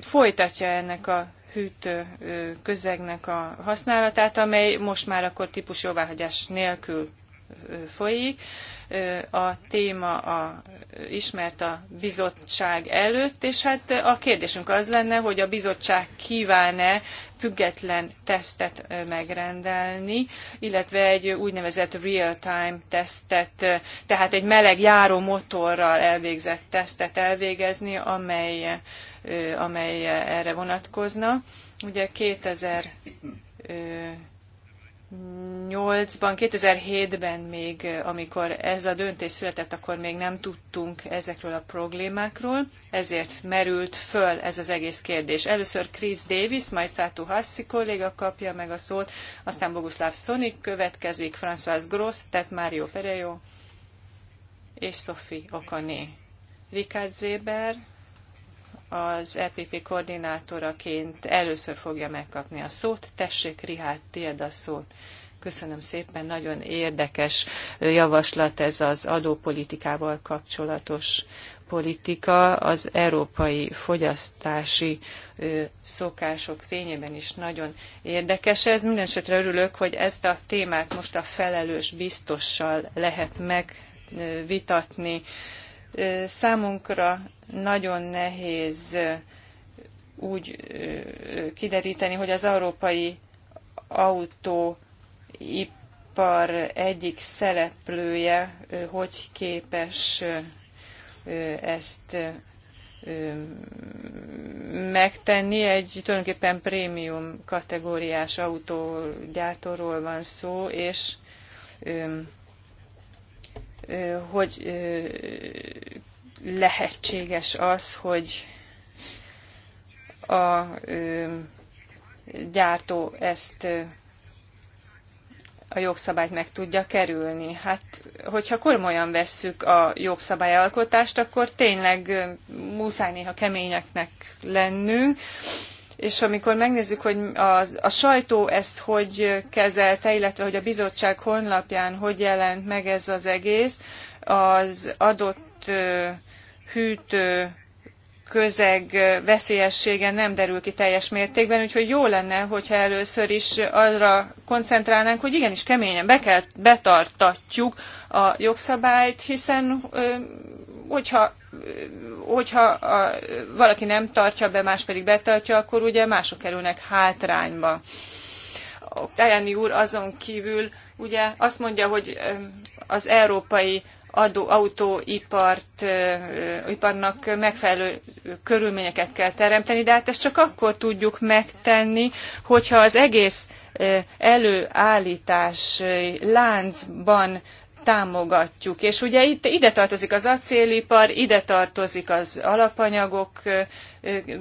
folytatja ennek a hűtőközegnek a használatát, amely most már akkor típus jóváhagyás nélkül folyik a téma a, ismert a bizottság előtt, és hát a kérdésünk az lenne, hogy a bizottság kíván-e független tesztet megrendelni, illetve egy úgynevezett real-time tesztet, tehát egy meleg járó motorral elvégzett tesztet elvégezni, amely, amely erre vonatkozna. Ugye 2000 2008-ban, 2007-ben még, amikor ez a döntés született, akkor még nem tudtunk ezekről a problémákról, ezért merült föl ez az egész kérdés. Először Chris Davis, majd Szátú Hassi kolléga kapja meg a szót, aztán Boguslav Sonik következik, François Gross, tehát Mário Perejo és Sophie Okoné. Richard Zéber, az EPP koordinátoraként először fogja megkapni a szót. Tessék, Rihárd, tiéd a szót. Köszönöm szépen, nagyon érdekes javaslat ez az adópolitikával kapcsolatos politika. Az európai fogyasztási szokások fényében is nagyon érdekes. Ez mindenesetre örülök, hogy ezt a témát most a felelős biztossal lehet megvitatni Számunkra nagyon nehéz úgy kideríteni, hogy az európai autóipar egyik szereplője hogy képes ezt megtenni. Egy tulajdonképpen prémium kategóriás autógyártóról van szó, és hogy lehetséges az, hogy a gyártó ezt a jogszabályt meg tudja kerülni. Hát, hogyha komolyan vesszük a jogszabályalkotást, akkor tényleg muszáj néha keményeknek lennünk, és amikor megnézzük, hogy a, a sajtó ezt hogy kezelte, illetve hogy a bizottság honlapján hogy jelent meg ez az egész, az adott hűtő közeg veszélyessége nem derül ki teljes mértékben, úgyhogy jó lenne, hogyha először is arra koncentrálnánk, hogy igenis keményen be kell, betartatjuk a jogszabályt, hiszen hogyha hogyha a, valaki nem tartja be, más pedig betartja, akkor ugye mások kerülnek hátrányba. Tajani úr azon kívül ugye azt mondja, hogy az európai adó, autóipart, iparnak megfelelő körülményeket kell teremteni, de hát ezt csak akkor tudjuk megtenni, hogyha az egész előállítás láncban támogatjuk. És ugye itt, ide tartozik az acélipar, ide tartozik az alapanyagok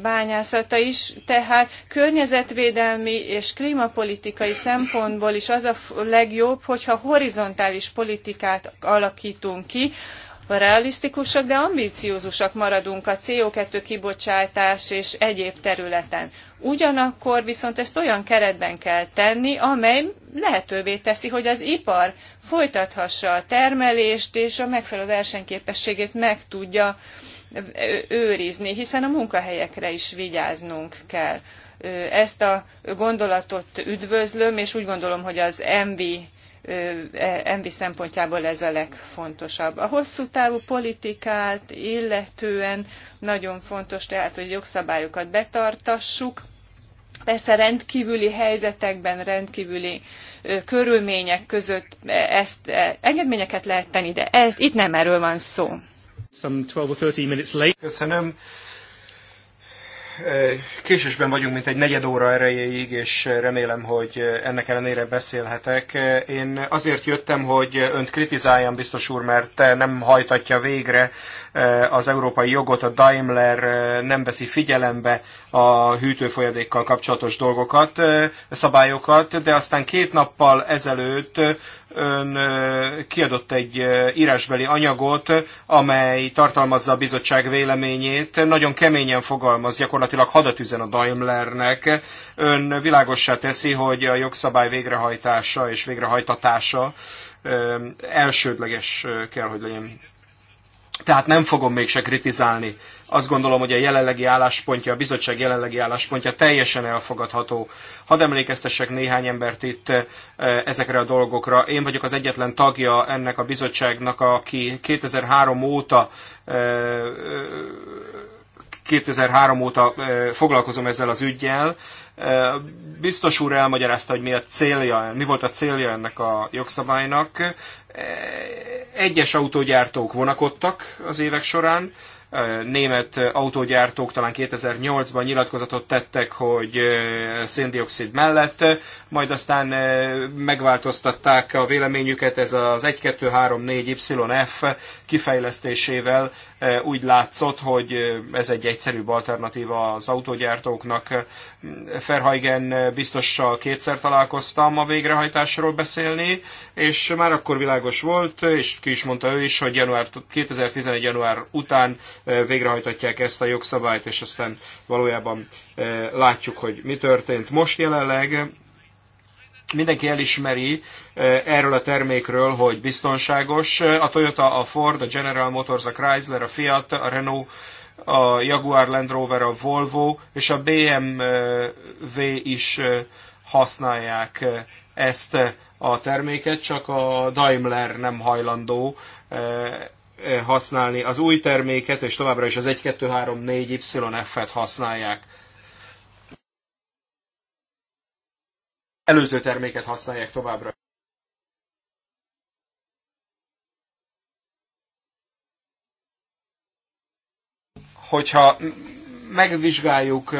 bányászata is, tehát környezetvédelmi és klímapolitikai szempontból is az a legjobb, hogyha horizontális politikát alakítunk ki, realisztikusak, de ambiciózusak maradunk a CO2 kibocsátás és egyéb területen. Ugyanakkor viszont ezt olyan keretben kell tenni, amely lehetővé teszi, hogy az ipar folytathassa a termelést, és a megfelelő versenyképességét meg tudja őrizni, hiszen a munkahelyekre is vigyáznunk kell. Ezt a gondolatot üdvözlöm, és úgy gondolom, hogy az ENVI szempontjából ez a legfontosabb. A hosszú távú politikát illetően nagyon fontos tehát, hogy jogszabályokat betartassuk, Persze rendkívüli helyzetekben, rendkívüli körülmények között e, ezt e, engedményeket lehet tenni, de itt nem erről van szó. Some 12 or 13 minutes late. Köszönöm e, késésben vagyunk, mint egy negyed óra erejéig, és remélem, hogy ennek ellenére beszélhetek. Én azért jöttem, hogy önt kritizáljam, biztos úr, mert nem hajtatja végre Eh, az európai jogot, a Daimler eh, nem veszi figyelembe a hűtőfolyadékkal kapcsolatos dolgokat, eh, szabályokat, de aztán két nappal ezelőtt ön kiadott egy írásbeli anyagot, amely tartalmazza a bizottság véleményét. Nagyon keményen fogalmaz, gyakorlatilag hadat üzen a Daimlernek. Ön világossá teszi, hogy a jogszabály végrehajtása és végrehajtatása elsődleges kell, hogy legyen tehát nem fogom még se kritizálni. Azt gondolom, hogy a jelenlegi álláspontja, a bizottság jelenlegi álláspontja teljesen elfogadható. Hadd emlékeztessek néhány embert itt eh, ezekre a dolgokra. Én vagyok az egyetlen tagja ennek a bizottságnak, aki 2003 óta 2003 eh, eh, óta foglalkozom ezzel az ügyjel, Biztos úr elmagyarázta, hogy mi, a célja, mi volt a célja ennek a jogszabálynak. Egyes autógyártók vonakodtak az évek során, német autógyártók talán 2008-ban nyilatkozatot tettek, hogy széndiokszid mellett, majd aztán megváltoztatták a véleményüket, ez az 1, 2, 3, 4, YF kifejlesztésével úgy látszott, hogy ez egy egyszerűbb alternatíva az autógyártóknak. Ferhajgen biztossal kétszer találkoztam a végrehajtásról beszélni, és már akkor világos volt, és ki is mondta ő is, hogy január, 2011. január után végrehajthatják ezt a jogszabályt, és aztán valójában látjuk, hogy mi történt. Most jelenleg mindenki elismeri erről a termékről, hogy biztonságos. A Toyota, a Ford, a General Motors, a Chrysler, a Fiat, a Renault, a Jaguar Land Rover, a Volvo és a BMW is használják ezt a terméket, csak a Daimler nem hajlandó használni az új terméket, és továbbra is az 1, 2, 3, 4 YF-et használják. Előző terméket használják továbbra. Hogyha megvizsgáljuk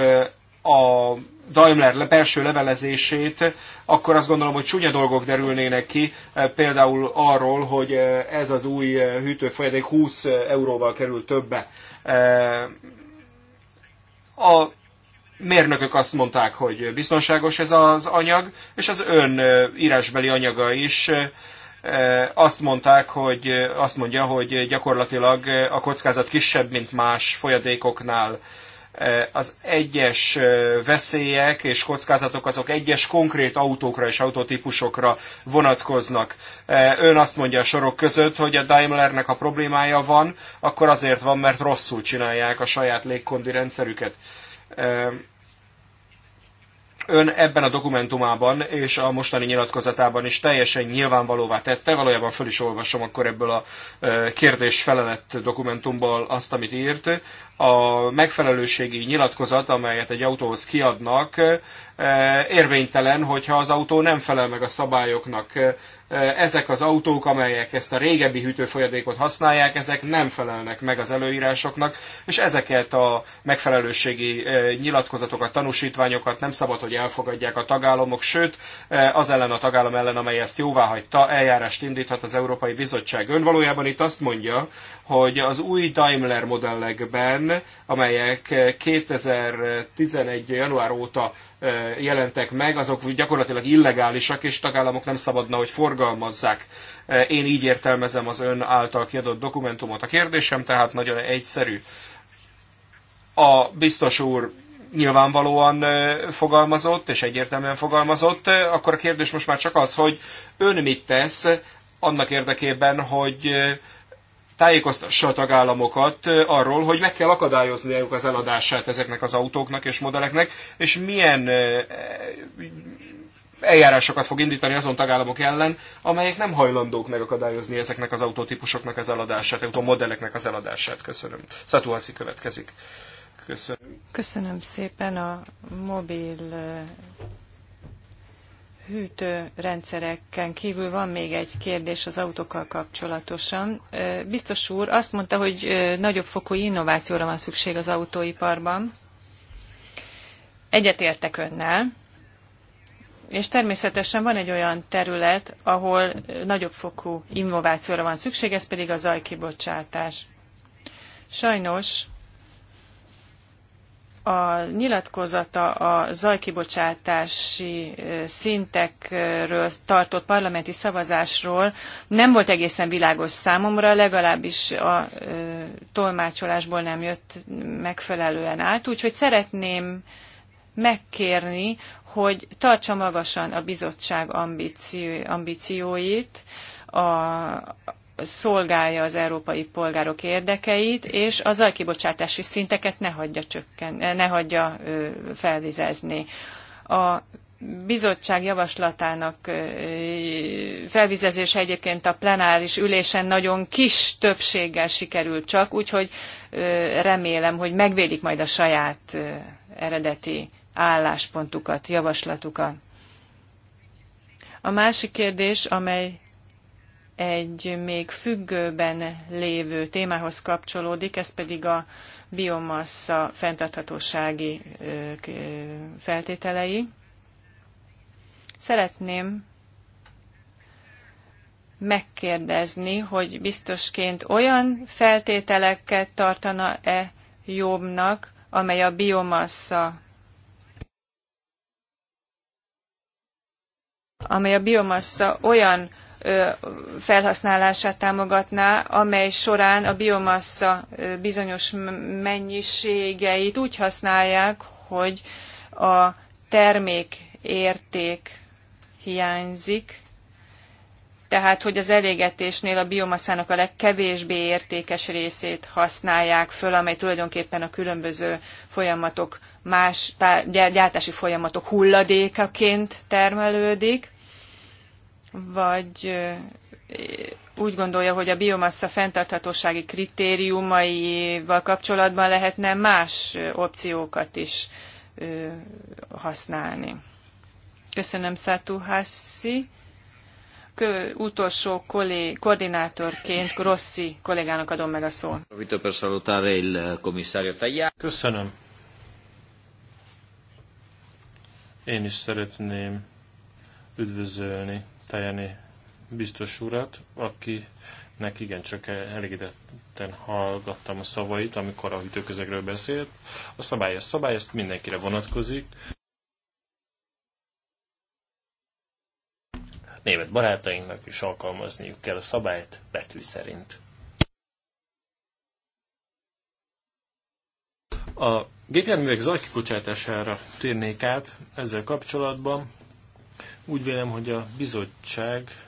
a Daimler belső levelezését, akkor azt gondolom, hogy csúnya dolgok derülnének ki, eh, például arról, hogy eh, ez az új eh, hűtőfolyadék 20 euróval kerül többe. A mérnökök azt mondták, hogy biztonságos ez az anyag, és az ön írásbeli anyaga is azt mondták, hogy azt mondja, hogy gyakorlatilag a kockázat kisebb, mint más folyadékoknál Eh, az egyes eh, veszélyek és kockázatok azok egyes konkrét autókra és autotípusokra vonatkoznak. Eh, ön azt mondja a sorok között, hogy a Daimlernek a problémája van, akkor azért van, mert rosszul csinálják a saját légkondi rendszerüket ön ebben a dokumentumában és a mostani nyilatkozatában is teljesen nyilvánvalóvá tette, valójában föl is olvasom akkor ebből a kérdés-felelet dokumentumból azt, amit írt. A megfelelőségi nyilatkozat, amelyet egy autóhoz kiadnak, E, érvénytelen, hogyha az autó nem felel meg a szabályoknak. E, e, ezek az autók, amelyek ezt a régebbi hűtőfolyadékot használják, ezek nem felelnek meg az előírásoknak, és ezeket a megfelelőségi nyilatkozatokat, tanúsítványokat nem szabad, hogy elfogadják a tagállamok, sőt, az ellen a tagállam ellen, amely ezt jóvá hagyta, eljárást indíthat az Európai Bizottság. Ön valójában itt azt mondja, hogy az új Daimler modellekben, amelyek 2011. január óta jelentek meg, azok gyakorlatilag illegálisak, és tagállamok nem szabadna, hogy forgalmazzák. Én így értelmezem az ön által kiadott dokumentumot. A kérdésem tehát nagyon egyszerű. A biztos úr nyilvánvalóan fogalmazott, és egyértelműen fogalmazott, akkor a kérdés most már csak az, hogy ön mit tesz annak érdekében, hogy tájékoztassa a tagállamokat arról, hogy meg kell akadályozniuk az eladását ezeknek az autóknak és modelleknek, és milyen e, eljárásokat fog indítani azon tagállamok ellen, amelyek nem hajlandók megakadályozni ezeknek az autótípusoknak az eladását, modelleknek az eladását. Köszönöm. Szatuhaszi következik. Köszönöm. Köszönöm szépen a mobil hűtőrendszereken kívül van még egy kérdés az autókkal kapcsolatosan. Biztos úr azt mondta, hogy nagyobb fokú innovációra van szükség az autóiparban. Egyetértek önnel, és természetesen van egy olyan terület, ahol nagyobb fokú innovációra van szükség, ez pedig a zajkibocsátás. Sajnos a nyilatkozata a zajkibocsátási szintekről tartott parlamenti szavazásról nem volt egészen világos számomra, legalábbis a tolmácsolásból nem jött megfelelően át, úgyhogy szeretném megkérni, hogy tartsa magasan a bizottság ambícióit, a, szolgálja az európai polgárok érdekeit, és a zajkibocsátási szinteket ne hagyja, csökken, ne hagyja felvizezni. A bizottság javaslatának felvizezése egyébként a plenáris ülésen nagyon kis többséggel sikerült csak, úgyhogy remélem, hogy megvédik majd a saját eredeti álláspontukat, javaslatukat. A másik kérdés, amely egy még függőben lévő témához kapcsolódik, ez pedig a biomassa fenntarthatósági feltételei. Szeretném megkérdezni, hogy biztosként olyan feltételeket tartana-e jobbnak, amely a biomassa amely a biomassa olyan felhasználását támogatná, amely során a biomassa bizonyos mennyiségeit úgy használják, hogy a termék érték hiányzik, tehát hogy az elégetésnél a biomaszának a legkevésbé értékes részét használják föl, amely tulajdonképpen a különböző folyamatok más gyártási folyamatok hulladékaként termelődik vagy úgy gondolja, hogy a biomassa fenntarthatósági kritériumaival kapcsolatban lehetne más opciókat is használni. Köszönöm, Szátú Hassi. Kö, utolsó kollé, koordinátorként Grossi kollégának adom meg a szót. Eh, Köszönöm. Én is szeretném üdvözölni Tajani biztos urat, akinek igencsak elégedetten hallgattam a szavait, amikor a hűtőközegről beszélt. A szabály a szabály, ezt mindenkire vonatkozik. Német barátainknak is alkalmazniuk kell a szabályt betű szerint. A gépjárművek zajkikocsátására térnék át ezzel kapcsolatban. Úgy vélem, hogy a bizottság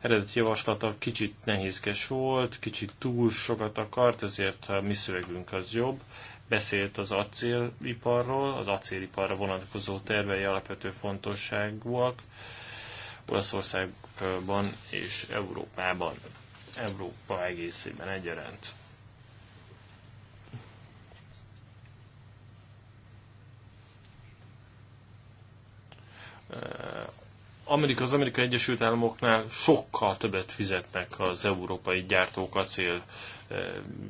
eredeti javaslata kicsit nehézkes volt, kicsit túl sokat akart, ezért a mi szövegünk az jobb. Beszélt az acéliparról, az acéliparra vonatkozó tervei alapvető fontosságúak Olaszországban és Európában. Európa egészében egyaránt. Amerika, az Amerikai Egyesült Államoknál sokkal többet fizetnek az európai gyártók, acél,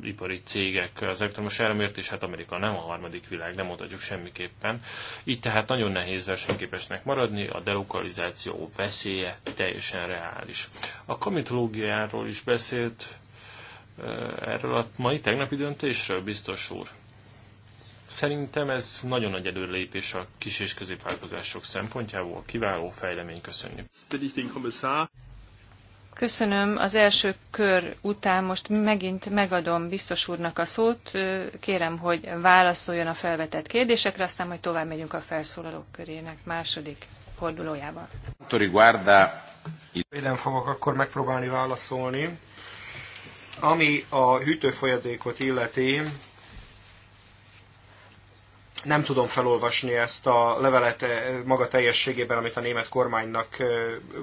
ipari cégek az elektromos áramért, és hát Amerika nem a harmadik világ, nem mondhatjuk semmiképpen. Így tehát nagyon nehéz versenyképesnek maradni, a delokalizáció veszélye teljesen reális. A komitológiáról is beszélt erről a mai tegnapi döntésről, biztos úr. Szerintem ez nagyon nagy előrelépés a kis- és középvállalkozások szempontjából. Kiváló fejlemény, köszönjük. Köszönöm. Az első kör után most megint megadom biztos úrnak a szót. Kérem, hogy válaszoljon a felvetett kérdésekre, aztán majd tovább megyünk a felszólalók körének második fordulójában. Én fogok akkor megpróbálni válaszolni. Ami a hűtőfolyadékot illeti, nem tudom felolvasni ezt a levelet eh, maga teljességében, amit a német kormánynak eh,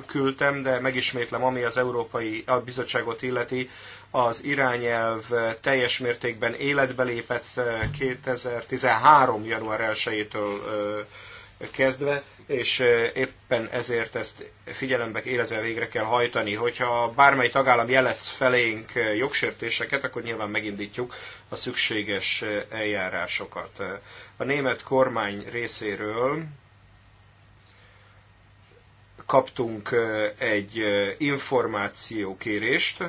küldtem, de megismétlem, ami az Európai Bizottságot illeti, az irányelv eh, teljes mértékben életbe lépett 2013. január 1-től kezdve, és éppen ezért ezt figyelembe, életve végre kell hajtani. Hogyha bármely tagállam jelez felénk jogsértéseket, akkor nyilván megindítjuk a szükséges eljárásokat. A német kormány részéről kaptunk egy információkérést,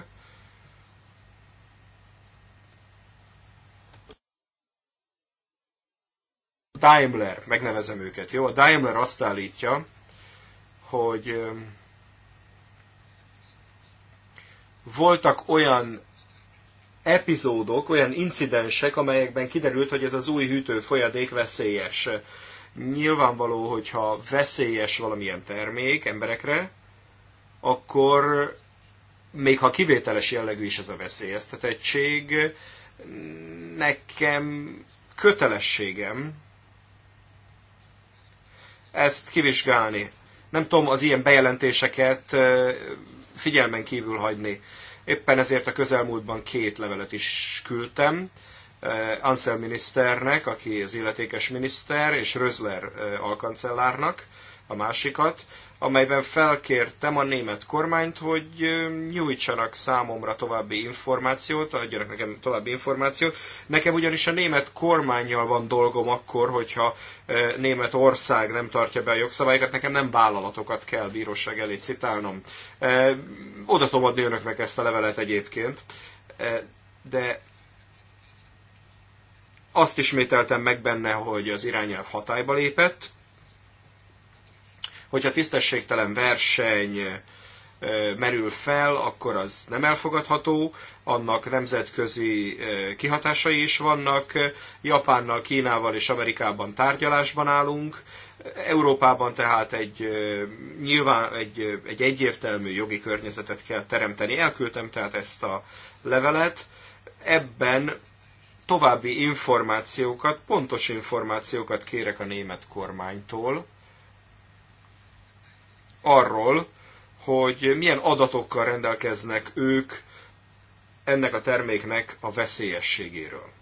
Daimler, megnevezem őket, jó? A Daimler azt állítja, hogy voltak olyan epizódok, olyan incidensek, amelyekben kiderült, hogy ez az új hűtő folyadék veszélyes. Nyilvánvaló, hogyha veszélyes valamilyen termék emberekre, akkor még ha kivételes jellegű is ez a veszélyeztetettség, nekem kötelességem ezt kivizsgálni. Nem tudom az ilyen bejelentéseket figyelmen kívül hagyni. Éppen ezért a közelmúltban két levelet is küldtem. Ansel miniszternek, aki az illetékes miniszter, és Rözler alkancellárnak, a másikat, amelyben felkértem a német kormányt, hogy nyújtsanak számomra további információt, adjanak nekem további információt. Nekem ugyanis a német kormányjal van dolgom akkor, hogyha német ország nem tartja be a jogszabályokat, nekem nem vállalatokat kell bíróság elé citálnom. Oda tudom adni önöknek ezt a levelet egyébként, de azt ismételtem meg benne, hogy az irányelv hatályba lépett, Hogyha tisztességtelen verseny merül fel, akkor az nem elfogadható, annak nemzetközi kihatásai is vannak. Japánnal, Kínával és Amerikában tárgyalásban állunk. Európában tehát egy, nyilván egy, egy egyértelmű jogi környezetet kell teremteni. Elküldtem tehát ezt a levelet. Ebben további információkat, pontos információkat kérek a német kormánytól, arról, hogy milyen adatokkal rendelkeznek ők ennek a terméknek a veszélyességéről.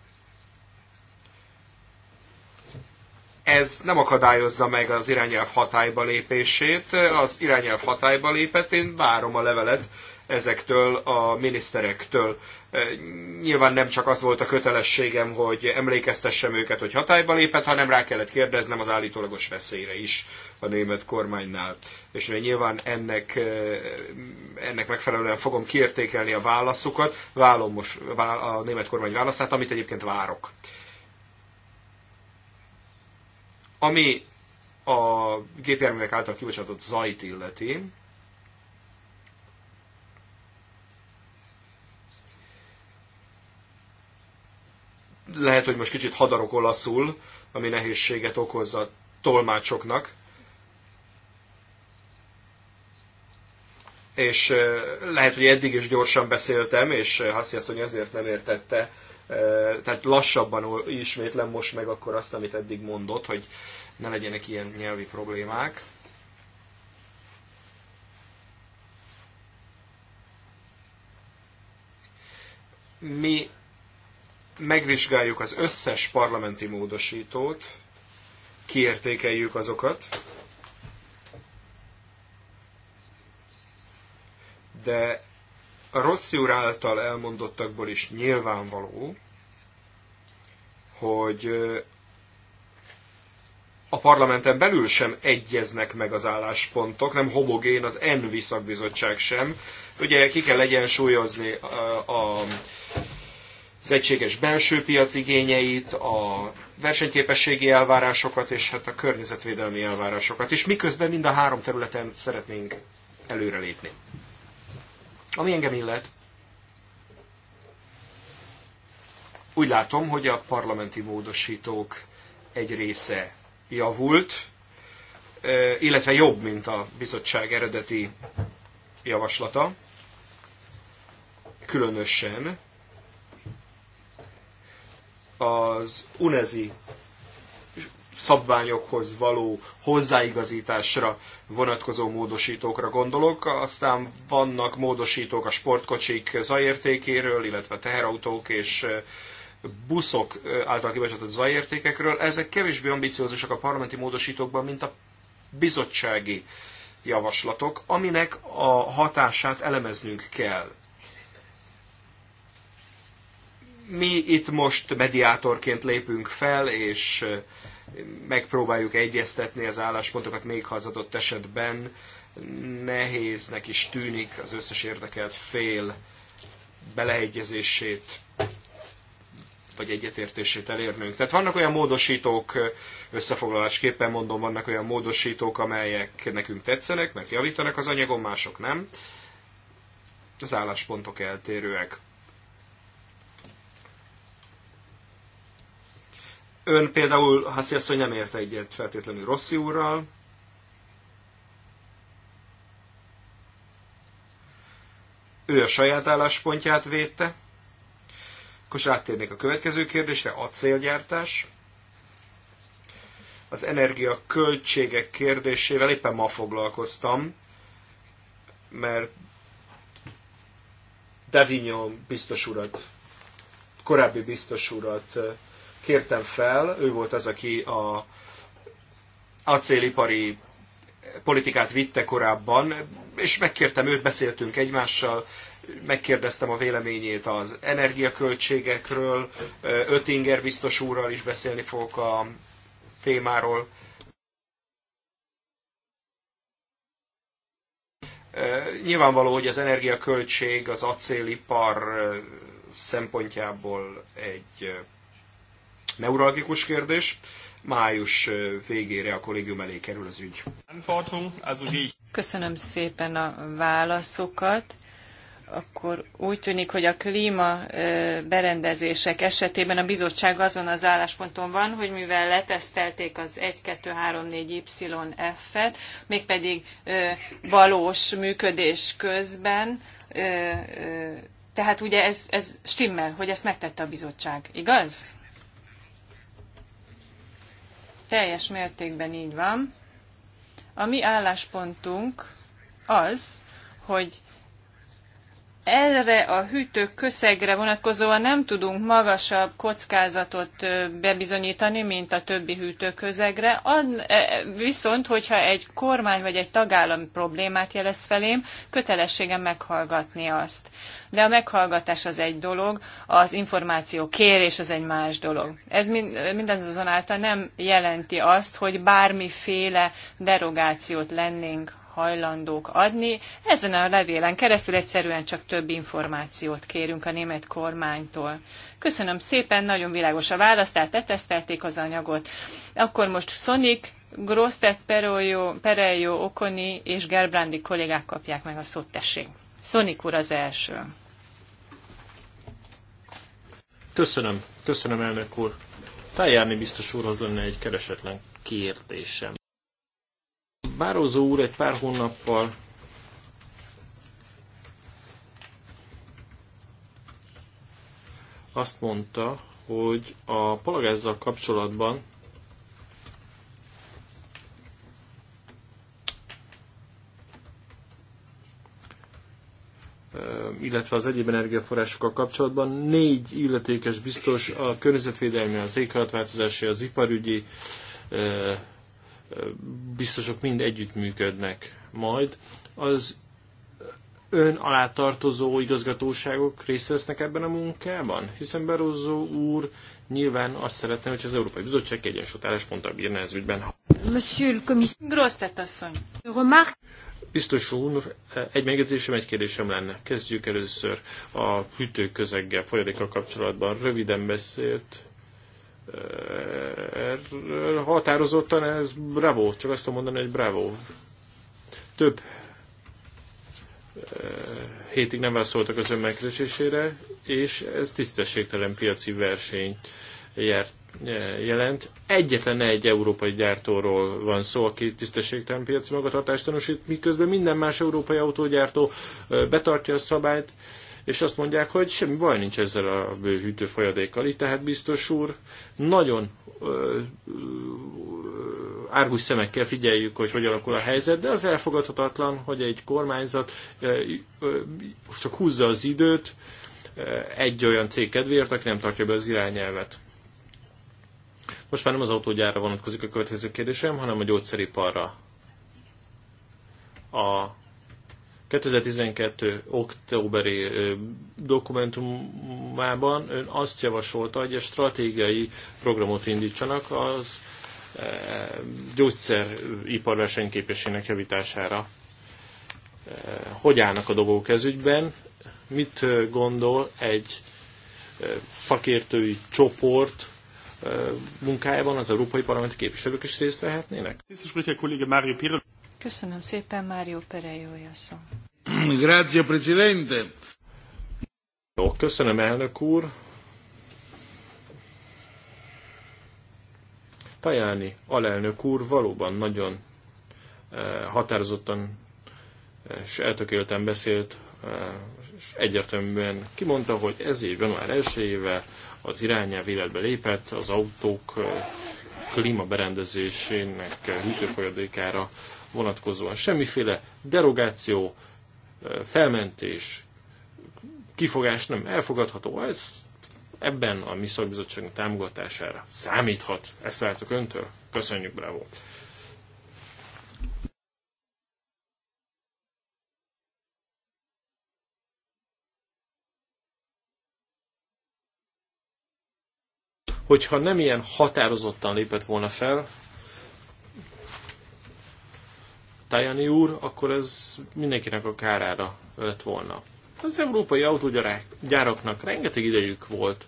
ez nem akadályozza meg az irányelv hatályba lépését. Az irányelv hatályba lépett, én várom a levelet ezektől a miniszterektől. Nyilván nem csak az volt a kötelességem, hogy emlékeztessem őket, hogy hatályba lépett, hanem rá kellett kérdeznem az állítólagos veszélyre is a német kormánynál. És nyilván ennek, ennek megfelelően fogom kiértékelni a válaszokat, vállom most a német kormány válaszát, amit egyébként várok. Ami a gépjárművek által kibocsátott zajt illeti, Lehet, hogy most kicsit hadarok olaszul, ami nehézséget okoz a tolmácsoknak. És lehet, hogy eddig is gyorsan beszéltem, és Hassi hogy ezért nem értette. Tehát lassabban ismétlem most meg akkor azt, amit eddig mondott, hogy ne legyenek ilyen nyelvi problémák. mi megvizsgáljuk az összes parlamenti módosítót, kiértékeljük azokat, de a rossz úr által elmondottakból is nyilvánvaló, hogy a parlamenten belül sem egyeznek meg az álláspontok, nem homogén az N-viszakbizottság sem. Ugye ki kell egyensúlyozni a, a az egységes belső piac igényeit, a versenyképességi elvárásokat és hát a környezetvédelmi elvárásokat, és miközben mind a három területen szeretnénk előrelépni. Ami engem illet, úgy látom, hogy a parlamenti módosítók egy része javult, illetve jobb, mint a bizottság eredeti javaslata, különösen az UNEZI szabványokhoz való hozzáigazításra vonatkozó módosítókra gondolok. Aztán vannak módosítók a sportkocsik zajértékéről, illetve teherautók és buszok által kibocsátott zajértékekről. Ezek kevésbé ambiciózusak a parlamenti módosítókban, mint a bizottsági javaslatok, aminek a hatását elemeznünk kell. mi itt most mediátorként lépünk fel, és megpróbáljuk egyeztetni az álláspontokat, még ha az adott esetben nehéznek is tűnik az összes érdekelt fél beleegyezését vagy egyetértését elérnünk. Tehát vannak olyan módosítók, összefoglalásképpen mondom, vannak olyan módosítók, amelyek nekünk tetszenek, meg javítanak az anyagon, mások nem. Az álláspontok eltérőek. Ön például, Haszi hogy nem érte egyet feltétlenül Rossi úrral. Ő a saját álláspontját védte. Akkor áttérnék a következő kérdésre, a célgyártás? Az energia költségek kérdésével éppen ma foglalkoztam, mert Davignon biztos urat, korábbi biztos urat kértem fel, ő volt az, aki a acélipari politikát vitte korábban, és megkértem őt, beszéltünk egymással, megkérdeztem a véleményét az energiaköltségekről, Ötinger biztos úrral is beszélni fogok a témáról. Nyilvánvaló, hogy az energiaköltség az acélipar szempontjából egy neuralgikus kérdés. Május végére a kollégium elé kerül az ügy. Köszönöm szépen a válaszokat akkor úgy tűnik, hogy a klíma berendezések esetében a bizottság azon az állásponton van, hogy mivel letesztelték az 1, 2, 3, 4 YF-et, mégpedig valós működés közben, tehát ugye ez, ez stimmel, hogy ezt megtette a bizottság, igaz? teljes mértékben így van. A mi álláspontunk az, hogy erre a hűtők köszegre vonatkozóan nem tudunk magasabb kockázatot bebizonyítani, mint a többi hűtőközegre. E, viszont, hogyha egy kormány vagy egy tagállam problémát jelez felém, kötelességem meghallgatni azt. De a meghallgatás az egy dolog, az információ kérés az egy más dolog. Ez minden azonáltal nem jelenti azt, hogy bármiféle derogációt lennénk hajlandók adni. Ezen a levélen keresztül egyszerűen csak több információt kérünk a német kormánytól. Köszönöm szépen, nagyon világos a választ, tehát tetesztelték az anyagot. Akkor most Sonic, Grosztet, Perejo, Perello Okoni és Gerbrandi kollégák kapják meg a szót, tessék. Sonic úr az első. Köszönöm, köszönöm elnök úr. Tájárni biztos úrhoz lenne egy keresetlen kérdésem. Bározó úr egy pár hónappal azt mondta, hogy a palagázzal kapcsolatban illetve az egyéb energiaforrásokkal kapcsolatban négy illetékes biztos a környezetvédelmi, az éghajlatváltozási, az iparügyi, biztosok mind együttműködnek majd. Az ön alá tartozó igazgatóságok részt vesznek ebben a munkában? Hiszen Barroso úr nyilván azt szeretné, hogy az Európai Bizottság egyensúlyt állásponttal bírna ez ügyben. Monsieur le commissaire. Grosztett asszony. Remark. Biztos úr, egy megjegyzésem, egy kérdésem lenne. Kezdjük először a hűtőközeggel, folyadékkal kapcsolatban. Röviden beszélt határozottan ez bravo, csak azt tudom mondani, hogy bravo. Több eh, hétig nem válaszoltak az ön megkeresésére, és ez tisztességtelen piaci verseny eh, jelent. Egyetlen egy európai gyártóról van szó, aki tisztességtelen piaci magatartást tanúsít, miközben minden más európai autógyártó eh, betartja a szabályt, és azt mondják, hogy semmi baj nincs ezzel a bőhűtő folyadékkal. Itt tehát biztos úr, nagyon árgus szemekkel figyeljük, hogy hogy alakul a helyzet, de az elfogadhatatlan, hogy egy kormányzat ö, ö, csak húzza az időt ö, egy olyan cég kedvéért, aki nem tartja be az irányelvet. Most már nem az autógyára vonatkozik a következő kérdésem, hanem a gyógyszeriparra. A 2012. októberi dokumentumában ön azt javasolta, hogy egy stratégiai programot indítsanak az gyógyszeripar versenyképességének javítására. Hogy állnak a dolgok ezügyben? Mit gondol egy szakértői csoport munkájában az európai parlamenti képviselők is részt vehetnének? Köszönöm szépen, Mário Perejója szó. Grazie, Presidente. Jó, köszönöm, elnök úr. Tajáni alelnök úr valóban nagyon eh, határozottan eh, és eltökélten beszélt, eh, és egyértelműen kimondta, hogy ez év január 1 az irányelv életbe lépett, az autók klímaberendezésének hűtőfolyadékára vonatkozóan semmiféle derogáció, felmentés, kifogás nem elfogadható, ez ebben a mi szakbizottságunk támogatására számíthat. Ezt látok öntől. Köszönjük, bravo! Hogyha nem ilyen határozottan lépett volna fel, Tajani úr, akkor ez mindenkinek a kárára lett volna. Az európai autógyáraknak rengeteg idejük volt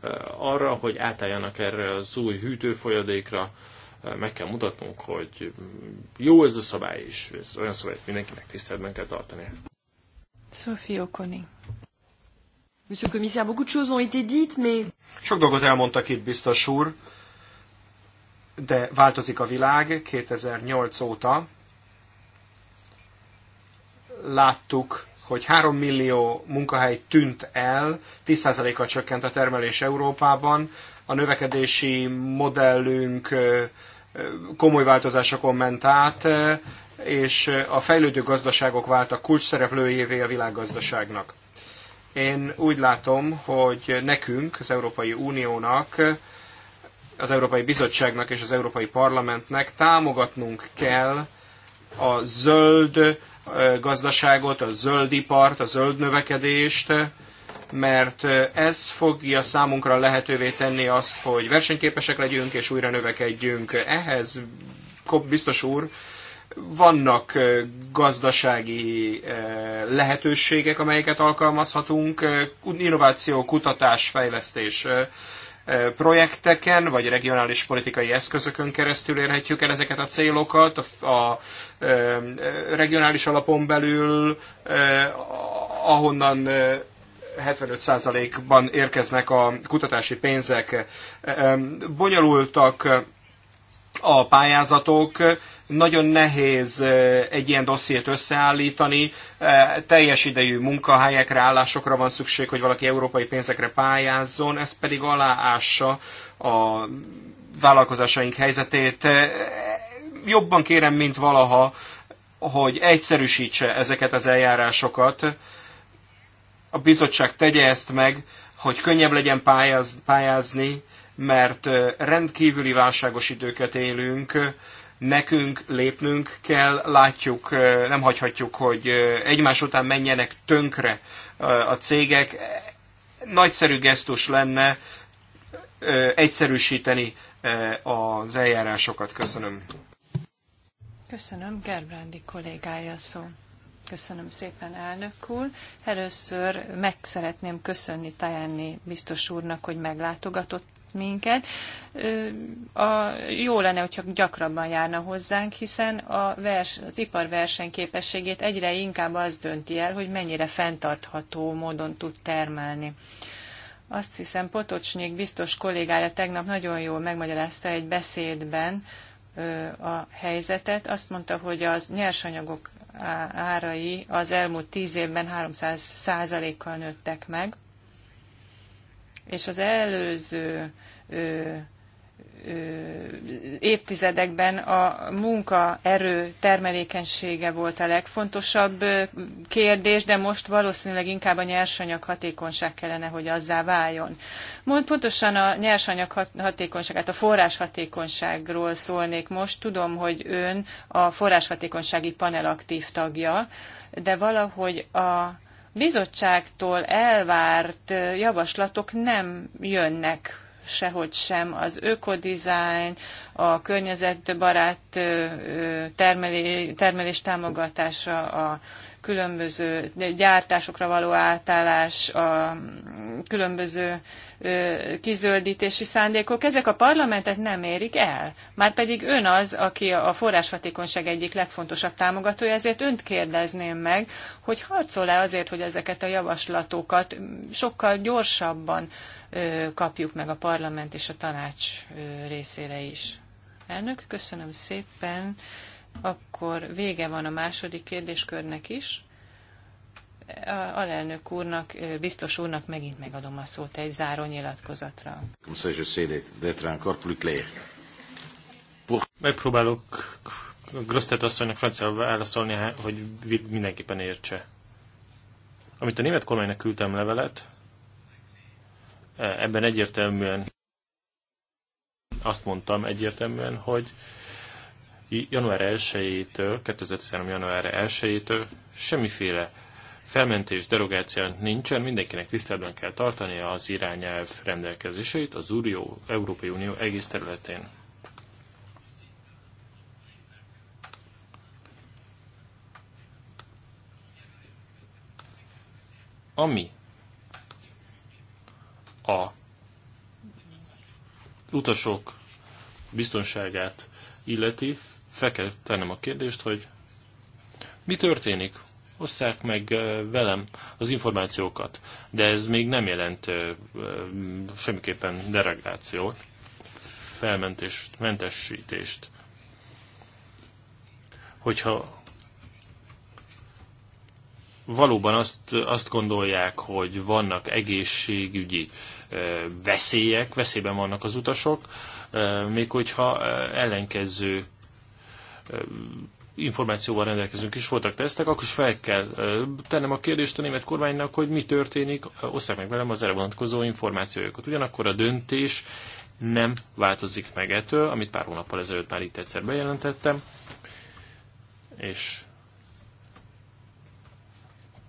eh, arra, hogy átálljanak erre az új hűtőfolyadékra, eh, meg kell mutatnunk, hogy jó ez a szabály is, ez olyan szabály, hogy mindenkinek tiszteletben kell tartani. Sophie Okoni. Monsieur commissaire, beaucoup de choses ont été dites, mais... Sok dolgot elmondtak itt, biztos úr, de változik a világ 2008 óta láttuk, hogy 3 millió munkahely tűnt el, 10%-kal csökkent a termelés Európában, a növekedési modellünk komoly változásokon ment át, és a fejlődő gazdaságok váltak szereplőjévé a világgazdaságnak. Én úgy látom, hogy nekünk, az Európai Uniónak, az Európai Bizottságnak és az Európai Parlamentnek támogatnunk kell a zöld gazdaságot, a zöld ipart, a zöld növekedést, mert ez fogja számunkra lehetővé tenni azt, hogy versenyképesek legyünk és újra növekedjünk. Ehhez, biztos úr, vannak gazdasági lehetőségek, amelyeket alkalmazhatunk, innováció, kutatás, fejlesztés projekteken, vagy regionális politikai eszközökön keresztül érhetjük el ezeket a célokat, a, a regionális alapon belül, ahonnan 75%-ban érkeznek a kutatási pénzek. Bonyolultak a pályázatok, nagyon nehéz egy ilyen dossziét összeállítani, teljes idejű munkahelyekre, állásokra van szükség, hogy valaki európai pénzekre pályázzon, ez pedig aláássa a vállalkozásaink helyzetét. Jobban kérem, mint valaha, hogy egyszerűsítse ezeket az eljárásokat, a bizottság tegye ezt meg, hogy könnyebb legyen pályáz, pályázni, mert rendkívüli válságos időket élünk, nekünk lépnünk kell, látjuk, nem hagyhatjuk, hogy egymás után menjenek tönkre a cégek. Nagyszerű gesztus lenne egyszerűsíteni az eljárásokat. Köszönöm. Köszönöm, Gerbrandi kollégája szó. Köszönöm szépen, elnök úr. Először meg szeretném köszönni Tajánni biztos úrnak, hogy meglátogatott minket. A, jó lenne, hogyha gyakrabban járna hozzánk, hiszen a vers, az ipar versenyképességét egyre inkább az dönti el, hogy mennyire fenntartható módon tud termelni. Azt hiszem, Potocsnyék biztos kollégája tegnap nagyon jól megmagyarázta egy beszédben a helyzetet. Azt mondta, hogy az nyersanyagok árai az elmúlt tíz évben 300 százalékkal nőttek meg és az előző ö, évtizedekben a munkaerő termelékenysége volt a legfontosabb kérdés, de most valószínűleg inkább a nyersanyag hatékonyság kellene, hogy azzá váljon. Mond pontosan a nyersanyag hatékonyságát, a forrás hatékonyságról szólnék most. Tudom, hogy ön a forrás hatékonysági panel aktív tagja, de valahogy a bizottságtól elvárt javaslatok nem jönnek sehogy sem. Az ökodizájn, a környezetbarát termelés támogatása, a különböző gyártásokra való átállás, a különböző kizöldítési szándékok, ezek a parlamentet nem érik el. Márpedig ön az, aki a forráshatékonyság egyik legfontosabb támogatója, ezért önt kérdezném meg, hogy harcol-e azért, hogy ezeket a javaslatokat sokkal gyorsabban kapjuk meg a parlament és a tanács részére is. Elnök, köszönöm szépen akkor vége van a második kérdéskörnek is. A alelnök úrnak, biztos úrnak megint megadom a szót egy záró nyilatkozatra. Megpróbálok Grosztet asszonynak franciául válaszolni, hát, hogy mindenképpen értse. Amit a német kormánynak küldtem levelet, e, ebben egyértelműen azt mondtam egyértelműen, hogy január 1-től, 2013. január 1-től semmiféle felmentés, derogáció nincsen, mindenkinek tiszteletben kell tartania az irányelv rendelkezéseit az Unió, Európai Unió egész területén. Ami a utasok biztonságát illeti, fel kell tennem a kérdést, hogy mi történik? Osszák meg velem az információkat, de ez még nem jelent semmiképpen deregációt, felmentést, mentesítést. Hogyha valóban azt, azt gondolják, hogy vannak egészségügyi veszélyek, veszélyben vannak az utasok, még hogyha ellenkező információval rendelkezünk is, voltak tesztek, akkor is fel kell tennem a kérdést a német kormánynak, hogy mi történik, osszák meg velem az erre vonatkozó információkat. Ugyanakkor a döntés nem változik meg ettől, amit pár hónappal ezelőtt már itt egyszer bejelentettem, és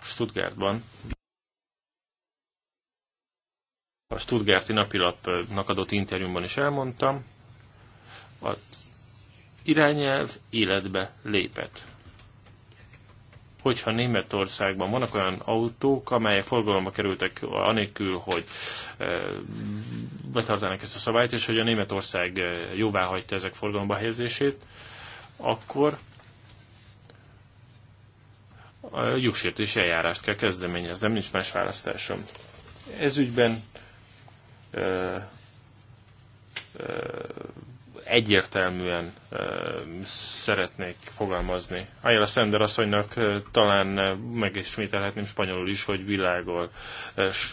Stuttgartban a Stuttgarti napilapnak adott interjúmban is elmondtam, a irányelv életbe lépett. Hogyha Németországban vannak olyan autók, amelyek forgalomba kerültek anélkül, hogy eh, betartanak ezt a szabályt, és hogy a Németország eh, jóvá hagyta ezek forgalomba helyezését, akkor a eh, jogsértési eljárást kell nem nincs más választásom. Ez ügyben egyértelműen szeretnék fogalmazni. Ayala Sender asszonynak talán megismételhetném spanyolul is, hogy világol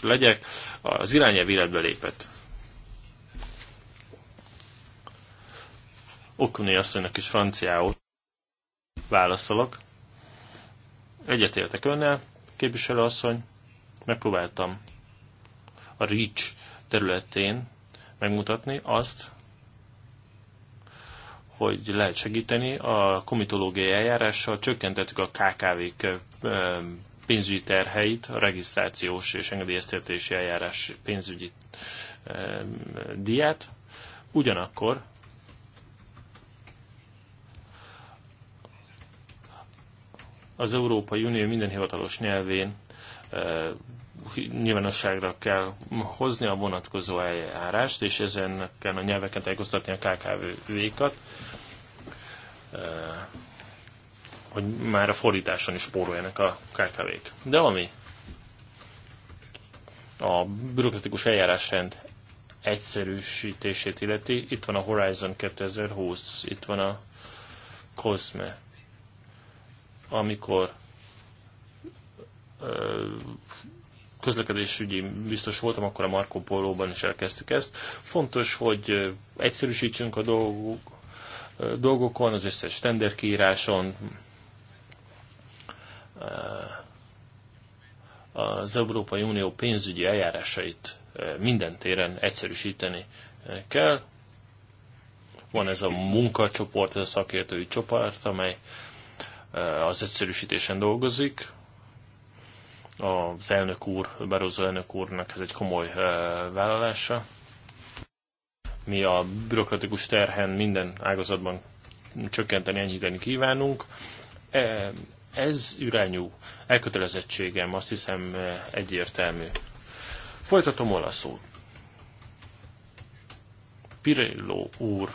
legyek. Az irányelv életbe lépett. Okuné asszonynak is franciául válaszolok. Egyetértek önnel, képviselő asszony. Megpróbáltam a REACH területén megmutatni azt, hogy lehet segíteni. A komitológiai eljárással csökkentettük a KKV-k pénzügyi terheit, a regisztrációs és engedélyeztetési eljárás pénzügyi diát. Ugyanakkor az Európai Unió minden hivatalos nyelvén nyilvánosságra kell hozni a vonatkozó eljárást, és ezen kell a nyelveken tájékoztatni a KKV-vékat, hogy már a fordításon is spóroljanak a KKV-k. De ami a bürokratikus eljárásrend egyszerűsítését illeti, itt van a Horizon 2020, itt van a COSME, amikor közlekedésügyi biztos voltam, akkor a Marco Polo-ban is elkezdtük ezt. Fontos, hogy egyszerűsítsünk a dolgok, dolgokon, az összes tenderkiíráson, az Európai Unió pénzügyi eljárásait minden téren egyszerűsíteni kell. Van ez a munkacsoport, ez a szakértői csoport, amely az egyszerűsítésen dolgozik az elnök úr, Barroso elnök úrnak ez egy komoly eh, vállalása. Mi a bürokratikus terhen minden ágazatban csökkenteni, enyhíteni kívánunk. Eh, ez irányú elkötelezettségem azt hiszem eh, egyértelmű. Folytatom olaszul. Pirello úr,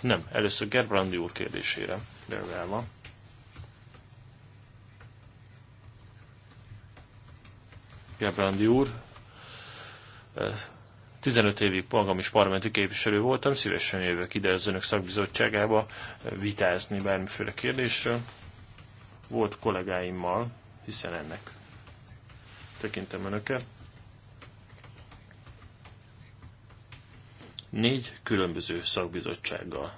nem, először Gerbrandi úr kérdésére reagálva. Gebrandi úr. 15 évig magam is parlamenti képviselő voltam, szívesen jövök ide az önök szakbizottságába vitázni bármiféle kérdésről. Volt kollégáimmal, hiszen ennek tekintem önöket. Négy különböző szakbizottsággal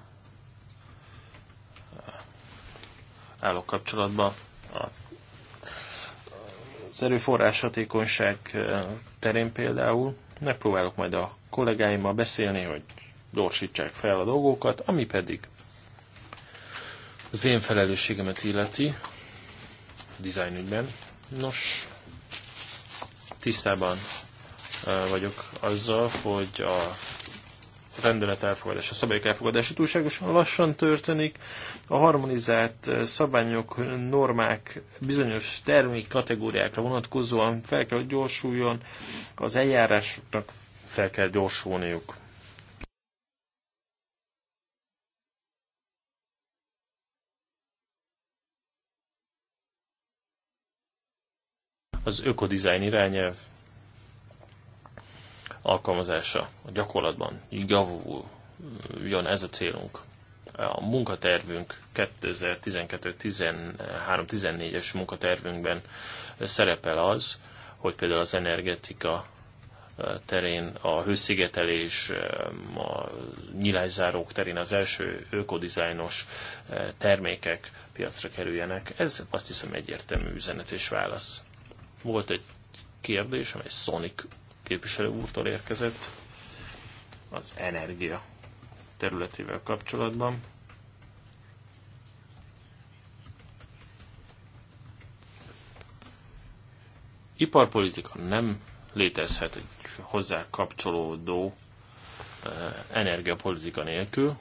állok kapcsolatban a az erőforrás hatékonyság terén például megpróbálok majd a kollégáimmal beszélni, hogy gyorsítsák fel a dolgokat, ami pedig az én felelősségemet illeti a dizájnügyben. Nos, tisztában vagyok azzal, hogy a rendelet elfogadása, szabályok elfogadása túlságosan lassan történik. A harmonizált eh, szabályok, normák bizonyos termék kategóriákra vonatkozóan fel kell, hogy gyorsuljon, az eljárásoknak fel kell gyorsulniuk. Az ökodizájn irányelv alkalmazása a gyakorlatban jön ez a célunk. A munkatervünk 2012-13-14-es munkatervünkben szerepel az, hogy például az energetika eh, terén, a hőszigetelés, eh, a nyilászárók terén az első ökodizájnos eh, termékek piacra kerüljenek. Ez azt hiszem egyértelmű üzenet és válasz. Volt egy kérdés, amely Sonic képviselő úrtól érkezett az energia területével kapcsolatban. Iparpolitika nem létezhet egy hozzá kapcsolódó eh, energiapolitika nélkül.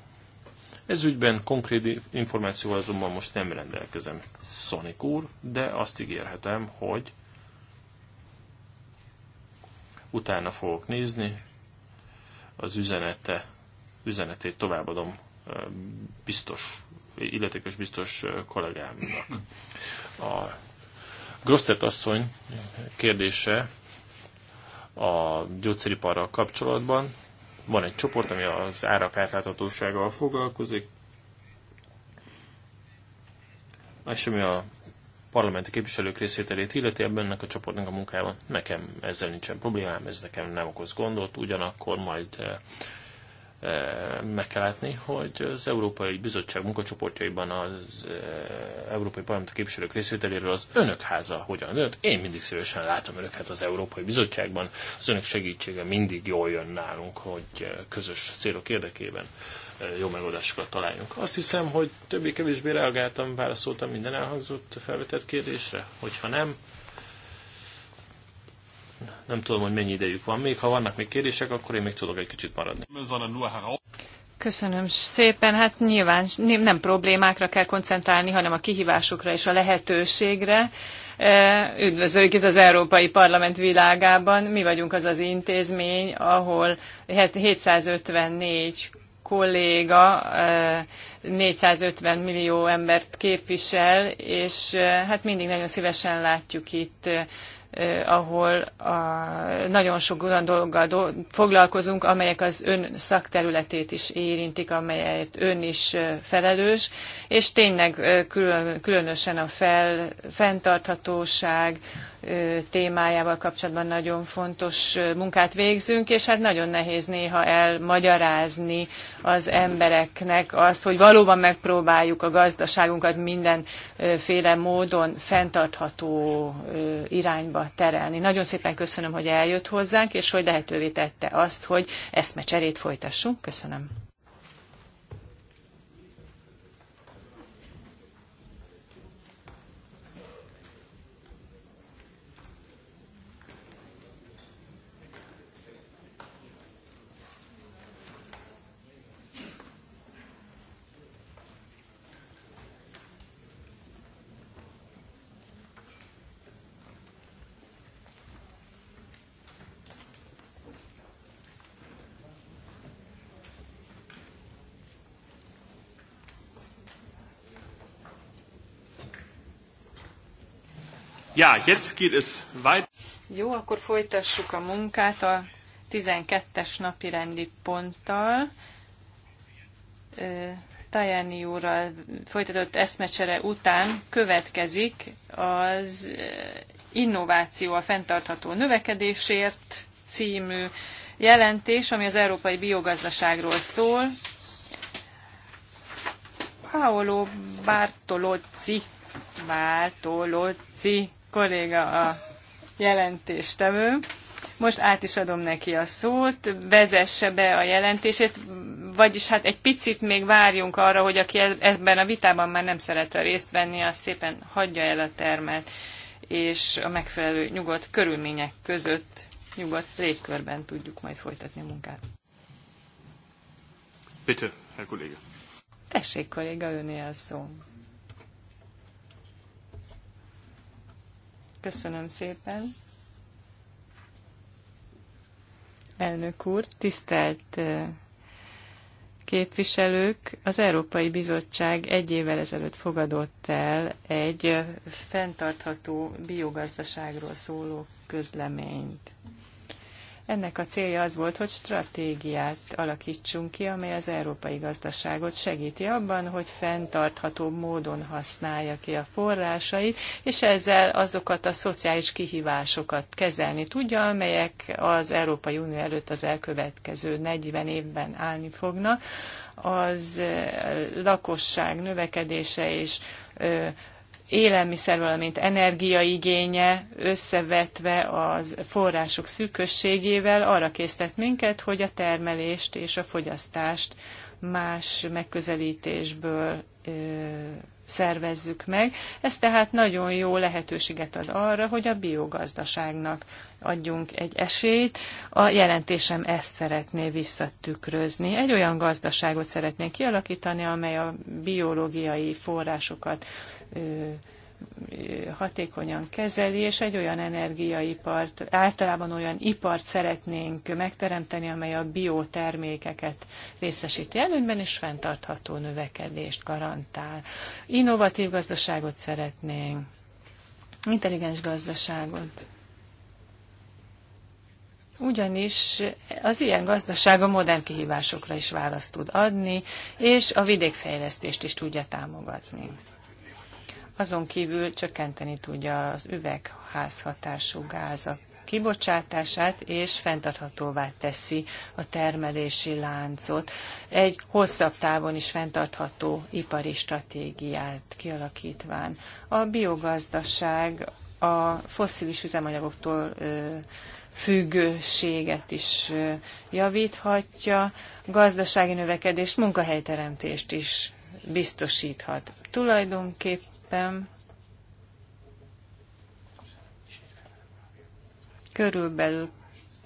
Ez ügyben konkrét információval azonban most nem rendelkezem, Sonic úr, de azt ígérhetem, hogy utána fogok nézni, az üzenete, üzenetét továbbadom biztos, illetékes biztos kollégámnak. A Grosztert asszony kérdése a gyógyszeriparral kapcsolatban. Van egy csoport, ami az árak átláthatósággal foglalkozik, és ami a parlamenti képviselők részvételét illeti ebben ennek a csoportnak a munkában Nekem ezzel nincsen problémám, ez nekem nem okoz gondot, ugyanakkor majd eh, eh, meg kell látni, hogy az Európai Bizottság munkacsoportjaiban az eh, Európai Parlamenti Képviselők részvételéről az önök háza hogyan dönt. Én mindig szívesen látom önöket az Európai Bizottságban. Az önök segítsége mindig jól jön nálunk, hogy közös célok érdekében jó megoldásokat találjunk. Azt hiszem, hogy többé-kevésbé reagáltam, válaszoltam minden elhangzott felvetett kérdésre, hogyha nem, nem tudom, hogy mennyi idejük van még. Ha vannak még kérdések, akkor én még tudok egy kicsit maradni. Köszönöm szépen. Hát nyilván nem problémákra kell koncentrálni, hanem a kihívásokra és a lehetőségre. E, üdvözöljük itt az Európai Parlament világában. Mi vagyunk az az intézmény, ahol 754 kolléga 450 eh, millió embert képvisel, és eh, hát mindig nagyon szívesen látjuk itt eh, ahol a, nagyon sok olyan dologgal do, foglalkozunk, amelyek az ön szakterületét is érintik, amelyet ön is felelős, és tényleg külön, különösen a fel, fenntarthatóság, témájával kapcsolatban nagyon fontos munkát végzünk, és hát nagyon nehéz néha elmagyarázni az embereknek azt, hogy valóban megpróbáljuk a gazdaságunkat mindenféle módon fenntartható irányba terelni. Nagyon szépen köszönöm, hogy eljött hozzánk, és hogy lehetővé tette azt, hogy eszmecserét folytassunk. Köszönöm. Ja, jetzt geht es weiter. Jó, akkor folytassuk a munkát a 12-es napi rendi ponttal. Tajani úrral folytatott eszmecsere után következik az Innováció a fenntartható növekedésért című jelentés, ami az európai biogazdaságról szól. Paolo Bartolozzi Bartolozzi kolléga a jelentéstevő. Most át is adom neki a szót, vezesse be a jelentését, vagyis hát egy picit még várjunk arra, hogy aki e- ebben a vitában már nem szeretne részt venni, az szépen hagyja el a termet, és a megfelelő nyugodt körülmények között, nyugodt légkörben tudjuk majd folytatni a munkát. Bitte, Herr Kollege. Tessék, kolléga, öné a szó. Köszönöm szépen. Elnök úr, tisztelt képviselők, az Európai Bizottság egy évvel ezelőtt fogadott el egy fenntartható biogazdaságról szóló közleményt. Ennek a célja az volt, hogy stratégiát alakítsunk ki, amely az európai gazdaságot segíti abban, hogy fenntarthatóbb módon használja ki a forrásait, és ezzel azokat a szociális kihívásokat kezelni tudja, amelyek az Európai Unió előtt az elkövetkező 40 évben állni fognak. Az lakosság növekedése és élelmiszervalamint energiaigénye összevetve az források szűkösségével arra késztet minket, hogy a termelést és a fogyasztást más megközelítésből szervezzük meg. Ez tehát nagyon jó lehetőséget ad arra, hogy a biogazdaságnak adjunk egy esélyt. A jelentésem ezt szeretné visszatükrözni. Egy olyan gazdaságot szeretnénk kialakítani, amely a biológiai forrásokat hatékonyan kezeli, és egy olyan energiaipart, általában olyan ipart szeretnénk megteremteni, amely a biotermékeket részesíti előnyben, és fenntartható növekedést garantál. Innovatív gazdaságot szeretnénk, intelligens gazdaságot. Ugyanis az ilyen gazdaság a modern kihívásokra is választ tud adni, és a vidékfejlesztést is tudja támogatni azon kívül csökkenteni tudja az üvegházhatású gázak kibocsátását, és fenntarthatóvá teszi a termelési láncot. Egy hosszabb távon is fenntartható ipari stratégiát kialakítván. A biogazdaság a fosszilis üzemanyagoktól függőséget is javíthatja, gazdasági növekedést, munkahelyteremtést is biztosíthat. Tulajdonképpen szépen. Körülbelül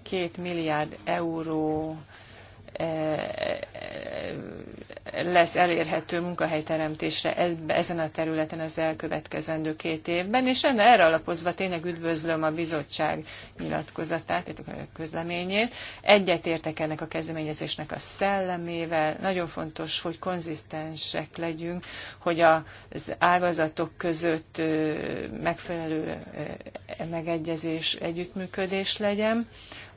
két milliárd euró E, e, e, lesz elérhető munkahelyteremtésre ezen a területen az elkövetkezendő két évben, és ennek erre alapozva tényleg üdvözlöm a bizottság nyilatkozatát, a közleményét. Egyetértek ennek a kezdeményezésnek a szellemével. Nagyon fontos, hogy konzisztensek legyünk, hogy az ágazatok között megfelelő megegyezés, együttműködés legyen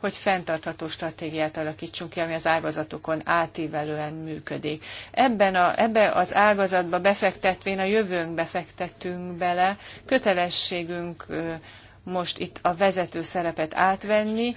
hogy fenntartható stratégiát alakítsunk ki, ami az ágazatokon átívelően működik. Ebben a, ebbe az ágazatba befektetvén a jövőnk befektetünk bele, kötelességünk most itt a vezető szerepet átvenni,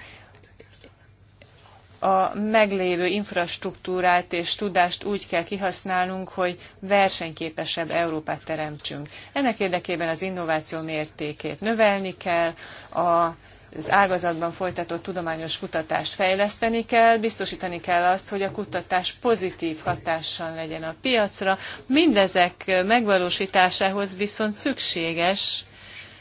a meglévő infrastruktúrát és tudást úgy kell kihasználnunk, hogy versenyképesebb Európát teremtsünk. Ennek érdekében az innováció mértékét növelni kell, a az ágazatban folytatott tudományos kutatást fejleszteni kell, biztosítani kell azt, hogy a kutatás pozitív hatással legyen a piacra. Mindezek megvalósításához viszont szükséges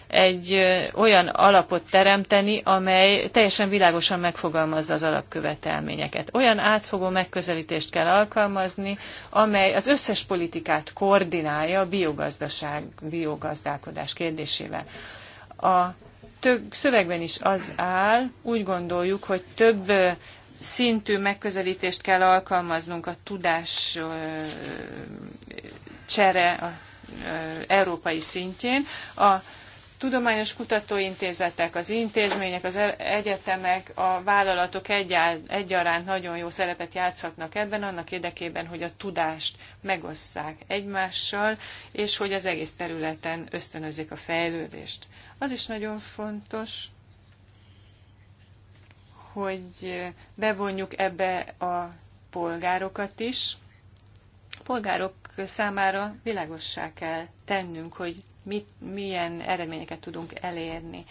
egy olyan alapot teremteni, amely teljesen világosan megfogalmazza az alapkövetelményeket. Olyan átfogó megközelítést kell alkalmazni, amely az összes politikát koordinálja a biogazdaság, biogazdálkodás kérdésével. A több szövegben is az áll, úgy gondoljuk, hogy több szintű megközelítést kell alkalmaznunk a tudás csere a európai szintjén. A tudományos kutatóintézetek, az intézmények, az e- egyetemek, a vállalatok egyáll, egyaránt nagyon jó szerepet játszhatnak ebben, annak érdekében, hogy a tudást megosszák egymással, és hogy az egész területen ösztönözik a fejlődést. Az is nagyon fontos, hogy bevonjuk ebbe a polgárokat is. A polgárok számára világossá kell tennünk, hogy mit, milyen eredményeket tudunk elérni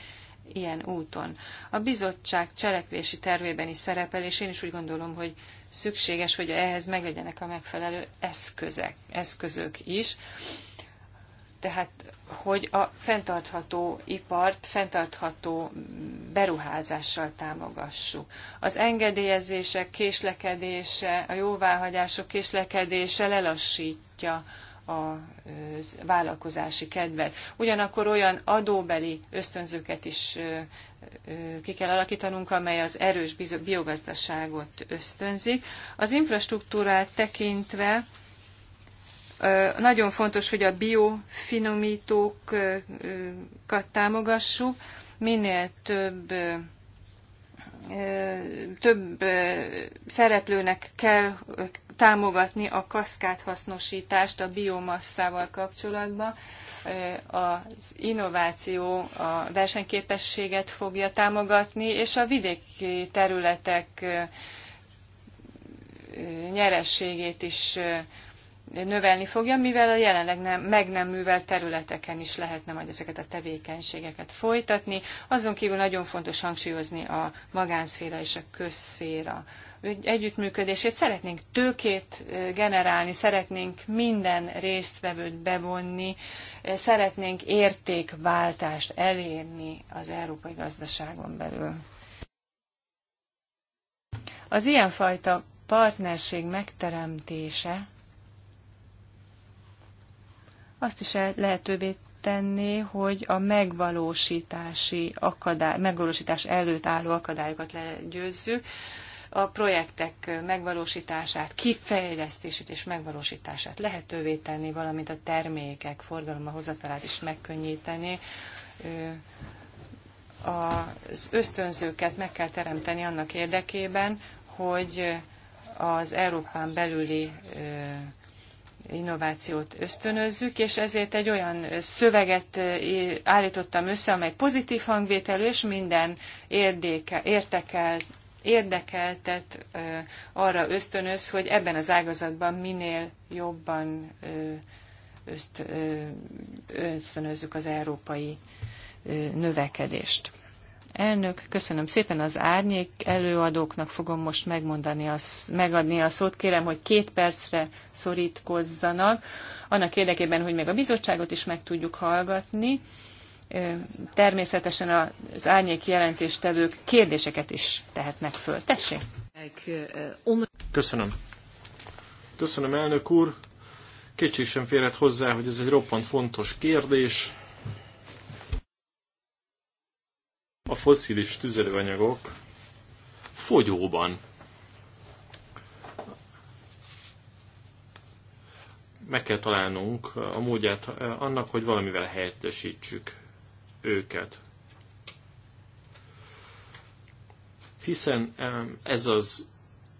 ilyen úton. A bizottság cselekvési tervében is szerepel, és én is úgy gondolom, hogy szükséges, hogy ehhez meglegyenek a megfelelő eszközek, eszközök is tehát hogy a fenntartható ipart fenntartható beruházással támogassuk. Az engedélyezések késlekedése, a jóváhagyások késlekedése lelassítja a vállalkozási kedvet. Ugyanakkor olyan adóbeli ösztönzőket is ki kell alakítanunk, amely az erős biogazdaságot ösztönzik. Az infrastruktúrát tekintve nagyon fontos, hogy a biofinomítókat támogassuk, minél több több szereplőnek kell támogatni a kaszkádhasznosítást a biomasszával kapcsolatban. Az innováció a versenyképességet fogja támogatni, és a vidéki területek nyerességét is növelni fogja, mivel a jelenleg nem, meg nem művelt területeken is lehetne majd ezeket a tevékenységeket folytatni. Azon kívül nagyon fontos hangsúlyozni a magánszféra és a közszféra együttműködését. Szeretnénk tőkét generálni, szeretnénk minden résztvevőt bevonni, szeretnénk értékváltást elérni az európai gazdaságon belül. Az ilyenfajta partnerség megteremtése azt is lehetővé tenni, hogy a megvalósítási akadály, megvalósítás előtt álló akadályokat legyőzzük, a projektek megvalósítását, kifejlesztését és megvalósítását lehetővé tenni, valamint a termékek forgalomba hozatalát is megkönnyíteni. Az ösztönzőket meg kell teremteni annak érdekében, hogy az Európán belüli innovációt ösztönözzük, és ezért egy olyan szöveget eh, állítottam össze, amely pozitív hangvételű, és minden érdéke, értekel, érdekeltet eh, arra ösztönöz, hogy ebben az ágazatban minél jobban eh, ösztönözzük az európai növekedést. Elnök, köszönöm szépen az árnyék előadóknak fogom most megmondani a, megadni a szót. Kérem, hogy két percre szorítkozzanak, annak érdekében, hogy még a bizottságot is meg tudjuk hallgatni. Természetesen az árnyék jelentéstevők kérdéseket is tehetnek föl. Tessék! Köszönöm. Köszönöm, elnök úr. Kétség sem férhet hozzá, hogy ez egy roppant fontos kérdés a foszilis tüzelőanyagok fogyóban. Meg kell találnunk a módját annak, hogy valamivel helyettesítsük őket. Hiszen ez az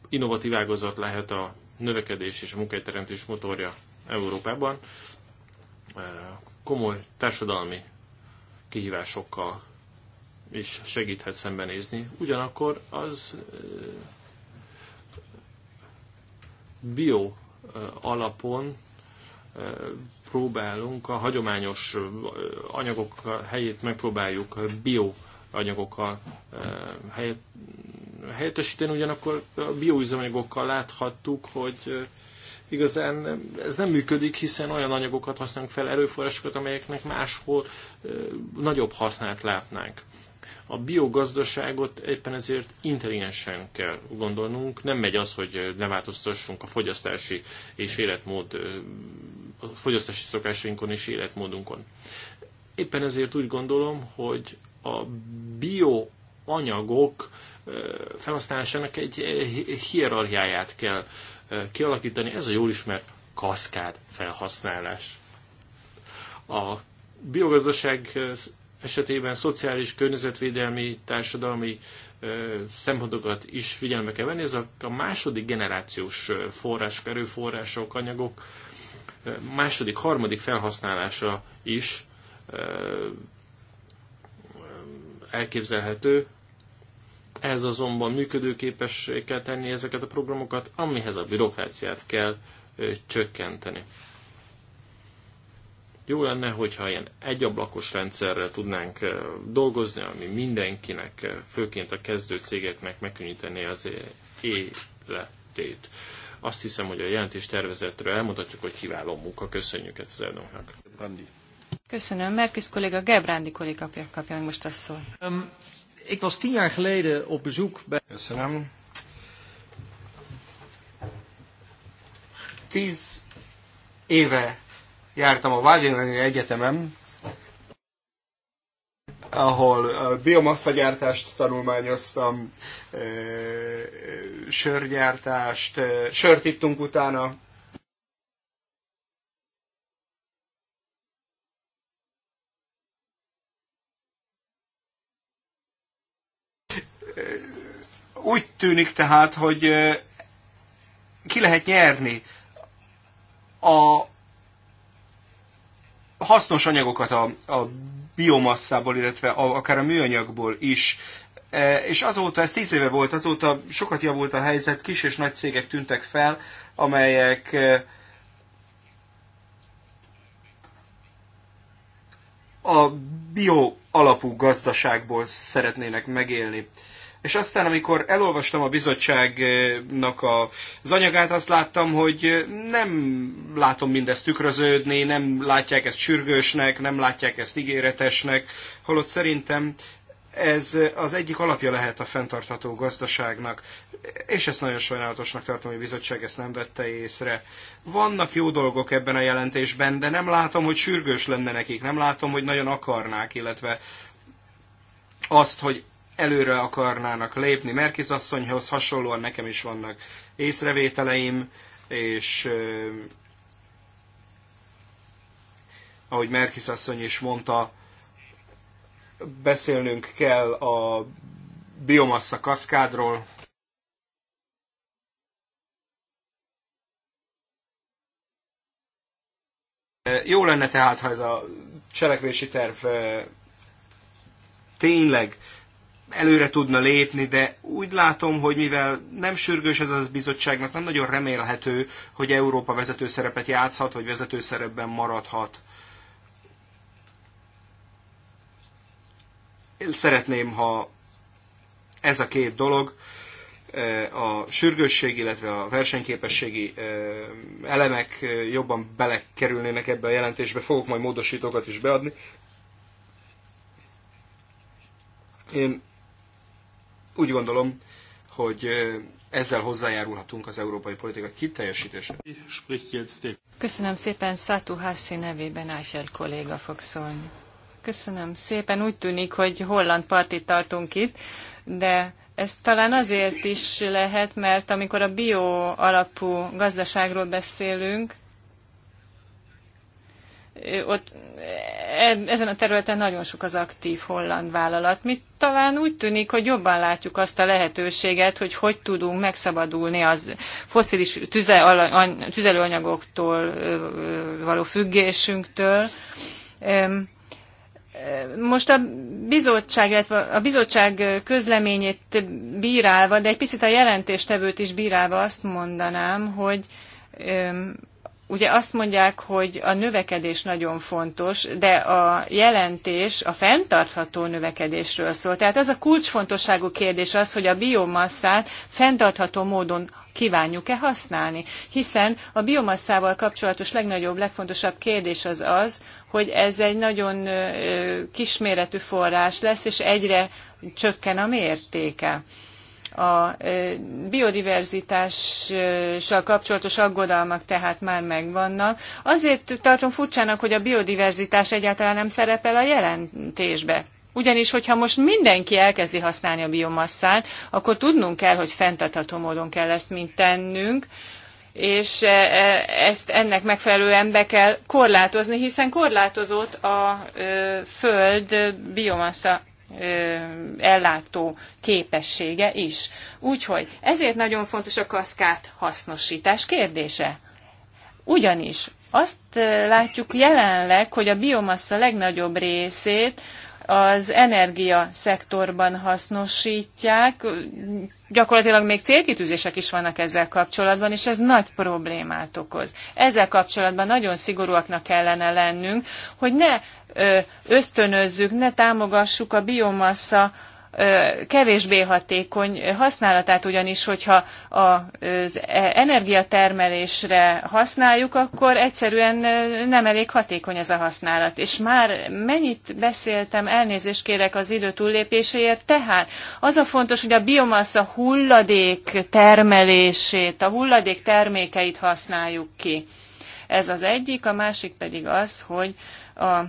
innovatív ágazat lehet a növekedés és a munkahelyteremtés motorja Európában. Eh, komoly társadalmi kihívásokkal és segíthet szembenézni. Ugyanakkor az bio alapon próbálunk a hagyományos anyagok helyét megpróbáljuk bio anyagokkal helyettesíteni, ugyanakkor a bioüzemanyagokkal láthattuk, hogy igazán ez nem működik, hiszen olyan anyagokat használunk fel, erőforrásokat, amelyeknek máshol nagyobb hasznát látnánk. A biogazdaságot éppen ezért intelligensen kell gondolnunk. Nem megy az, hogy ne változtassunk a fogyasztási és életmód, a fogyasztási szokásainkon és életmódunkon. Éppen ezért úgy gondolom, hogy a bioanyagok felhasználásának egy eh, hierarchiáját kell eh, kialakítani. Ez a jól ismert kaszkád felhasználás. A biogazdaság eh, esetében szociális, környezetvédelmi, társadalmi szempontokat is figyelme kell venni. Ez a második generációs források, erőforrások, anyagok második, harmadik felhasználása is elképzelhető. Ez azonban működőképessé kell tenni ezeket a programokat, amihez a bürokráciát kell csökkenteni. Jó lenne, hogyha ilyen egyablakos rendszerrel tudnánk eh, dolgozni, ami mindenkinek, eh, főként a kezdő cégeknek megkönnyíteni az életét. Azt hiszem, hogy a jelentés tervezetről elmondhatjuk, hogy kiváló munka. Köszönjük ezt az elnöknek. Köszönöm. Merkis kolléga, Gebrándi kolléga kapja, kapja meg most a szó. Um, ik was tien jaar geleden op bezoek bij... Köszönöm. Tíz éve jártam a Wageningeni Egyetemen, ahol a biomasszagyártást tanulmányoztam, sörgyártást, sört ittunk utána, úgy tűnik tehát, hogy ki lehet nyerni a hasznos anyagokat a, a biomasszából, illetve a, akár a műanyagból is. E, és azóta, ez tíz éve volt, azóta sokat javult a helyzet, kis és nagy cégek tűntek fel, amelyek e, a bio alapú gazdaságból szeretnének megélni. És aztán, amikor elolvastam a bizottságnak az anyagát, azt láttam, hogy nem látom mindezt tükröződni, nem látják ezt sürgősnek, nem látják ezt ígéretesnek, holott szerintem ez az egyik alapja lehet a fenntartható gazdaságnak, és ezt nagyon sajnálatosnak tartom, hogy a bizottság ezt nem vette észre. Vannak jó dolgok ebben a jelentésben, de nem látom, hogy sürgős lenne nekik, nem látom, hogy nagyon akarnák, illetve azt, hogy előre akarnának lépni. Merkiz asszonyhoz hasonlóan nekem is vannak észrevételeim, és ahogy Merkis asszony is mondta, beszélnünk kell a biomassa kaszkádról. Jó lenne tehát, ha ez a cselekvési terv tényleg előre tudna lépni, de úgy látom, hogy mivel nem sürgős ez a bizottságnak, nem nagyon remélhető, hogy Európa vezető szerepet játszhat, vagy vezető szerepben maradhat. Én szeretném, ha ez a két dolog, e, a sürgősség, illetve a versenyképességi e, elemek e, jobban belekerülnének ebbe a jelentésbe, fogok majd módosítókat is beadni. Én úgy gondolom, hogy ezzel hozzájárulhatunk az európai politika kiteljesítésre. Köszönöm szépen, Szátú Hassi nevében Ásel kolléga fog szólni. Köszönöm szépen, úgy tűnik, hogy holland partit tartunk itt, de ez talán azért is lehet, mert amikor a bio alapú gazdaságról beszélünk, ott e, ezen a területen nagyon sok az aktív holland vállalat. Mi talán úgy tűnik, hogy jobban látjuk azt a lehetőséget, hogy hogy tudunk megszabadulni az foszilis tüzelőanyagoktól való függésünktől. Most a bizottság, illetve a bizottság közleményét bírálva, de egy picit a jelentéstevőt is bírálva azt mondanám, hogy ugye azt mondják, hogy a növekedés nagyon fontos, de a jelentés a fenntartható növekedésről szól. Tehát az a kulcsfontosságú kérdés az, hogy a biomasszát fenntartható módon kívánjuk-e használni. Hiszen a biomasszával kapcsolatos legnagyobb, legfontosabb kérdés az az, hogy ez egy nagyon kisméretű forrás lesz, és egyre csökken a mértéke. A biodiverzitással kapcsolatos aggodalmak tehát már megvannak. Azért tartom furcsának, hogy a biodiverzitás egyáltalán nem szerepel a jelentésbe. Ugyanis, hogyha most mindenki elkezdi használni a biomasszát, akkor tudnunk kell, hogy fenntartható módon kell ezt mint tennünk, és e, e, ezt ennek megfelelően be kell korlátozni, hiszen korlátozott a föld biomassa ellátó képessége is. Úgyhogy ezért nagyon fontos a kaszkát hasznosítás kérdése. Ugyanis azt látjuk jelenleg, hogy a biomassa legnagyobb részét az energia szektorban hasznosítják, gyakorlatilag még célkitűzések is vannak ezzel kapcsolatban, és ez nagy problémát okoz. Ezzel kapcsolatban nagyon szigorúaknak kellene lennünk, hogy ne ösztönözzük, ne támogassuk a biomassa kevésbé hatékony használatát, ugyanis hogyha az e, energiatermelésre használjuk, akkor egyszerűen nem elég hatékony ez a használat. És már mennyit beszéltem, elnézést kérek az idő túllépéséért, tehát az a fontos, hogy a biomassa hulladék termelését, a hulladék termékeit használjuk ki. Ez az egyik, a másik pedig az, hogy a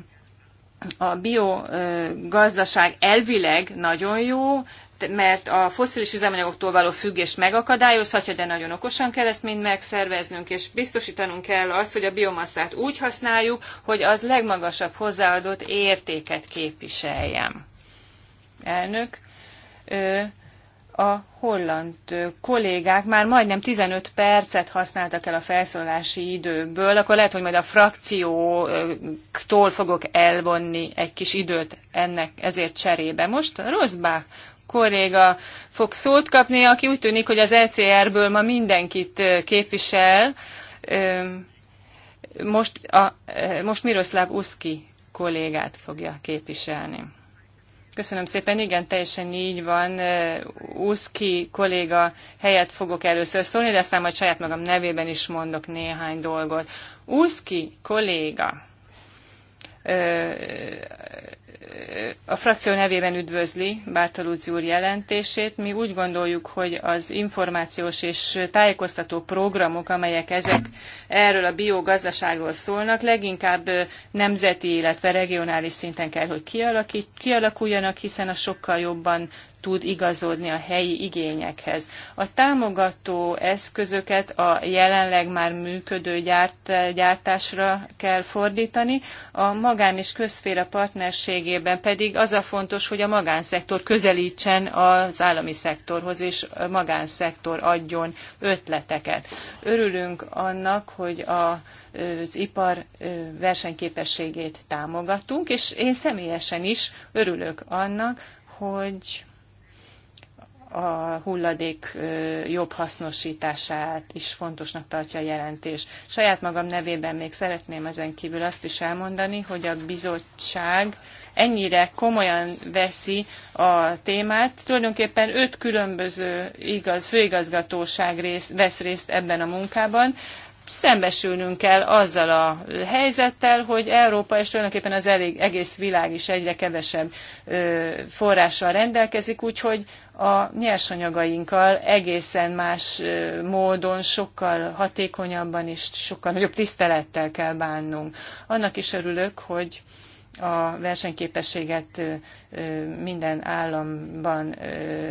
a biogazdaság elvileg nagyon jó, mert a foszilis üzemanyagoktól való függés megakadályozhatja, de nagyon okosan kell ezt mind megszerveznünk, és biztosítanunk kell azt, hogy a biomasszát úgy használjuk, hogy az legmagasabb hozzáadott értéket képviseljen. Elnök, a holland kollégák már majdnem 15 percet használtak el a felszólalási időkből, akkor lehet, hogy majd a frakcióktól fogok elvonni egy kis időt ennek ezért cserébe. Most Rosbach kolléga fog szót kapni, aki úgy tűnik, hogy az ECR-ből ma mindenkit képvisel. Most, a, most Miroslav Uszki kollégát fogja képviselni. Köszönöm szépen, igen, teljesen így van. Úszki kolléga helyett fogok először szólni, de aztán majd saját magam nevében is mondok néhány dolgot. Úszki kolléga a frakció nevében üdvözli Bártalúci úr jelentését. Mi úgy gondoljuk, hogy az információs és tájékoztató programok, amelyek ezek erről a biogazdaságról szólnak, leginkább nemzeti, illetve regionális szinten kell, hogy kialakuljanak, hiszen a sokkal jobban tud igazodni a helyi igényekhez. A támogató eszközöket a jelenleg már működő gyárt, gyártásra kell fordítani, a magán és közféle partnerségében pedig az a fontos, hogy a magánszektor közelítsen az állami szektorhoz, és a magánszektor adjon ötleteket. Örülünk annak, hogy a az ipar versenyképességét támogatunk, és én személyesen is örülök annak, hogy a hulladék jobb hasznosítását is fontosnak tartja a jelentés. Saját magam nevében még szeretném ezen kívül azt is elmondani, hogy a bizottság ennyire komolyan veszi a témát. Tulajdonképpen öt különböző igaz, főigazgatóság rész, vesz részt ebben a munkában szembesülnünk kell azzal a helyzettel, hogy Európa és tulajdonképpen az elég, egész világ is egyre kevesebb ö, forrással rendelkezik, úgyhogy a nyersanyagainkkal egészen más módon, sokkal hatékonyabban és sokkal nagyobb tisztelettel kell bánnunk. Annak is örülök, hogy a versenyképességet minden államban,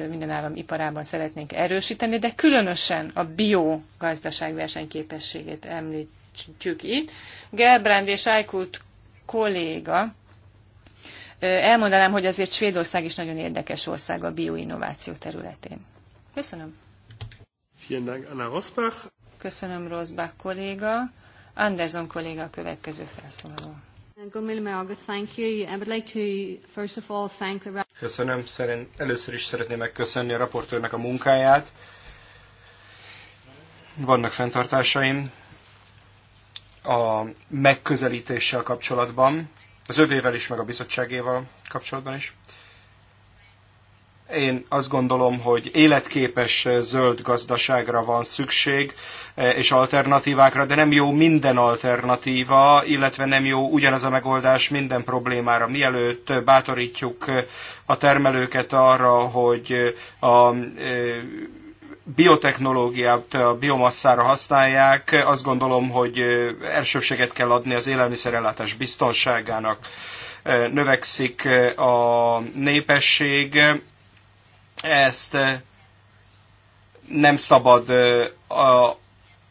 minden állam iparában szeretnénk erősíteni, de különösen a biogazdaság versenyképességét említjük itt. Gerbrand és Ájkult kolléga, elmondanám, hogy azért Svédország is nagyon érdekes ország a bioinnováció területén. Köszönöm. Vielen Anna Rosbach. Köszönöm, Rosbach kolléga. Anderson kolléga a következő felszólaló. Köszönöm, szerint először is szeretném megköszönni a raportőrnek a munkáját. Vannak fenntartásaim a megközelítéssel kapcsolatban, az övével is, meg a bizottságéval kapcsolatban is. Én azt gondolom, hogy életképes zöld gazdaságra van szükség, és alternatívákra, de nem jó minden alternatíva, illetve nem jó ugyanaz a megoldás minden problémára. Mielőtt bátorítjuk a termelőket arra, hogy a biotechnológiát a biomasszára használják, azt gondolom, hogy elsőbséget kell adni az élelmiszerellátás biztonságának. Növekszik a népesség, ezt nem szabad a,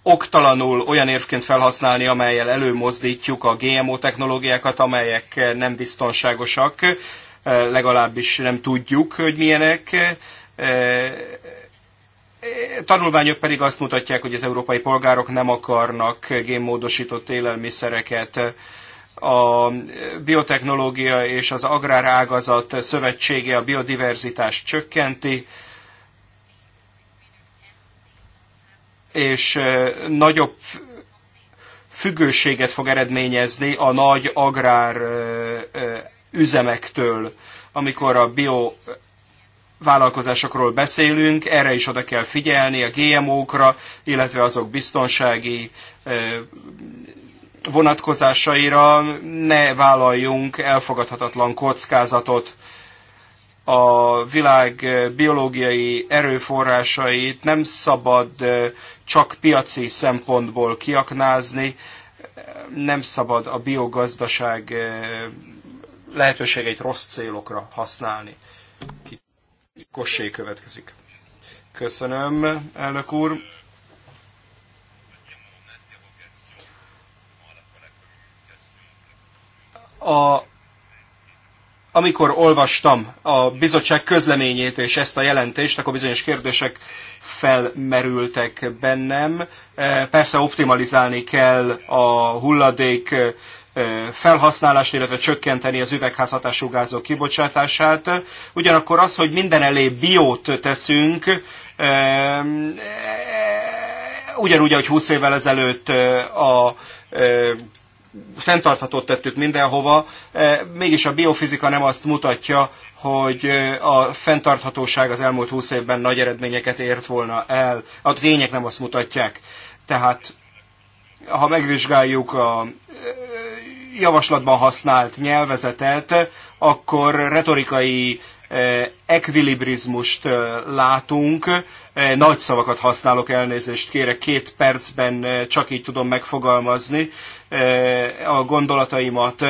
oktalanul olyan érvként felhasználni, amelyel előmozdítjuk a GMO technológiákat, amelyek nem biztonságosak, legalábbis nem tudjuk, hogy milyenek. Tanulmányok pedig azt mutatják, hogy az európai polgárok nem akarnak génmódosított élelmiszereket a biotechnológia és az agrárágazat szövetsége a biodiverzitást csökkenti, és nagyobb függőséget fog eredményezni a nagy agrár üzemektől, amikor a bio vállalkozásokról beszélünk, erre is oda kell figyelni, a GMO-kra, illetve azok biztonsági vonatkozásaira ne vállaljunk elfogadhatatlan kockázatot. A világ biológiai erőforrásait nem szabad csak piaci szempontból kiaknázni, nem szabad a biogazdaság lehetőségeit rossz célokra használni. Kossé következik. Köszönöm, elnök úr. a, amikor olvastam a bizottság közleményét és ezt a jelentést, akkor bizonyos kérdések felmerültek bennem. E, persze optimalizálni kell a hulladék e, felhasználást, illetve csökkenteni az üvegházhatású gázok kibocsátását. Ugyanakkor az, hogy minden elé biót teszünk, e, ugyanúgy, ahogy 20 évvel ezelőtt a fenntarthatót tettük mindenhova, e, mégis a biofizika nem azt mutatja, hogy e, a fenntarthatóság az elmúlt húsz évben nagy eredményeket ért volna el. A tények nem azt mutatják. Tehát ha megvizsgáljuk a e, javaslatban használt nyelvezetet, akkor retorikai ekvilibrizmust látunk. Nagy szavakat használok, elnézést kérek, két percben csak így tudom megfogalmazni a gondolataimat.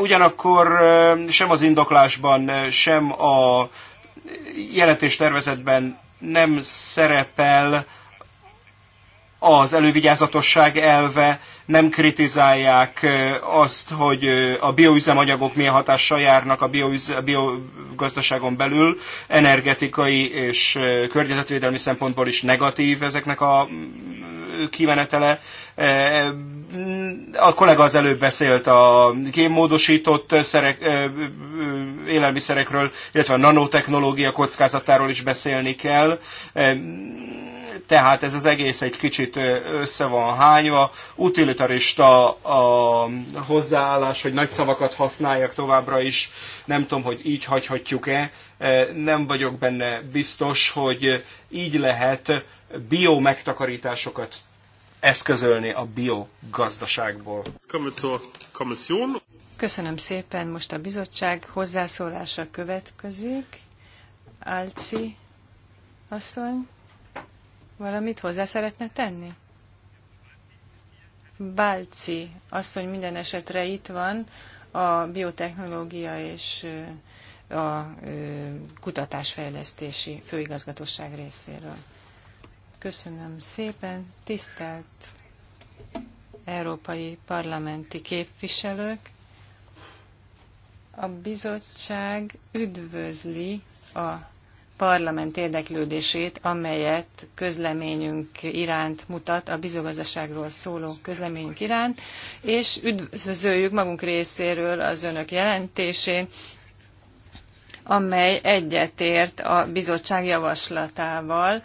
Ugyanakkor sem az indoklásban, sem a jelentéstervezetben nem szerepel az elővigyázatosság elve, nem kritizálják azt, hogy a bioüzemanyagok milyen hatással járnak a, bioüz, bio biogazdaságon belül, energetikai és környezetvédelmi szempontból is negatív ezeknek a kimenetele. E, a kollega az előbb beszélt a génmódosított szerek, e, élelmiszerekről, illetve a nanotechnológia kockázatáról is beszélni kell. E, tehát ez az egész egy kicsit össze van hányva. Utilitarista a hozzáállás, hogy nagy szavakat használjak továbbra is. Nem tudom, hogy így hagyhatjuk-e. Nem vagyok benne biztos, hogy így lehet bio megtakarításokat eszközölni a biogazdaságból. Köszönöm szépen. Most a bizottság hozzászólása következik. Álci asszony valamit hozzá szeretne tenni? Bálci hogy minden esetre itt van, a biotechnológia és a kutatásfejlesztési főigazgatóság részéről. Köszönöm szépen, tisztelt európai parlamenti képviselők! A bizottság üdvözli a parlament érdeklődését, amelyet közleményünk iránt mutat, a bizogazdaságról szóló közleményünk iránt, és üdvözöljük magunk részéről az önök jelentését, amely egyetért a bizottság javaslatával.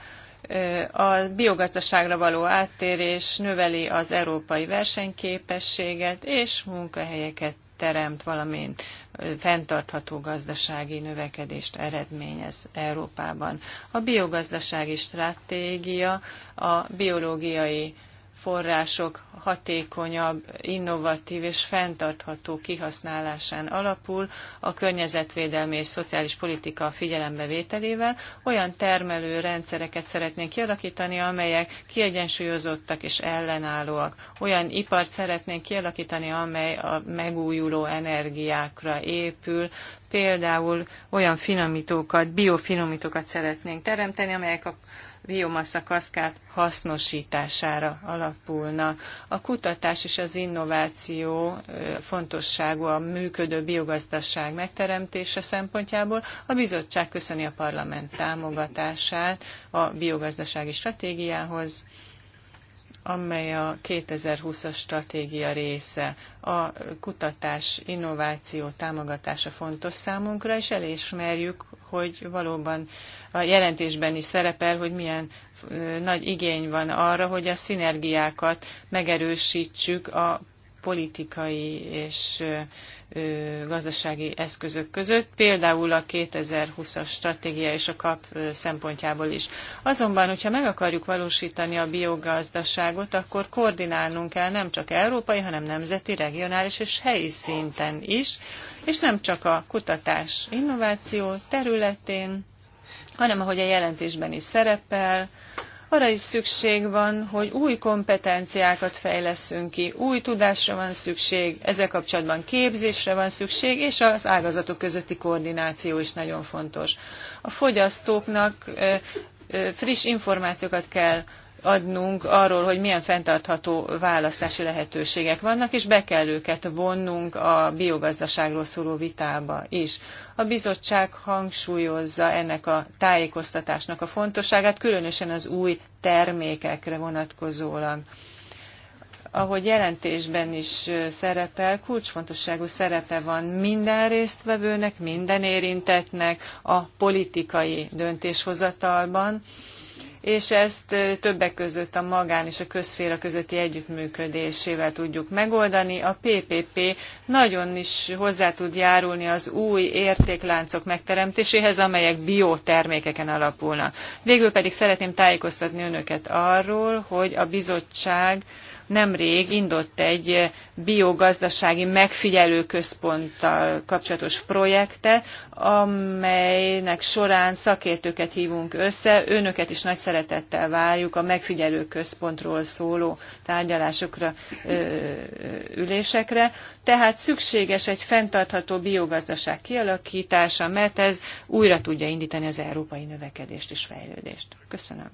A biogazdaságra való áttérés növeli az európai versenyképességet és munkahelyeket teremt, valamint fenntartható gazdasági növekedést eredményez Európában. A biogazdasági stratégia a biológiai források hatékonyabb, innovatív és fenntartható kihasználásán alapul a környezetvédelmi és szociális politika figyelembevételével olyan termelő rendszereket szeretnénk kialakítani, amelyek kiegyensúlyozottak és ellenállóak. Olyan ipart szeretnénk kialakítani, amely a megújuló energiákra épül, például olyan finomítókat, biofinomítókat szeretnénk teremteni, amelyek a biomassa kaszkát hasznosítására alapulna. A kutatás és az innováció fontosságú a működő biogazdaság megteremtése szempontjából. A bizottság köszöni a parlament támogatását a biogazdasági stratégiához amely a 2020-as stratégia része. A kutatás, innováció támogatása fontos számunkra, és elismerjük hogy valóban a jelentésben is szerepel, hogy milyen nagy igény van arra, hogy a szinergiákat megerősítsük a politikai és gazdasági eszközök között, például a 2020-as stratégia és a kap szempontjából is. Azonban, hogyha meg akarjuk valósítani a biogazdaságot, akkor koordinálnunk kell nem csak európai, hanem nemzeti, regionális és helyi szinten is, és nem csak a kutatás innováció területén, hanem ahogy a jelentésben is szerepel, arra is szükség van, hogy új kompetenciákat fejleszünk ki, új tudásra van szükség, ezzel kapcsolatban képzésre van szükség, és az ágazatok közötti koordináció is nagyon fontos. A fogyasztóknak friss információkat kell adnunk arról, hogy milyen fenntartható választási lehetőségek vannak, és be kell őket vonnunk a biogazdaságról szóló vitába is. A bizottság hangsúlyozza ennek a tájékoztatásnak a fontosságát, különösen az új termékekre vonatkozólag ahogy jelentésben is szerepel, kulcsfontosságú szerepe van minden résztvevőnek, minden érintetnek a politikai döntéshozatalban, és ezt többek között a magán és a közféra közötti együttműködésével tudjuk megoldani. A PPP nagyon is hozzá tud járulni az új értékláncok megteremtéséhez, amelyek biotermékeken alapulnak. Végül pedig szeretném tájékoztatni önöket arról, hogy a bizottság nemrég indott egy biogazdasági megfigyelőközponttal kapcsolatos projektet, amelynek során szakértőket hívunk össze. Önöket is nagy szeretettel várjuk a megfigyelőközpontról szóló tárgyalásokra, ülésekre. Tehát szükséges egy fenntartható biogazdaság kialakítása, mert ez újra tudja indítani az európai növekedést és fejlődést. Köszönöm.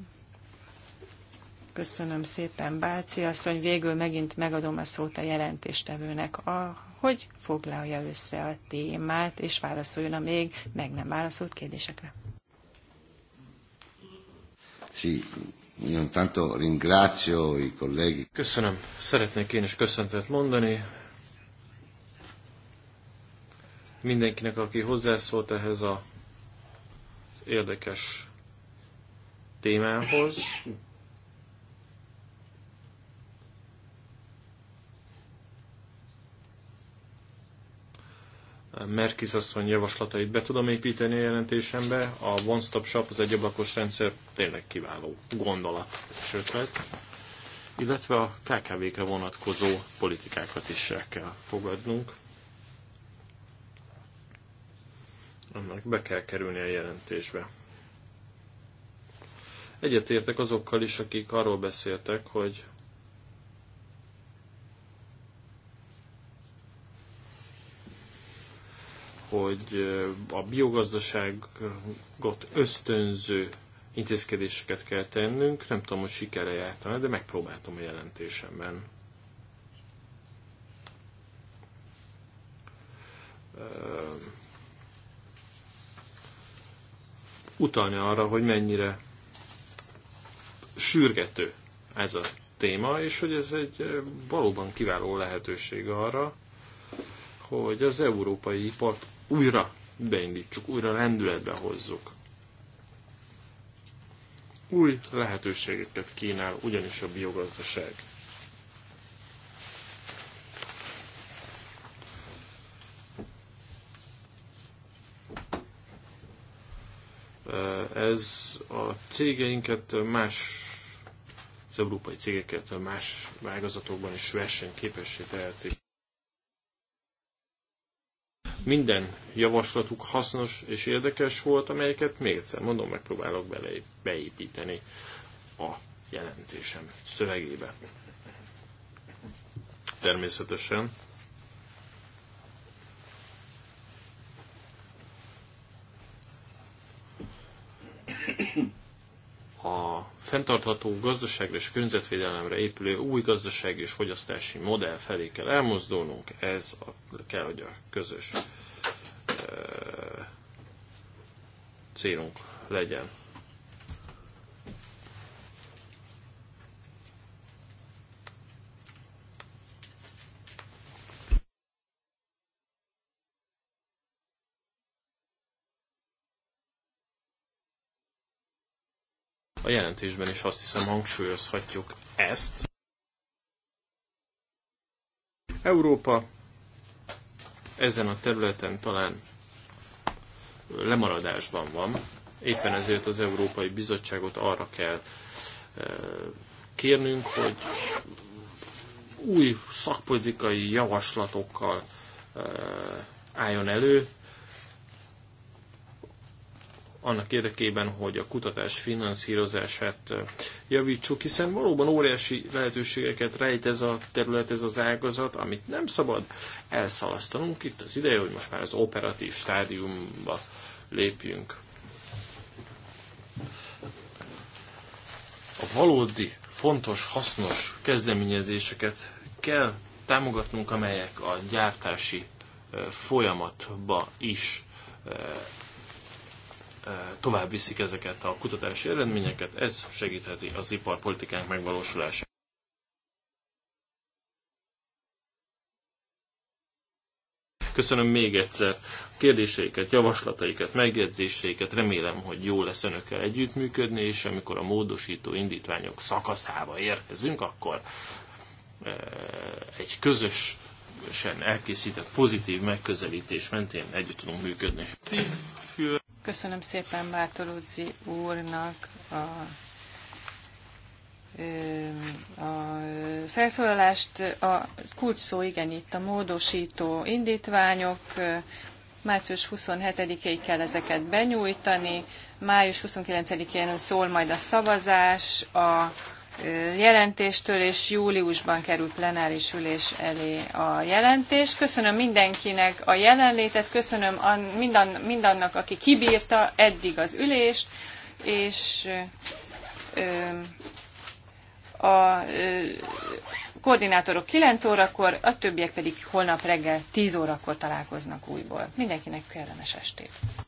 Köszönöm szépen, Bálci asszony. Végül megint megadom a szót a jelentéstevőnek, a, hogy foglalja össze a témát, és válaszoljon a még meg nem válaszolt kérdésekre. intanto ringrazio i colleghi. Köszönöm. Szeretnék én is köszöntet mondani. Mindenkinek, aki hozzászólt ehhez a érdekes témához. Merkis asszony javaslatait be tudom építeni a jelentésembe. A One Stop Shop, az egyablakos rendszer tényleg kiváló gondolat és ötlet, hát, illetve a KKV-kre vonatkozó politikákat is el kell fogadnunk. Annak be kell kerülni a jelentésbe. Egyetértek azokkal is, akik arról beszéltek, hogy hogy a biogazdaságot ösztönző intézkedéseket kell tennünk. Nem tudom, hogy sikere jártam, de megpróbáltam a jelentésemben. utalni arra, hogy mennyire sürgető ez a téma, és hogy ez egy valóban kiváló lehetőség arra, hogy az európai ipart újra beindítsuk, újra rendületbe hozzuk. Új lehetőségeket kínál ugyanis a biogazdaság. Ez a cégeinket más az európai cégeket más ágazatokban is versenyképessé teheti. Minden javaslatuk hasznos és érdekes volt, amelyeket még egyszer mondom, megpróbálok bele beépíteni a jelentésem szövegébe. Természetesen a fenntartható gazdaságra és a környezetvédelemre épülő új gazdaság és fogyasztási modell felé kell elmozdulnunk, ez a, kell, hogy a közös e, célunk legyen. jelentésben is azt hiszem hangsúlyozhatjuk ezt. Európa ezen a területen talán lemaradásban van. Éppen ezért az Európai Bizottságot arra kell eh, kérnünk, hogy új szakpolitikai javaslatokkal eh, álljon elő, annak érdekében, hogy a kutatás finanszírozását javítsuk, hiszen valóban óriási lehetőségeket rejt ez a terület, ez az ágazat, amit nem szabad elszalasztanunk. Itt az ideje, hogy most már az operatív stádiumba lépjünk. A valódi, fontos, hasznos kezdeményezéseket kell támogatnunk, amelyek a gyártási folyamatba is tovább viszik ezeket a kutatási eredményeket, ez segítheti az iparpolitikánk megvalósulását. Köszönöm még egyszer a kérdéseiket, javaslataikat, megjegyzéseiket. Remélem, hogy jó lesz önökkel együttműködni, és amikor a módosító indítványok szakaszába érkezünk, akkor e, egy közösen elkészített pozitív megközelítés mentén együtt tudunk működni. Köszönöm szépen Bártolódzi úrnak a, a felszólalást. A kulcs szó igen itt a módosító indítványok. Március 27-ig kell ezeket benyújtani. Május 29-én szól majd a szavazás. A jelentéstől, és júliusban kerül plenáris ülés elé a jelentés. Köszönöm mindenkinek a jelenlétet, köszönöm mindann, mindannak, aki kibírta eddig az ülést, és a koordinátorok 9 órakor, a többiek pedig holnap reggel 10 órakor találkoznak újból. Mindenkinek kellemes estét!